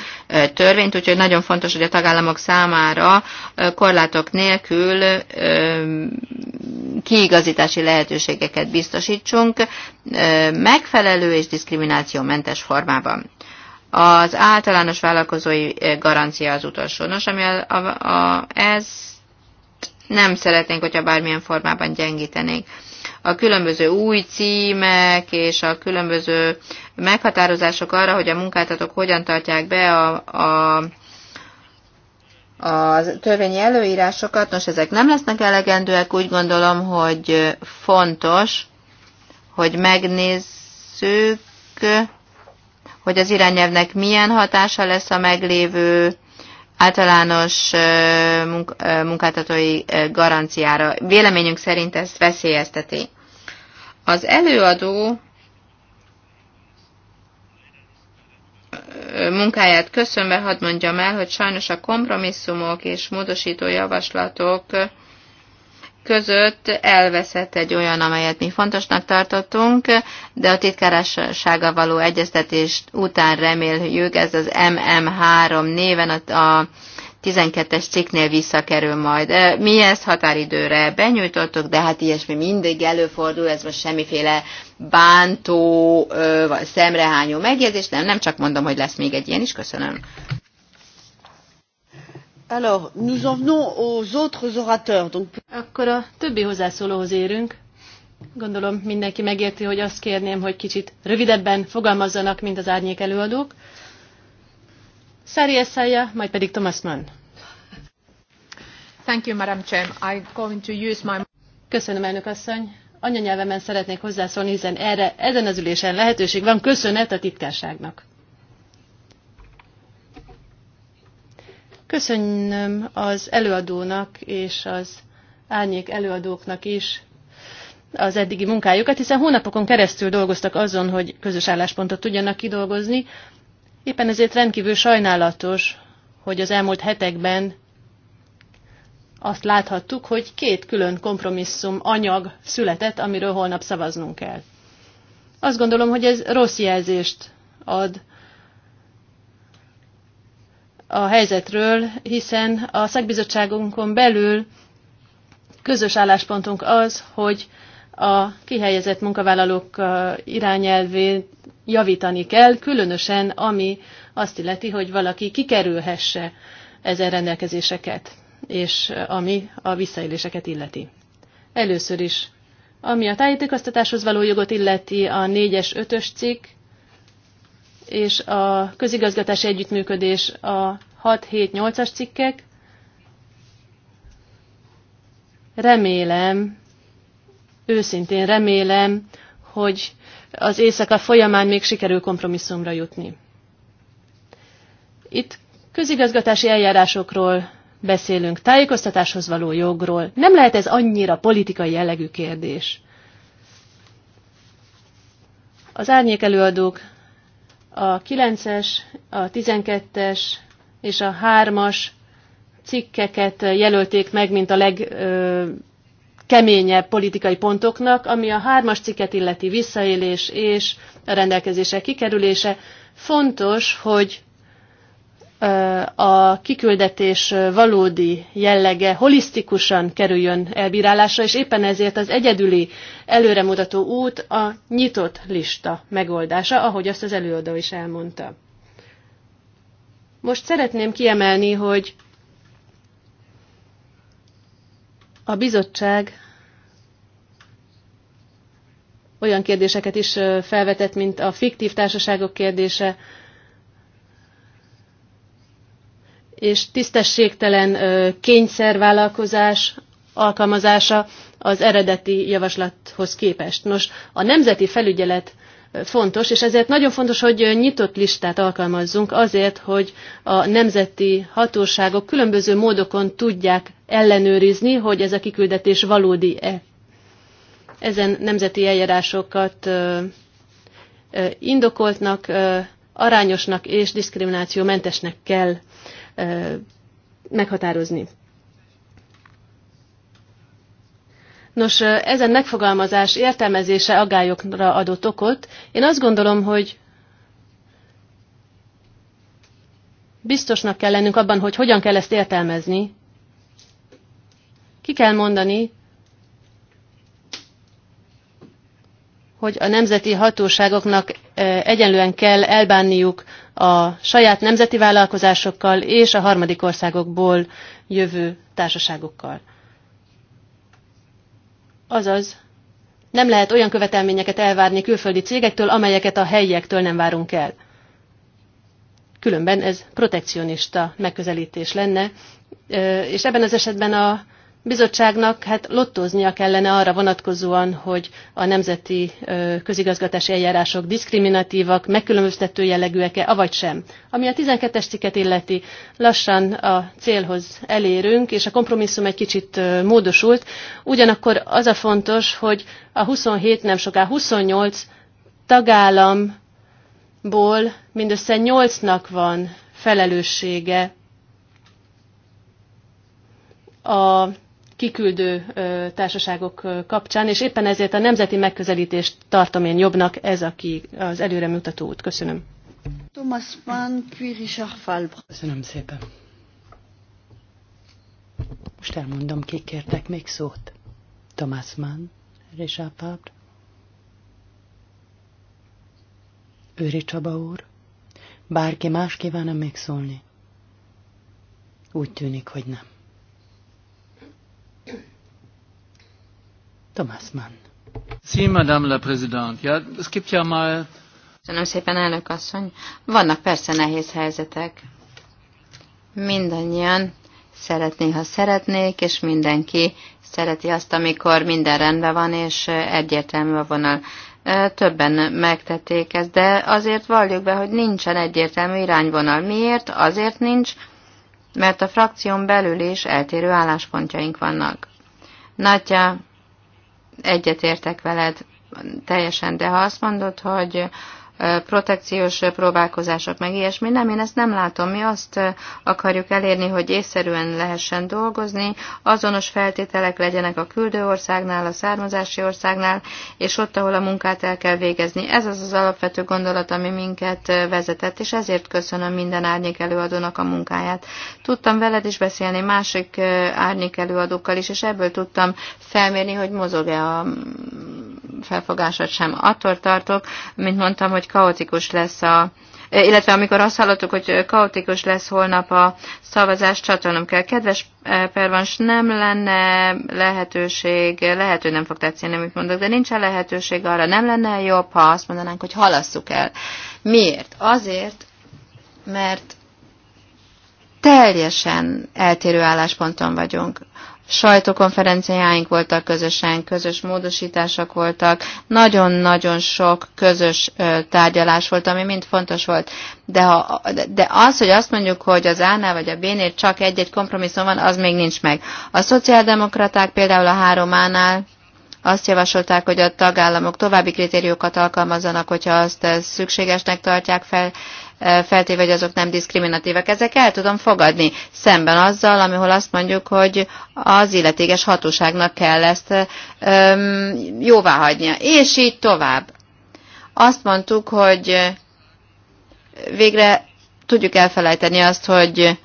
törvényt, úgyhogy nagyon fontos, hogy a tagállamok számára korlátok nélkül kiigazítási lehetőségeket biztosítsunk megfelelő és diszkriminációmentes formában. Az általános vállalkozói garancia az utolsó. Nos, ami a, a, a, ezt nem szeretnénk, hogyha bármilyen formában gyengítenénk a különböző új címek és a különböző meghatározások arra, hogy a munkáltatók hogyan tartják be a, a a törvényi előírásokat, nos ezek nem lesznek elegendőek, úgy gondolom, hogy fontos, hogy megnézzük, hogy az irányelvnek milyen hatása lesz a meglévő általános munkáltatói garanciára. Véleményünk szerint ezt veszélyezteti. Az előadó munkáját köszönve hadd mondjam el, hogy sajnos a kompromisszumok és módosító javaslatok között elveszett egy olyan, amelyet mi fontosnak tartottunk, de a titkárássága való egyeztetés után reméljük ez az MM3 néven a, a 12-es cikknél visszakerül majd. Mi ezt határidőre benyújtottuk, de hát ilyesmi mindig előfordul, ez most semmiféle bántó vagy szemrehányó megjegyzés, nem, nem csak mondom, hogy lesz még egy ilyen is, köszönöm. Alors, nous en venons aux autres orateurs. Donc... Akkor a többi hozzászólóhoz érünk. Gondolom mindenki megérti, hogy azt kérném, hogy kicsit rövidebben fogalmazzanak, mint az árnyék előadók. Sari Essaya, majd pedig Thomas Mann. Thank you, Madam Chair. I'm going to use my... Köszönöm, elnök asszony. Anyanyelvemen szeretnék hozzászólni, hiszen erre, ezen az ülésen lehetőség van. Köszönet a titkárságnak. Köszönöm az előadónak és az árnyék előadóknak is az eddigi munkájukat, hiszen hónapokon keresztül dolgoztak azon, hogy közös álláspontot tudjanak kidolgozni, Éppen ezért rendkívül sajnálatos, hogy az elmúlt hetekben azt láthattuk, hogy két külön kompromisszum anyag született, amiről holnap szavaznunk kell. Azt gondolom, hogy ez rossz jelzést ad a helyzetről, hiszen a szakbizottságunkon belül közös álláspontunk az, hogy a kihelyezett munkavállalók irányelvét javítani kell, különösen ami azt illeti, hogy valaki kikerülhesse ezen rendelkezéseket, és ami a visszaéléseket illeti. Először is, ami a tájékoztatáshoz való jogot illeti, a 4-es, 5-ös cikk, és a közigazgatási együttműködés a 6-7-8-as cikkek. Remélem, őszintén remélem, hogy az éjszaka folyamán még sikerül kompromisszumra jutni. Itt közigazgatási eljárásokról beszélünk, tájékoztatáshoz való jogról. Nem lehet ez annyira politikai jellegű kérdés. Az árnyék előadók a 9-es, a 12-es és a 3-as cikkeket jelölték meg, mint a leg keményebb politikai pontoknak, ami a hármas cikket illeti visszaélés és a rendelkezések kikerülése. Fontos, hogy a kiküldetés valódi jellege holisztikusan kerüljön elbírálásra, és éppen ezért az egyedüli előremutató út a nyitott lista megoldása, ahogy azt az előadó is elmondta. Most szeretném kiemelni, hogy A bizottság olyan kérdéseket is felvetett, mint a fiktív társaságok kérdése, és tisztességtelen kényszervállalkozás alkalmazása az eredeti javaslathoz képest. Nos, a nemzeti felügyelet fontos, és ezért nagyon fontos, hogy nyitott listát alkalmazzunk azért, hogy a nemzeti hatóságok különböző módokon tudják ellenőrizni, hogy ez a kiküldetés valódi-e. Ezen nemzeti eljárásokat indokoltnak, arányosnak és diszkriminációmentesnek kell meghatározni. Nos, ezen megfogalmazás értelmezése agályokra adott okot. Én azt gondolom, hogy biztosnak kell lennünk abban, hogy hogyan kell ezt értelmezni, ki kell mondani, hogy a nemzeti hatóságoknak e, egyenlően kell elbánniuk a saját nemzeti vállalkozásokkal és a harmadik országokból jövő társaságokkal. Azaz, nem lehet olyan követelményeket elvárni külföldi cégektől, amelyeket a helyiektől nem várunk el. Különben ez protekcionista megközelítés lenne, e, és ebben az esetben a bizottságnak hát lottóznia kellene arra vonatkozóan, hogy a nemzeti közigazgatási eljárások diszkriminatívak, megkülönböztető jellegűek-e, avagy sem. Ami a 12-es cikket illeti, lassan a célhoz elérünk, és a kompromisszum egy kicsit módosult. Ugyanakkor az a fontos, hogy a 27, nem soká 28 tagállamból mindössze 8-nak van felelőssége a kiküldő társaságok kapcsán, és éppen ezért a nemzeti megközelítést tartom én jobbnak, ez aki az előre mutató út. Köszönöm. Thomas Mann, puis Richard Falbre. Köszönöm szépen. Most elmondom, kik kértek még szót. Thomas Mann, Richard Falbre, Őri Csaba úr, bárki más kívánna még szólni? Úgy tűnik, hogy nem. Thomas Mann. Sí, Madame la Présidente. Ja, es gibt ja mal... Köszönöm szépen, elnök asszony. Vannak persze nehéz helyzetek. Mindannyian szeretné, ha szeretnék, és mindenki szereti azt, amikor minden rendben van, és egyértelmű a vonal. Többen megtették ezt, de azért valljuk be, hogy nincsen egyértelmű irányvonal. Miért? Azért nincs, mert a frakción belül is eltérő álláspontjaink vannak. Natya, egyetértek veled teljesen, de ha azt mondod, hogy protekciós próbálkozások, meg ilyesmi. Nem, én ezt nem látom. Mi azt akarjuk elérni, hogy észszerűen lehessen dolgozni, azonos feltételek legyenek a küldő országnál, a származási országnál, és ott, ahol a munkát el kell végezni. Ez az az alapvető gondolat, ami minket vezetett, és ezért köszönöm minden árnyék előadónak a munkáját. Tudtam veled is beszélni másik árnyék előadókkal is, és ebből tudtam felmérni, hogy mozog-e a felfogásod sem. Attól tartok, mint mondtam, hogy kaotikus lesz a illetve amikor azt hallottuk, hogy kaotikus lesz holnap a szavazás, csatolnom kell. Kedves eh, Pervans, nem lenne lehetőség, lehető nem fog tetszeni, amit mondok, de nincsen lehetőség arra, nem lenne jobb, ha azt mondanánk, hogy halasszuk el. Miért? Azért, mert teljesen eltérő állásponton vagyunk sajtókonferenciáink voltak közösen, közös módosítások voltak, nagyon-nagyon sok közös tárgyalás volt, ami mind fontos volt. De, ha, de az, hogy azt mondjuk, hogy az A-nál vagy a B-nél csak egy-egy kompromisszum van, az még nincs meg. A szociáldemokraták például a három a nál azt javasolták, hogy a tagállamok további kritériókat alkalmazzanak, hogyha azt szükségesnek tartják fel, feltéve, hogy azok nem diszkriminatívek. Ezek el tudom fogadni szemben azzal, amihol azt mondjuk, hogy az illetéges hatóságnak kell ezt öm, jóvá hagynia. És így tovább. Azt mondtuk, hogy végre tudjuk elfelejteni azt, hogy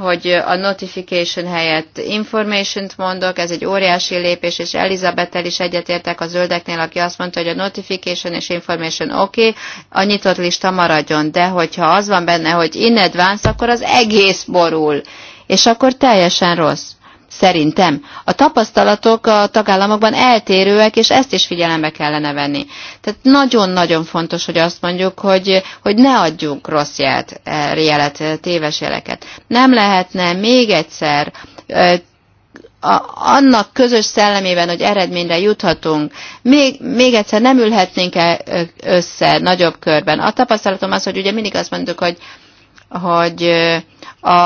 hogy a notification helyett information-t mondok, ez egy óriási lépés, és Elizabettel is egyetértek a zöldeknél, aki azt mondta, hogy a notification és information oké, okay, a nyitott lista maradjon, de hogyha az van benne, hogy in advance, akkor az egész borul, és akkor teljesen rossz. Szerintem a tapasztalatok a tagállamokban eltérőek, és ezt is figyelembe kellene venni. Tehát nagyon-nagyon fontos, hogy azt mondjuk, hogy, hogy ne adjunk rossz jelet, e, jelet, e, téves jeleket. Nem lehetne még egyszer e, a, annak közös szellemében, hogy eredményre juthatunk, még, még egyszer nem ülhetnénk -e össze nagyobb körben. A tapasztalatom az, hogy ugye mindig azt mondjuk, hogy, hogy a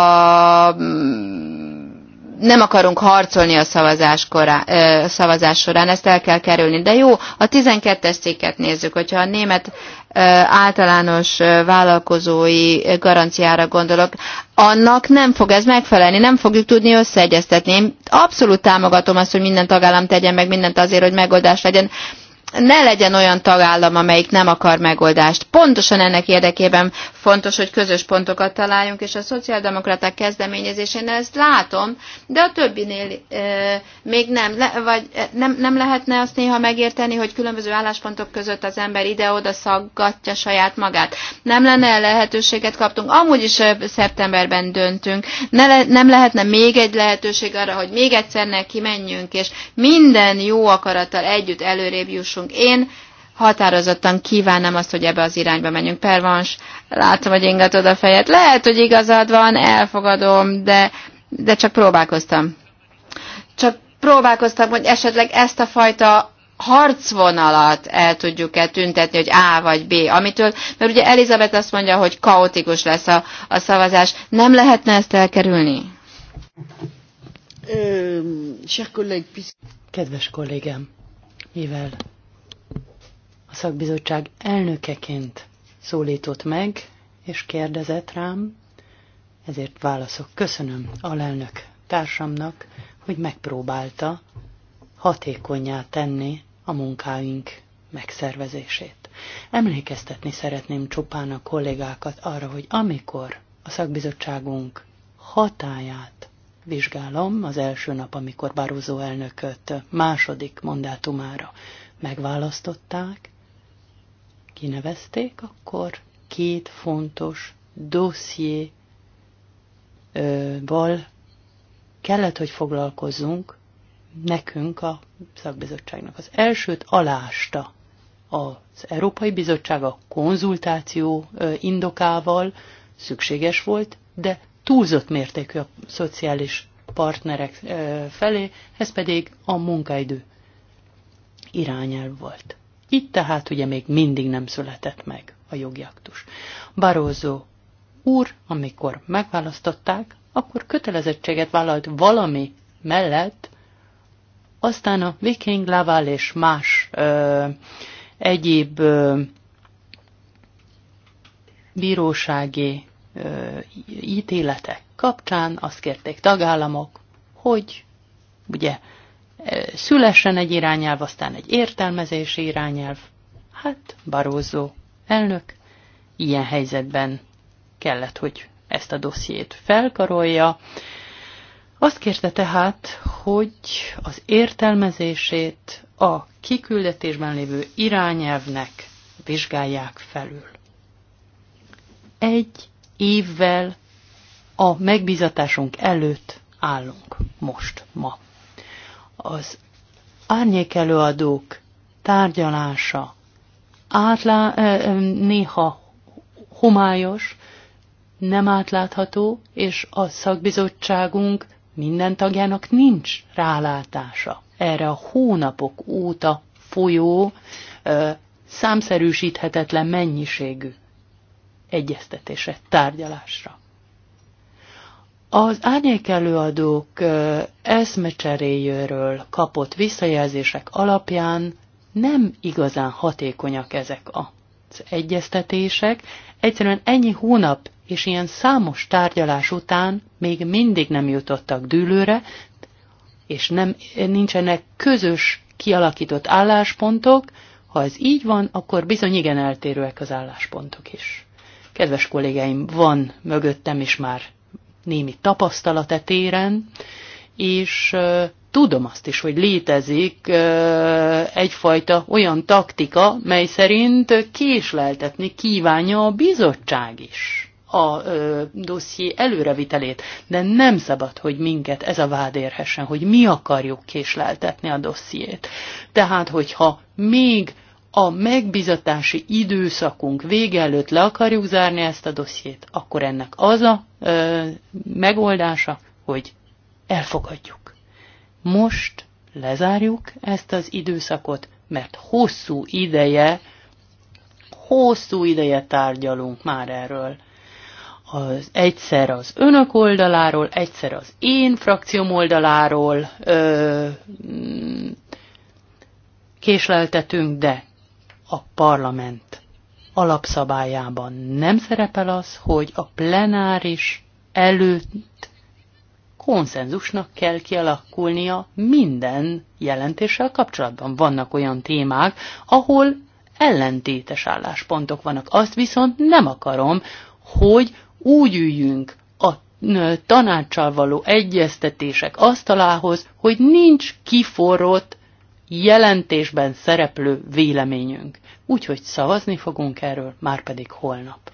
nem akarunk harcolni a szavazás, korá, szavazás során, ezt el kell kerülni. De jó, a 12-es cikket nézzük, hogyha a német általános vállalkozói garanciára gondolok, annak nem fog ez megfelelni, nem fogjuk tudni összeegyeztetni. Én abszolút támogatom azt, hogy minden tagállam tegyen meg mindent azért, hogy megoldás legyen ne legyen olyan tagállam, amelyik nem akar megoldást. Pontosan ennek érdekében fontos, hogy közös pontokat találjunk, és a szociáldemokraták kezdeményezésén ezt látom, de a többinél e, még nem, le, vagy nem, nem lehetne azt néha megérteni, hogy különböző álláspontok között az ember ide-oda szaggatja saját magát. Nem lenne lehetőséget kaptunk, amúgy is szeptemberben döntünk. Ne le, nem lehetne még egy lehetőség arra, hogy még egyszer ne kimenjünk, és minden jó akarattal együtt előrébb jussunk tartunk. Én határozottan kívánom azt, hogy ebbe az irányba menjünk. Pervans, látom, hogy ingatod a fejet. Lehet, hogy igazad van, elfogadom, de, de csak próbálkoztam. Csak próbálkoztam, hogy esetleg ezt a fajta harcvonalat el tudjuk-e tüntetni, hogy A vagy B, amitől, mert ugye Elizabeth azt mondja, hogy kaotikus lesz a, a szavazás. Nem lehetne ezt elkerülni? Kedves kollégám, mivel a szakbizottság elnökeként szólított meg, és kérdezett rám, ezért válaszok. Köszönöm alelnök társamnak, hogy megpróbálta hatékonyá tenni a munkáink megszervezését. Emlékeztetni szeretném csupán a kollégákat arra, hogy amikor a szakbizottságunk hatáját vizsgálom az első nap, amikor baruzó elnököt második mandátumára megválasztották, kinevezték, akkor két fontos dossziéval kellett, hogy foglalkozzunk nekünk a szakbizottságnak. Az elsőt alásta az Európai Bizottság a konzultáció indokával szükséges volt, de túlzott mértékű a szociális partnerek felé, ez pedig a munkaidő irányelv volt. Így tehát ugye még mindig nem született meg a jogi aktus. Barózó úr, amikor megválasztották, akkor kötelezettséget vállalt valami mellett, aztán a Viking Laval és más ö, egyéb ö, bírósági ö, ítéletek kapcsán azt kérték tagállamok, hogy ugye szülessen egy irányelv, aztán egy értelmezési irányelv. Hát, Barózó elnök ilyen helyzetben kellett, hogy ezt a dossziét felkarolja. Azt kérte tehát, hogy az értelmezését a kiküldetésben lévő irányelvnek vizsgálják felül. Egy évvel a megbízatásunk előtt állunk most, ma. Az árnyék előadók tárgyalása átlá, néha homályos, nem átlátható, és a szakbizottságunk minden tagjának nincs rálátása erre a hónapok óta folyó, számszerűsíthetetlen mennyiségű egyeztetésre, tárgyalásra. Az árnyék előadók eszmecseréjéről kapott visszajelzések alapján nem igazán hatékonyak ezek az egyeztetések. Egyszerűen ennyi hónap és ilyen számos tárgyalás után még mindig nem jutottak dűlőre, és nem, nincsenek közös kialakított álláspontok. Ha ez így van, akkor bizony igen eltérőek az álláspontok is. Kedves kollégáim, van mögöttem is már némi tapasztalatetéren téren, és tudom azt is, hogy létezik egyfajta olyan taktika, mely szerint késleltetni kívánja a bizottság is a dosszié előrevitelét, de nem szabad, hogy minket ez a vád érhessen, hogy mi akarjuk késleltetni a dossziét. Tehát, hogyha még a megbizatási időszakunk vége előtt le akarjuk zárni ezt a dossziét, akkor ennek az a ö, megoldása, hogy elfogadjuk. Most lezárjuk ezt az időszakot, mert hosszú ideje, hosszú ideje tárgyalunk már erről. Az egyszer az önök oldaláról, egyszer az én frakcióm oldaláról ö, késleltetünk, de a parlament alapszabályában nem szerepel az, hogy a plenáris előtt konszenzusnak kell kialakulnia minden jelentéssel kapcsolatban. Vannak olyan témák, ahol ellentétes álláspontok vannak. Azt viszont nem akarom, hogy úgy üljünk a tanácssal való egyeztetések asztalához, hogy nincs kiforrott jelentésben szereplő véleményünk. Úgyhogy szavazni fogunk erről, már pedig holnap.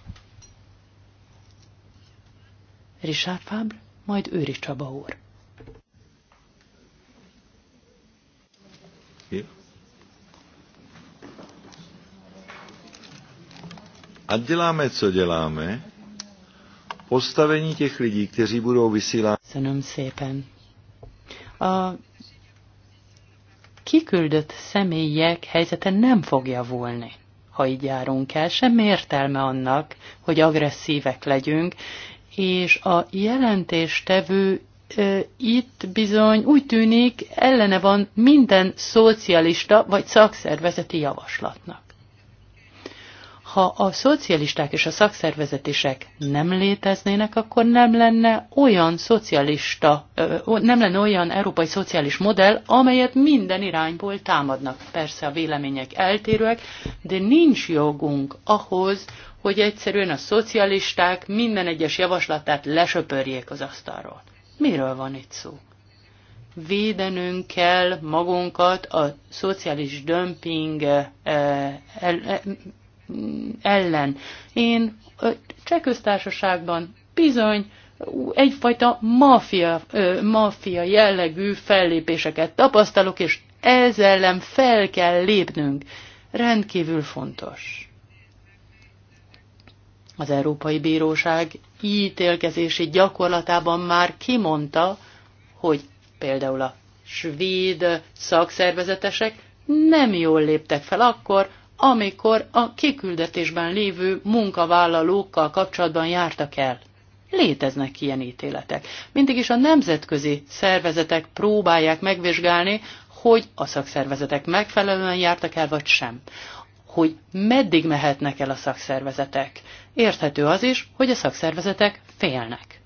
Richard Fábr, majd Őri Csaba úr. A děláme, co děláme, postavení těch lidí, kteří budou vysílat. Köszönöm szépen. A kiküldött személyek helyzete nem fog javulni, ha így járunk el. Sem értelme annak, hogy agresszívek legyünk, és a jelentéstevő itt bizony úgy tűnik ellene van minden szocialista vagy szakszervezeti javaslatnak ha a szocialisták és a szakszervezetések nem léteznének, akkor nem lenne olyan szocialista, nem lenne olyan európai szociális modell, amelyet minden irányból támadnak. Persze a vélemények eltérőek, de nincs jogunk ahhoz, hogy egyszerűen a szocialisták minden egyes javaslatát lesöpörjék az asztalról. Miről van itt szó? védenünk kell magunkat a szociális dömping ellen. Én a cseh köztársaságban bizony egyfajta mafia, mafia jellegű fellépéseket tapasztalok, és ez ellen fel kell lépnünk. Rendkívül fontos. Az Európai Bíróság ítélkezési gyakorlatában már kimondta, hogy például a svéd szakszervezetesek nem jól léptek fel akkor, amikor a kiküldetésben lévő munkavállalókkal kapcsolatban jártak el. Léteznek ilyen ítéletek. Mindig is a nemzetközi szervezetek próbálják megvizsgálni, hogy a szakszervezetek megfelelően jártak el, vagy sem. Hogy meddig mehetnek el a szakszervezetek. Érthető az is, hogy a szakszervezetek félnek.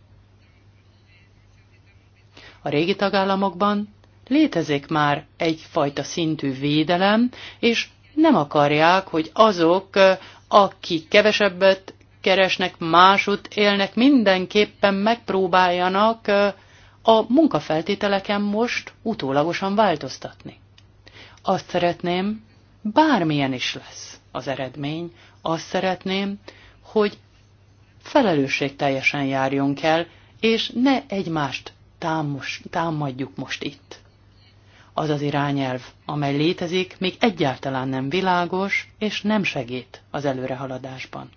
A régi tagállamokban létezik már egyfajta szintű védelem, és nem akarják, hogy azok, akik kevesebbet keresnek, másút élnek, mindenképpen megpróbáljanak a munkafeltételeken most utólagosan változtatni. Azt szeretném, bármilyen is lesz az eredmény, azt szeretném, hogy teljesen járjon kell, és ne egymást támos, támadjuk most itt. Az az irányelv, amely létezik, még egyáltalán nem világos, és nem segít az előrehaladásban.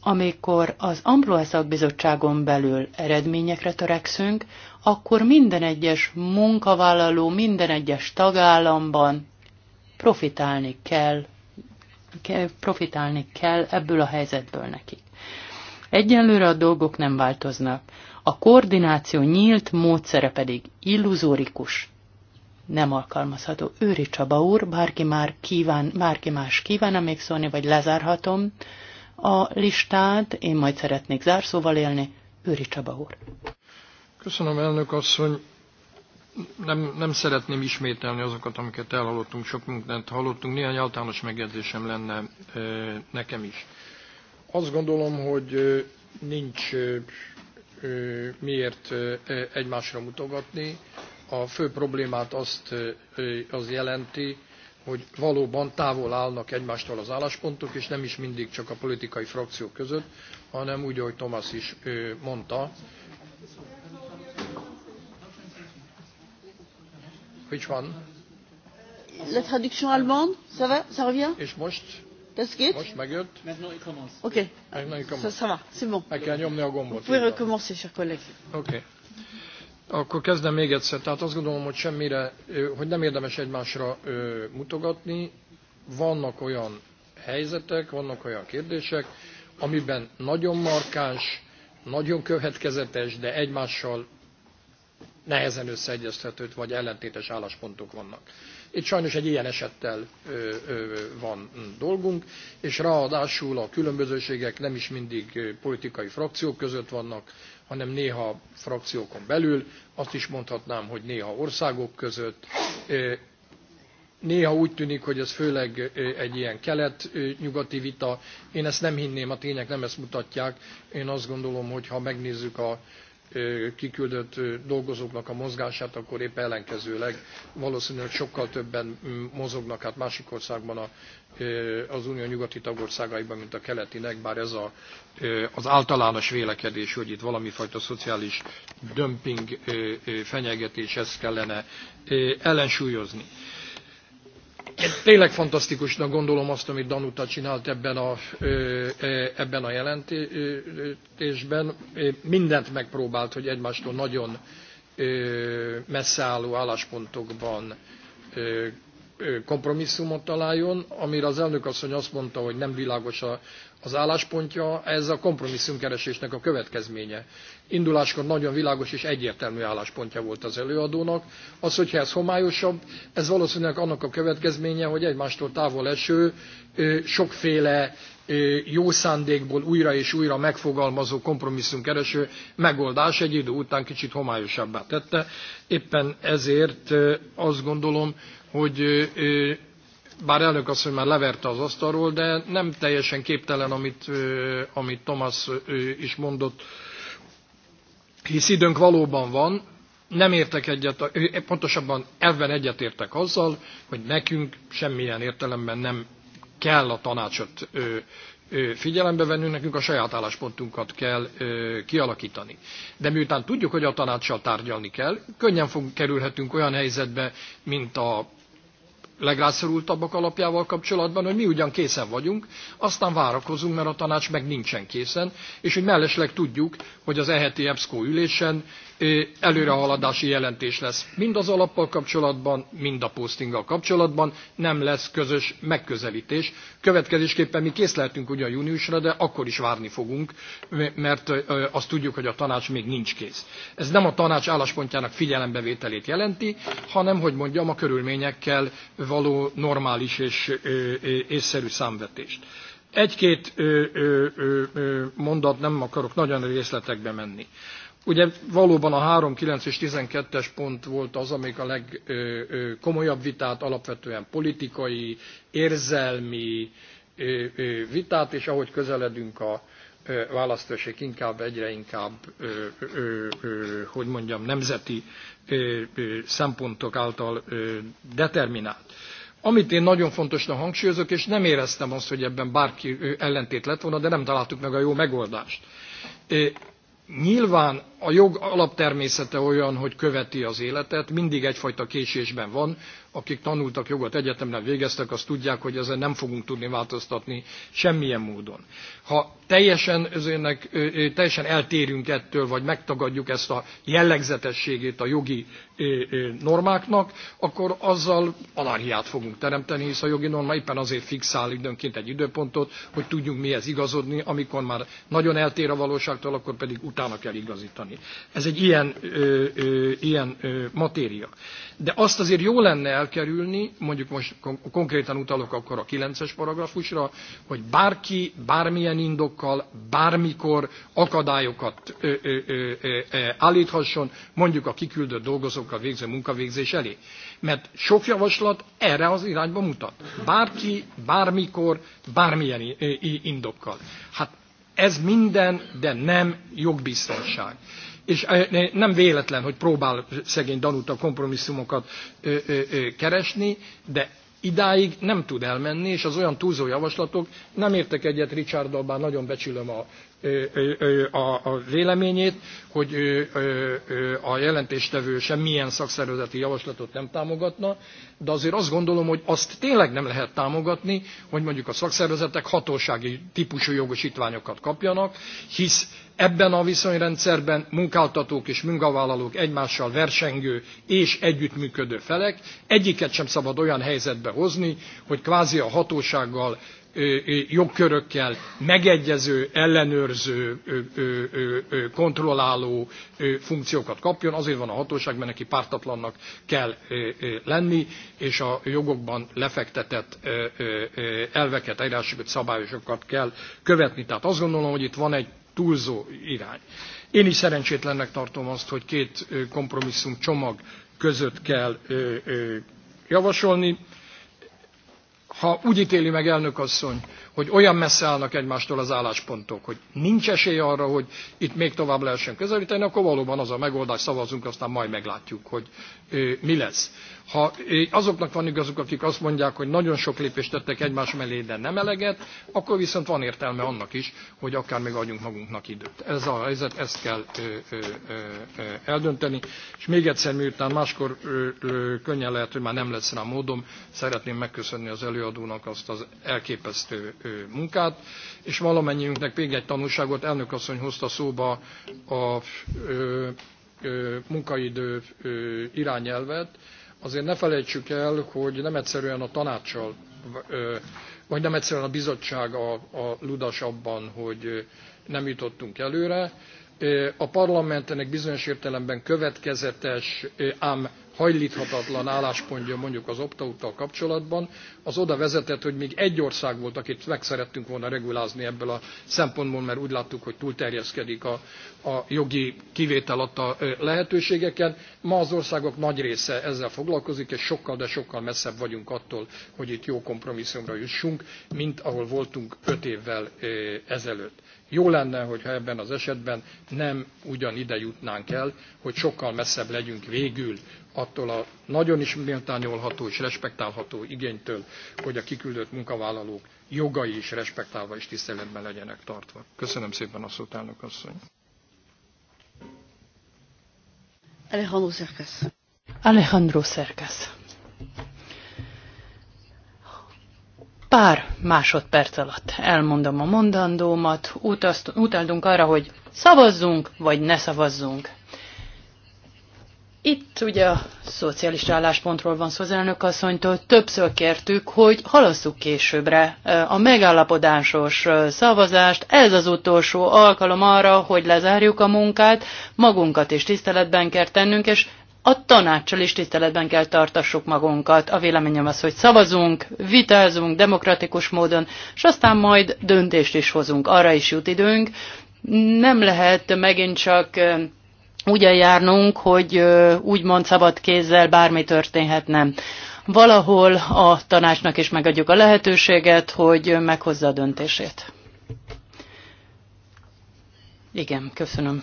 Amikor az Amploa szakbizottságon belül eredményekre törekszünk, akkor minden egyes munkavállaló, minden egyes tagállamban profitálni kell, profitálni kell ebből a helyzetből nekik. Egyenlőre a dolgok nem változnak. A koordináció nyílt módszere pedig illuzórikus. Nem alkalmazható. Őri Csaba úr, bárki, már kíván, bárki más kívánna még szólni, vagy lezárhatom a listát, én majd szeretnék zárszóval élni. Őri Csaba úr. Köszönöm, elnök asszony. Nem, nem szeretném ismételni azokat, amiket elhallottunk, sok mindent hallottunk. Néhány általános megjegyzésem lenne nekem is. Azt gondolom, hogy nincs miért egymásra mutogatni. A fő problémát azt az jelenti, hogy valóban távol állnak egymástól az álláspontok, és nem is mindig csak a politikai frakciók között, hanem úgy, ahogy Thomas is mondta, Which one? La traduction allemande, ça va, ça revient? És most Das geht? Moi, je Maintenant, il commence. OK. Ah, maintenant, il commence. Ça, ça va, c'est bon. Vous pouvez recommencer, chers collègues. OK. Akkor kezdem még egyszer. Tehát azt gondolom, hogy semmire, hogy nem érdemes egymásra mutogatni. Vannak olyan helyzetek, vannak olyan kérdések, amiben nagyon markáns, nagyon következetes, de egymással nehezen összeegyeztetőt vagy ellentétes álláspontok vannak. Itt sajnos egy ilyen esettel van dolgunk, és ráadásul a különbözőségek nem is mindig politikai frakciók között vannak, hanem néha frakciókon belül, azt is mondhatnám, hogy néha országok között. Néha úgy tűnik, hogy ez főleg egy ilyen kelet-nyugati vita. Én ezt nem hinném, a tények nem ezt mutatják. Én azt gondolom, hogy ha megnézzük a kiküldött dolgozóknak a mozgását, akkor épp ellenkezőleg valószínűleg sokkal többen mm, mozognak hát másik országban a, az unió nyugati tagországaiban, mint a keletinek, bár ez a, az általános vélekedés, hogy itt valami fajta szociális dömping fenyegetés, ezt kellene ellensúlyozni. Én tényleg fantasztikusnak gondolom azt, amit Danuta csinált ebben a, ebben a jelentésben. Mindent megpróbált, hogy egymástól nagyon messze álló álláspontokban kompromisszumot találjon, amire az elnök asszony azt mondta, hogy nem világos a, az álláspontja, ez a kompromisszumkeresésnek a következménye. Induláskor nagyon világos és egyértelmű álláspontja volt az előadónak. Az, hogyha ez homályosabb, ez valószínűleg annak a következménye, hogy egymástól távol eső, sokféle jó szándékból újra és újra megfogalmazó kompromisszumkereső megoldás egy idő után kicsit homályosabbá tette. Éppen ezért azt gondolom, hogy bár elnök mondja, már leverte az asztalról, de nem teljesen képtelen, amit, amit Thomas is mondott, hisz időnk valóban van, nem értek egyet, pontosabban ebben egyetértek azzal, hogy nekünk semmilyen értelemben nem kell a tanácsot figyelembe vennünk, nekünk a saját álláspontunkat kell kialakítani. De miután tudjuk, hogy a tanácssal tárgyalni kell, könnyen fog, kerülhetünk olyan helyzetbe, mint a legrászorultabbak alapjával kapcsolatban, hogy mi ugyan készen vagyunk, aztán várakozunk, mert a tanács meg nincsen készen, és hogy mellesleg tudjuk, hogy az eheti EBSCO ülésen előrehaladási jelentés lesz. Mind az alappal kapcsolatban, mind a posztinggal kapcsolatban nem lesz közös megközelítés. Következésképpen mi készlehetünk ugyan júniusra, de akkor is várni fogunk, mert azt tudjuk, hogy a tanács még nincs kész. Ez nem a tanács álláspontjának figyelembevételét jelenti, hanem, hogy mondjam, a körülményekkel való normális és észszerű számvetést. Egy-két mondat, nem akarok nagyon részletekbe menni. Ugye valóban a 3, 9 és 12-es pont volt az, amik a legkomolyabb vitát, alapvetően politikai, érzelmi vitát, és ahogy közeledünk a választások inkább egyre inkább, hogy mondjam, nemzeti szempontok által determinált. Amit én nagyon fontosnak hangsúlyozok, és nem éreztem azt, hogy ebben bárki ellentét lett volna, de nem találtuk meg a jó megoldást. Nyilván a jog alaptermészete olyan, hogy követi az életet, mindig egyfajta késésben van. Akik tanultak jogot, egyetemre végeztek, azt tudják, hogy ezen nem fogunk tudni változtatni semmilyen módon. Ha teljesen, ennek, teljesen eltérünk ettől, vagy megtagadjuk ezt a jellegzetességét a jogi normáknak, akkor azzal anarhiát fogunk teremteni, hisz a jogi norma éppen azért fixál időnként egy időpontot, hogy tudjunk mihez igazodni, amikor már nagyon eltér a valóságtól, akkor pedig utána kell igazítani mondani. Ez egy ilyen, ö, ö, ilyen ö, matéria. De azt azért jó lenne elkerülni, mondjuk most konkrétan utalok akkor a 9-es paragrafusra, hogy bárki bármilyen indokkal, bármikor akadályokat ö, ö, ö, ö, állíthasson, mondjuk a kiküldött dolgozókkal végző munkavégzés elé. Mert sok javaslat erre az irányba mutat. Bárki, bármikor, bármilyen indokkal. Hát ez minden, de nem jogbiztonság. És nem véletlen, hogy próbál szegény Danuta kompromisszumokat keresni, de idáig nem tud elmenni, és az olyan túlzó javaslatok, nem értek egyet Richarddal, bár nagyon becsülöm a, a, a véleményét, hogy a jelentéstevő semmilyen szakszervezeti javaslatot nem támogatna, de azért azt gondolom, hogy azt tényleg nem lehet támogatni, hogy mondjuk a szakszervezetek hatósági típusú jogosítványokat kapjanak, hisz Ebben a viszonyrendszerben munkáltatók és munkavállalók egymással versengő és együttműködő felek. Egyiket sem szabad olyan helyzetbe hozni, hogy kvázi a hatósággal jogkörökkel megegyező, ellenőrző, kontrolláló funkciókat kapjon. Azért van a hatóság, mert neki pártatlannak kell lenni, és a jogokban lefektetett elveket, eljárásokat, szabályosokat kell követni. Tehát azt gondolom, hogy itt van egy túlzó irány. Én is szerencsétlennek tartom azt, hogy két kompromisszum csomag között kell javasolni. Ha úgy ítéli meg elnök asszony, hogy olyan messze állnak egymástól az álláspontok, hogy nincs esély arra, hogy itt még tovább lehessen közelíteni, akkor valóban az a megoldás, szavazunk, aztán majd meglátjuk, hogy ö, mi lesz. Ha ö, azoknak van igazuk, akik azt mondják, hogy nagyon sok lépést tettek egymás mellé, de nem eleget, akkor viszont van értelme annak is, hogy akár még adjunk magunknak időt. Ez a helyzet, ezt kell ö, eldönteni. És még egyszer, miután máskor könnyen lehet, hogy már nem lesz rá módom, szeretném megköszönni az előadónak azt az elképesztő munkát, és valamennyiünknek még egy tanulságot elnök asszony hozta szóba a munkaidő irányelvet. Azért ne felejtsük el, hogy nem egyszerűen a tanácssal, vagy nem egyszerűen a bizottság a, a ludas abban, hogy nem jutottunk előre, a parlamentnek bizonyos értelemben következetes, ám hajlíthatatlan álláspontja mondjuk az opt kapcsolatban, az oda vezetett, hogy még egy ország volt, akit meg szerettünk volna regulázni ebből a szempontból, mert úgy láttuk, hogy túlterjeszkedik a, a jogi kivétel adta lehetőségeken. Ma az országok nagy része ezzel foglalkozik, és sokkal, de sokkal messzebb vagyunk attól, hogy itt jó kompromisszumra jussunk, mint ahol voltunk öt évvel ezelőtt. Jó lenne, hogyha ebben az esetben nem ugyan ide jutnánk el, hogy sokkal messzebb legyünk végül attól a nagyon is méltányolható és respektálható igénytől, hogy a kiküldött munkavállalók jogai is respektálva és tiszteletben legyenek tartva. Köszönöm szépen a szót, elnök asszony. Alejandro Cercas. Alejandro Cercas. pár másodperc alatt elmondom a mondandómat, utazt, utaldunk arra, hogy szavazzunk, vagy ne szavazzunk. Itt ugye a szocialista álláspontról van szó az elnök asszonytól. Többször kértük, hogy halasszuk későbbre a megállapodásos szavazást. Ez az utolsó alkalom arra, hogy lezárjuk a munkát, magunkat is tiszteletben kell tennünk, és a tanácssal is tiszteletben kell tartassuk magunkat. A véleményem az, hogy szavazunk, vitázunk demokratikus módon, és aztán majd döntést is hozunk. Arra is jut időnk. Nem lehet megint csak úgy járnunk, hogy úgymond szabad kézzel bármi történhetne. Valahol a tanácsnak is megadjuk a lehetőséget, hogy meghozza a döntését. Igen, köszönöm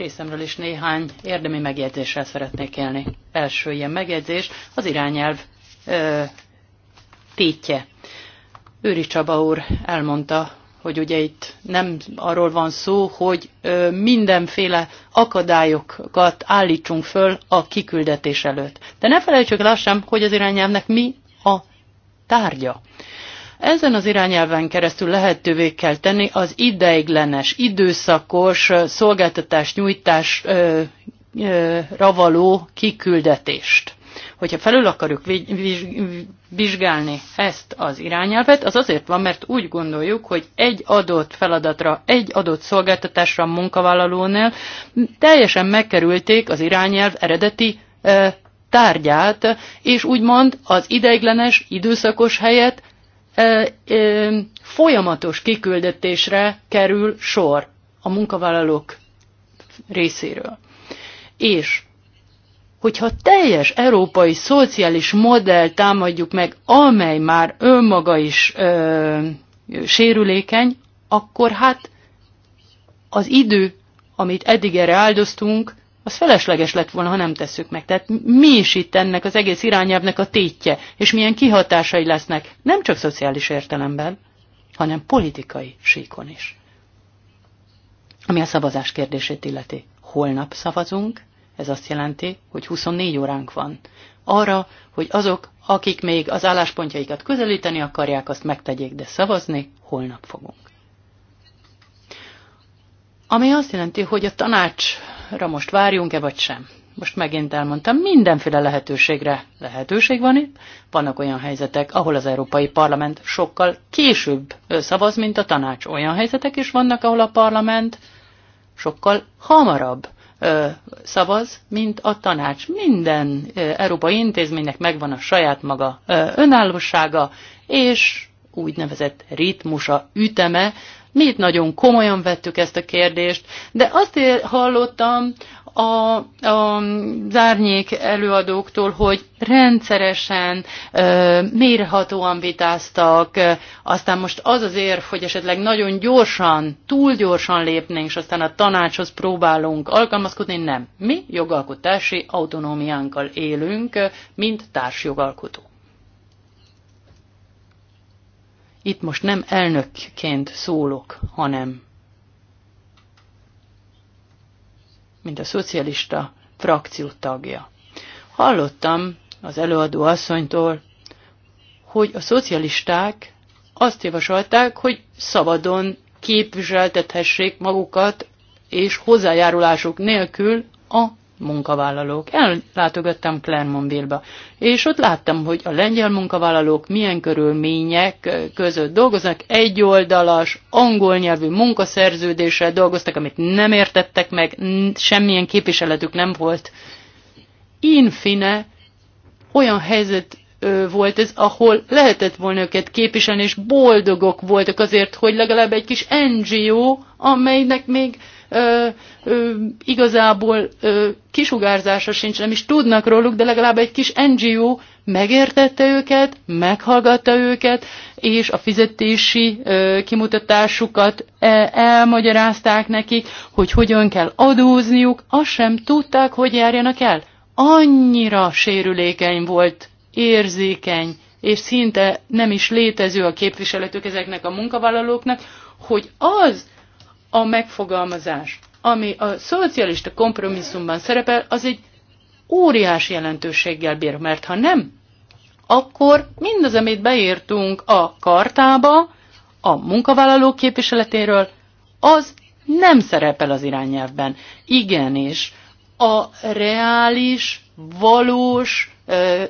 részemről is néhány érdemi megjegyzéssel szeretnék élni. Első ilyen megjegyzés az irányelv ö, tétje. Őri Csaba úr elmondta, hogy ugye itt nem arról van szó, hogy ö, mindenféle akadályokat állítsunk föl a kiküldetés előtt. De ne felejtsük el azt sem, hogy az irányelvnek mi a tárgya. Ezen az irányelven keresztül lehetővé kell tenni az ideiglenes, időszakos szolgáltatás nyújtásra való kiküldetést. Hogyha felül akarjuk vizsgálni ezt az irányelvet, az azért van, mert úgy gondoljuk, hogy egy adott feladatra, egy adott szolgáltatásra a munkavállalónál teljesen megkerülték az irányelv eredeti tárgyát, és úgymond az ideiglenes, időszakos helyett folyamatos kiküldetésre kerül sor a munkavállalók részéről. És hogyha teljes európai szociális modell támadjuk meg, amely már önmaga is ö, sérülékeny, akkor hát az idő, amit eddig erre áldoztunk, az felesleges lett volna, ha nem tesszük meg. Tehát mi is itt ennek az egész irányelvnek a tétje, és milyen kihatásai lesznek, nem csak szociális értelemben, hanem politikai síkon is. Ami a szavazás kérdését illeti. Holnap szavazunk, ez azt jelenti, hogy 24 óránk van. Arra, hogy azok, akik még az álláspontjaikat közelíteni akarják, azt megtegyék, de szavazni holnap fogunk. Ami azt jelenti, hogy a tanács most várjunk-e vagy sem. Most megint elmondtam, mindenféle lehetőségre lehetőség van itt. Vannak olyan helyzetek, ahol az Európai Parlament sokkal később szavaz, mint a tanács. Olyan helyzetek is vannak, ahol a parlament sokkal hamarabb ö, szavaz, mint a tanács. Minden ö, európai intézménynek megvan a saját maga ö, önállósága, és úgynevezett ritmusa, üteme, mi itt nagyon komolyan vettük ezt a kérdést, de azt hallottam a, a zárnyék előadóktól, hogy rendszeresen, ö, mérhatóan vitáztak, ö, aztán most az az érv, hogy esetleg nagyon gyorsan, túl gyorsan lépnénk, és aztán a tanácshoz próbálunk alkalmazkodni, nem. Mi jogalkotási autonómiánkkal élünk, mint társjogalkotók. Itt most nem elnökként szólok, hanem mint a szocialista frakció tagja. Hallottam az előadó asszonytól, hogy a szocialisták azt javasolták, hogy szabadon képviseltethessék magukat, és hozzájárulásuk nélkül a munkavállalók. Ellátogattam Clermontville-be, és ott láttam, hogy a lengyel munkavállalók milyen körülmények között dolgoznak. Egyoldalas, angol nyelvű munkaszerződéssel dolgoztak, amit nem értettek meg, semmilyen képviseletük nem volt. Infine olyan helyzet volt ez, ahol lehetett volna őket képviselni, és boldogok voltak azért, hogy legalább egy kis NGO, amelynek még ö, ö, igazából ö, kisugárzása sincs, nem is tudnak róluk, de legalább egy kis NGO megértette őket, meghallgatta őket, és a fizetési ö, kimutatásukat elmagyarázták nekik, hogy hogyan kell adózniuk, azt sem tudták, hogy járjanak el. Annyira sérülékeny volt, érzékeny, és szinte nem is létező a képviseletük ezeknek a munkavállalóknak, hogy az, a megfogalmazás, ami a szocialista kompromisszumban szerepel, az egy óriási jelentőséggel bír, mert ha nem, akkor mindaz, amit beírtunk a kartába, a munkavállalók képviseletéről, az nem szerepel az irányelvben. Igenis, a reális, valós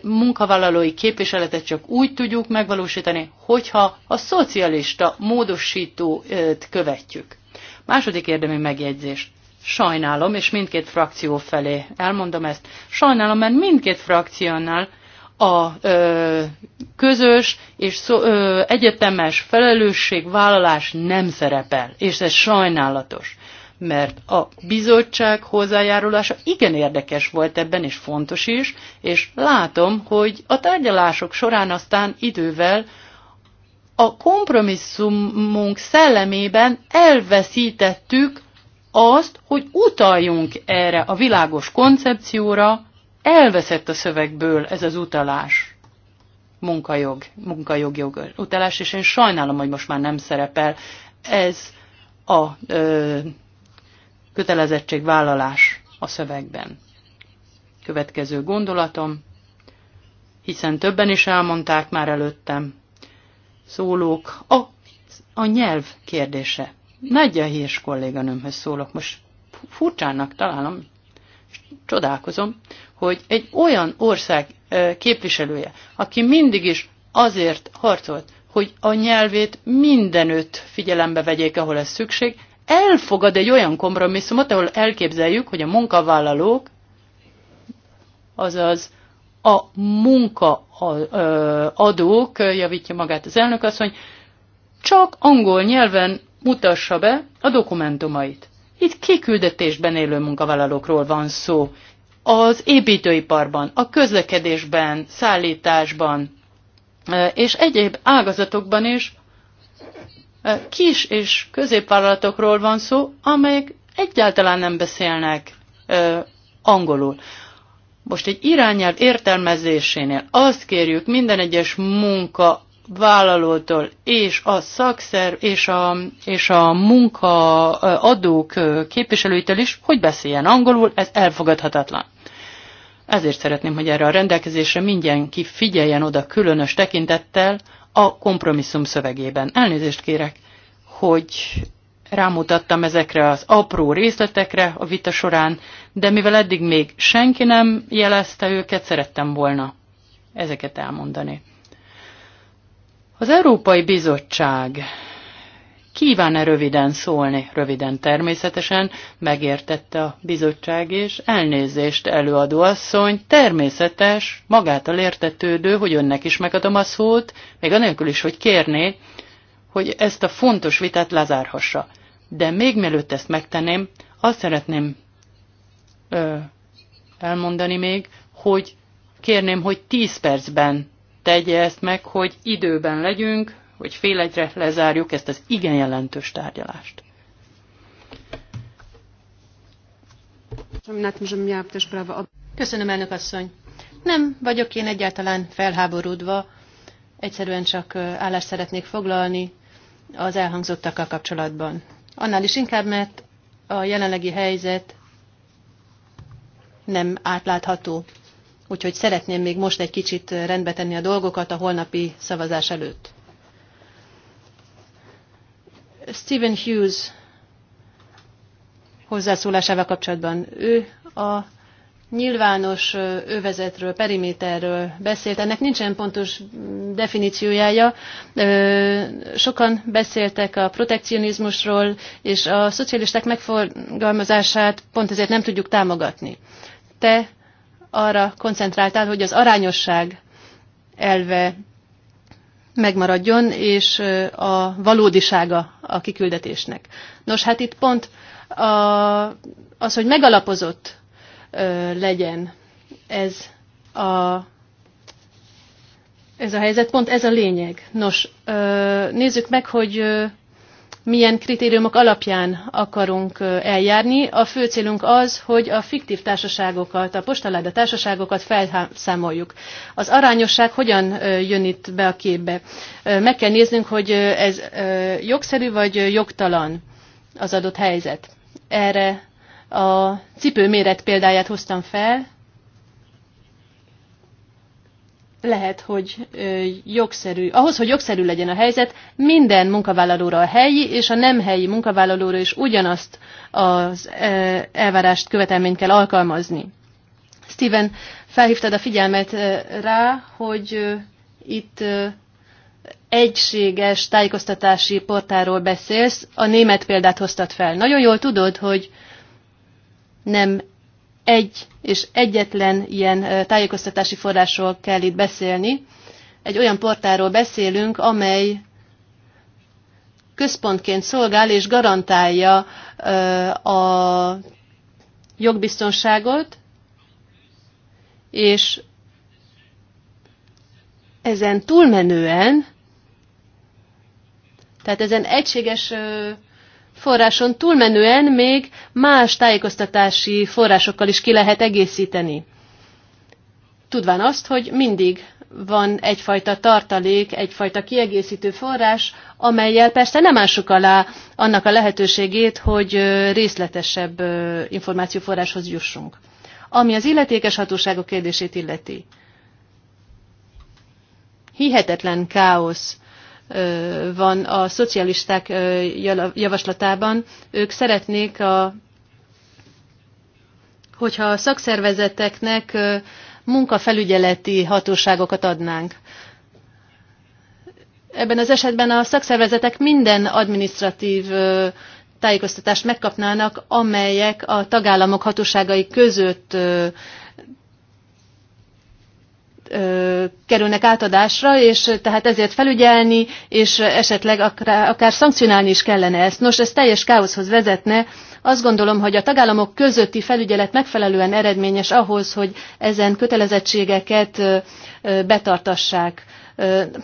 munkavállalói képviseletet csak úgy tudjuk megvalósítani, hogyha a szocialista módosítót követjük. Második érdemi megjegyzés. Sajnálom, és mindkét frakció felé elmondom ezt. Sajnálom, mert mindkét frakciónál a ö, közös és szó, ö, egyetemes felelősségvállalás nem szerepel, és ez sajnálatos, mert a bizottság hozzájárulása igen érdekes volt ebben, és fontos is, és látom, hogy a tárgyalások során aztán idővel a kompromisszumunk szellemében elveszítettük azt, hogy utaljunk erre a világos koncepcióra, elveszett a szövegből ez az utalás. Munkajog, munkajog jog, utalás, és én sajnálom, hogy most már nem szerepel ez a ö, kötelezettségvállalás a szövegben. Következő gondolatom, hiszen többen is elmondták már előttem, szólók. A, a nyelv kérdése. Nagyja Hírs kolléganőmhöz szólok. Most furcsának találom, csodálkozom, hogy egy olyan ország képviselője, aki mindig is azért harcolt, hogy a nyelvét mindenütt figyelembe vegyék, ahol ez szükség, elfogad egy olyan kompromisszumot, ahol elképzeljük, hogy a munkavállalók, azaz a munkaadók, javítja magát az elnök asszony, csak angol nyelven mutassa be a dokumentumait. Itt kiküldetésben élő munkavállalókról van szó. Az építőiparban, a közlekedésben, szállításban és egyéb ágazatokban is kis és középvállalatokról van szó, amelyek egyáltalán nem beszélnek angolul. Most egy irányelv értelmezésénél azt kérjük minden egyes munka vállalótól és a szakszerv és a, és a munkaadók képviselőitől is, hogy beszéljen angolul, ez elfogadhatatlan. Ezért szeretném, hogy erre a rendelkezésre mindenki figyeljen oda különös tekintettel a kompromisszum szövegében. Elnézést kérek, hogy rámutattam ezekre az apró részletekre a vita során, de mivel eddig még senki nem jelezte őket, szerettem volna ezeket elmondani. Az Európai Bizottság kíván-e röviden szólni? Röviden természetesen, megértette a bizottság és elnézést előadó asszony, természetes, magától értetődő, hogy önnek is megadom a szót, még anélkül is, hogy kérné, hogy ezt a fontos vitát lezárhassa. De még mielőtt ezt megtenném, azt szeretném ö, elmondani még, hogy kérném, hogy 10 percben tegye ezt meg, hogy időben legyünk, hogy fél egyre lezárjuk ezt az igen jelentős tárgyalást. Köszönöm, elnök asszony. Nem vagyok én egyáltalán felháborodva, egyszerűen csak állást szeretnék foglalni az elhangzottakkal kapcsolatban. Annál is inkább, mert a jelenlegi helyzet nem átlátható. Úgyhogy szeretném még most egy kicsit rendbe tenni a dolgokat a holnapi szavazás előtt. Stephen Hughes hozzászólásával kapcsolatban ő a nyilvános övezetről, periméterről beszélt. Ennek nincsen pontos mm, definíciójája. Sokan beszéltek a protekcionizmusról, és a szocialisták megfogalmazását pont ezért nem tudjuk támogatni. Te arra koncentráltál, hogy az arányosság elve megmaradjon, és a valódisága a kiküldetésnek. Nos, hát itt pont a, az, hogy megalapozott legyen. Ez a, ez a helyzet, pont ez a lényeg. Nos, nézzük meg, hogy milyen kritériumok alapján akarunk eljárni. A fő célunk az, hogy a fiktív társaságokat, a postaláda társaságokat felszámoljuk. Az arányosság hogyan jön itt be a képbe? Meg kell néznünk, hogy ez jogszerű vagy jogtalan az adott helyzet. Erre a cipő méret példáját hoztam fel. Lehet, hogy jogszerű, ahhoz, hogy jogszerű legyen a helyzet, minden munkavállalóra a helyi és a nem helyi munkavállalóra is ugyanazt az elvárást, követelményt kell alkalmazni. Steven, felhívtad a figyelmet rá, hogy itt egységes tájékoztatási portáról beszélsz, a német példát hoztad fel. Nagyon jól tudod, hogy nem egy és egyetlen ilyen tájékoztatási forrásról kell itt beszélni. Egy olyan portáról beszélünk, amely központként szolgál és garantálja a jogbiztonságot, és ezen túlmenően, tehát ezen egységes forráson túlmenően még más tájékoztatási forrásokkal is ki lehet egészíteni. Tudván azt, hogy mindig van egyfajta tartalék, egyfajta kiegészítő forrás, amelyel persze nem ássuk alá annak a lehetőségét, hogy részletesebb információforráshoz jussunk. Ami az illetékes hatóságok kérdését illeti. Hihetetlen káosz van a szocialisták javaslatában. Ők szeretnék, a, hogyha a szakszervezeteknek munkafelügyeleti hatóságokat adnánk. Ebben az esetben a szakszervezetek minden adminisztratív tájékoztatást megkapnának, amelyek a tagállamok hatóságai között kerülnek átadásra, és tehát ezért felügyelni, és esetleg akár, akár szankcionálni is kellene ezt. Nos, ez teljes káoszhoz vezetne. Azt gondolom, hogy a tagállamok közötti felügyelet megfelelően eredményes ahhoz, hogy ezen kötelezettségeket betartassák.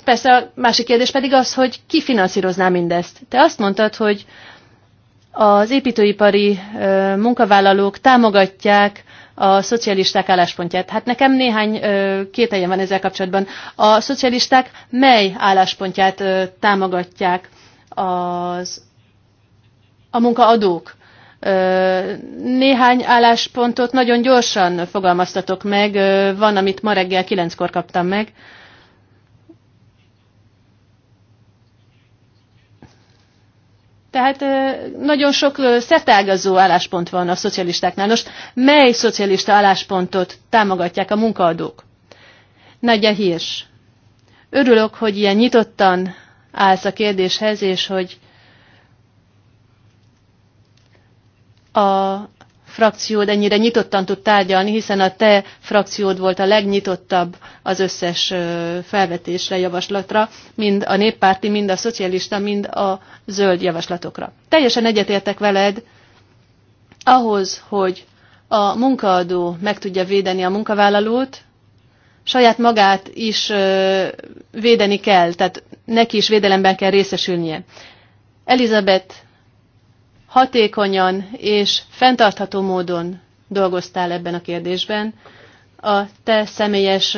Persze a másik kérdés pedig az, hogy ki finanszírozná mindezt. Te azt mondtad, hogy az építőipari munkavállalók támogatják a szocialisták álláspontját. Hát nekem néhány kételjem van ezzel kapcsolatban. A szocialisták mely álláspontját támogatják az, a munkaadók? Néhány álláspontot nagyon gyorsan fogalmaztatok meg, van, amit ma reggel kilenckor kaptam meg. Tehát nagyon sok szertágazó álláspont van a szocialistáknál. Most mely szocialista álláspontot támogatják a munkaadók? Nagyja Hírs, Örülök, hogy ilyen nyitottan állsz a kérdéshez, és hogy a frakciód ennyire nyitottan tud tárgyalni, hiszen a te frakciód volt a legnyitottabb az összes felvetésre, javaslatra, mind a néppárti, mind a szocialista, mind a zöld javaslatokra. Teljesen egyetértek veled ahhoz, hogy a munkaadó meg tudja védeni a munkavállalót, saját magát is védeni kell, tehát neki is védelemben kell részesülnie. Elizabeth hatékonyan és fenntartható módon dolgoztál ebben a kérdésben. A te személyes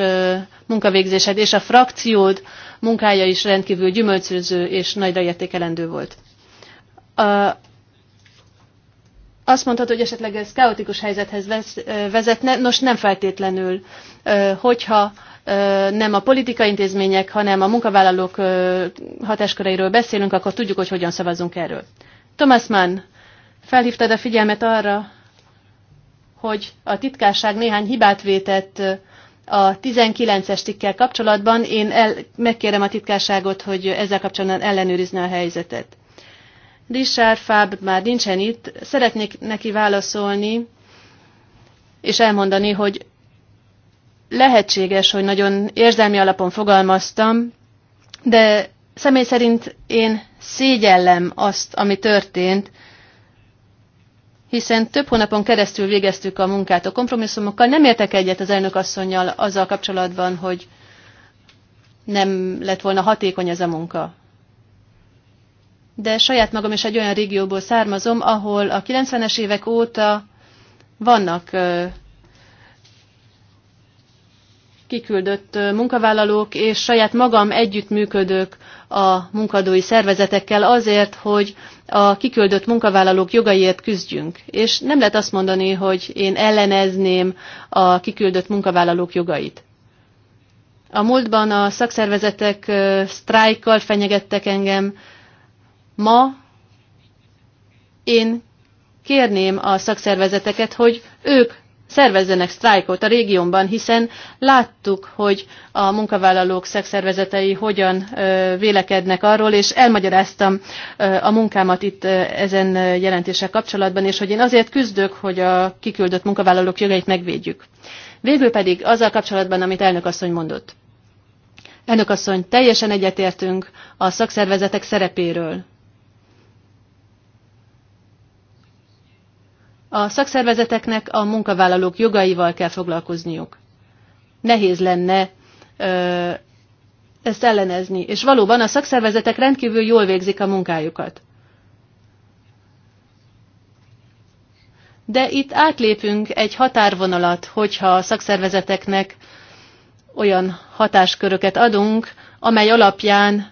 munkavégzésed és a frakciód munkája is rendkívül gyümölcsöző és nagyra értékelendő volt. A, azt mondhatod, hogy esetleg ez kaotikus helyzethez vezetne, nos nem feltétlenül, hogyha nem a politikai intézmények, hanem a munkavállalók hatásköreiről beszélünk, akkor tudjuk, hogy hogyan szavazunk erről. Thomas Mann, felhívtad a figyelmet arra, hogy a titkárság néhány hibát vétett a 19-es tikkel kapcsolatban. Én el, megkérem a titkárságot, hogy ezzel kapcsolatban ellenőrizne a helyzetet. Richard Fab már nincsen itt. Szeretnék neki válaszolni, és elmondani, hogy lehetséges, hogy nagyon érzelmi alapon fogalmaztam, de Személy szerint én szégyellem azt, ami történt, hiszen több hónapon keresztül végeztük a munkát a kompromisszumokkal. Nem értek egyet az elnök asszonynal azzal kapcsolatban, hogy nem lett volna hatékony ez a munka. De saját magam is egy olyan régióból származom, ahol a 90-es évek óta vannak kiküldött munkavállalók, és saját magam együttműködök a munkadói szervezetekkel azért, hogy a kiküldött munkavállalók jogaiért küzdjünk. És nem lehet azt mondani, hogy én ellenezném a kiküldött munkavállalók jogait. A múltban a szakszervezetek sztrájkkal fenyegettek engem. Ma én kérném a szakszervezeteket, hogy ők szervezzenek sztrájkot a régiónban, hiszen láttuk, hogy a munkavállalók szakszervezetei hogyan vélekednek arról, és elmagyaráztam a munkámat itt ezen jelentéssel kapcsolatban, és hogy én azért küzdök, hogy a kiküldött munkavállalók jogait megvédjük. Végül pedig azzal kapcsolatban, amit elnök asszony mondott. Elnök asszony, teljesen egyetértünk a szakszervezetek szerepéről. A szakszervezeteknek a munkavállalók jogaival kell foglalkozniuk. Nehéz lenne ö, ezt ellenezni. És valóban a szakszervezetek rendkívül jól végzik a munkájukat. De itt átlépünk egy határvonalat, hogyha a szakszervezeteknek olyan hatásköröket adunk, amely alapján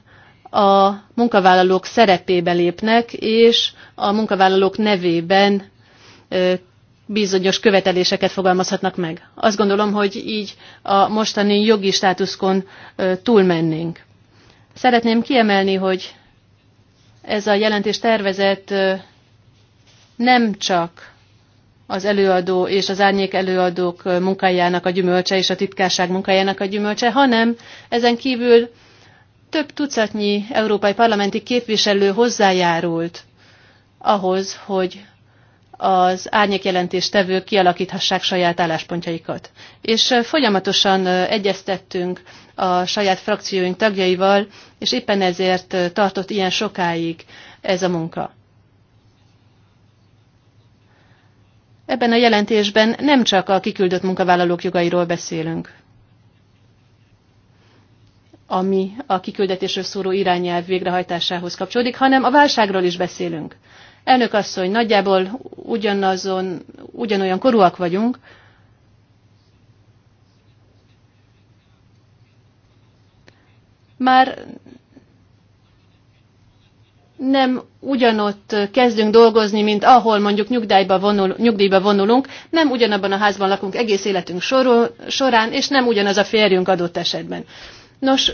a munkavállalók szerepébe lépnek, és a munkavállalók nevében bizonyos követeléseket fogalmazhatnak meg. Azt gondolom, hogy így a mostani jogi státuszkon túlmennénk. Szeretném kiemelni, hogy ez a jelentés tervezet nem csak az előadó és az árnyék előadók munkájának a gyümölcse és a titkárság munkájának a gyümölcse, hanem ezen kívül több tucatnyi európai parlamenti képviselő hozzájárult ahhoz, hogy az tevők kialakíthassák saját álláspontjaikat. És folyamatosan egyeztettünk a saját frakcióink tagjaival, és éppen ezért tartott ilyen sokáig ez a munka. Ebben a jelentésben nem csak a kiküldött munkavállalók jogairól beszélünk, ami a kiküldetésről szóló irányelv végrehajtásához kapcsolódik, hanem a válságról is beszélünk. Elnök asszony, nagyjából ugyanazon, ugyanolyan korúak vagyunk, már nem ugyanott kezdünk dolgozni, mint ahol mondjuk nyugdíjba, vonul, nyugdíjba vonulunk, nem ugyanabban a házban lakunk egész életünk sorol, során, és nem ugyanaz a férjünk adott esetben. Nos,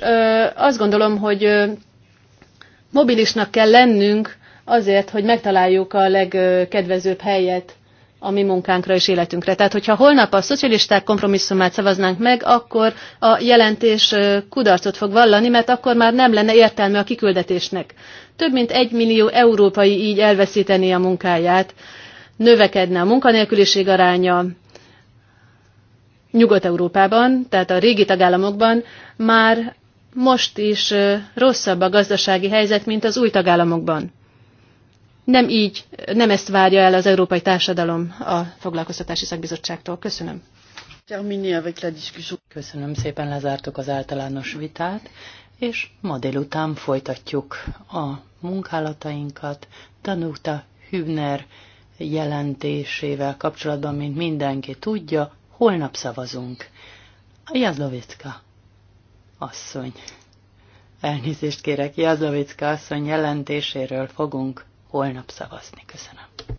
azt gondolom, hogy mobilisnak kell lennünk azért, hogy megtaláljuk a legkedvezőbb helyet a mi munkánkra és életünkre. Tehát, hogyha holnap a szocialisták kompromisszumát szavaznánk meg, akkor a jelentés kudarcot fog vallani, mert akkor már nem lenne értelme a kiküldetésnek. Több mint egy millió európai így elveszíteni a munkáját, növekedne a munkanélküliség aránya, Nyugat-Európában, tehát a régi tagállamokban már most is rosszabb a gazdasági helyzet, mint az új tagállamokban nem így, nem ezt várja el az európai társadalom a foglalkoztatási szakbizottságtól. Köszönöm. Köszönöm szépen, lezártuk az általános vitát, és ma délután folytatjuk a munkálatainkat. Tanulta Hübner jelentésével kapcsolatban, mint mindenki tudja, holnap szavazunk. Jazlovicka asszony. Elnézést kérek, Jazlovicka asszony jelentéséről fogunk holnap szavazni. Köszönöm.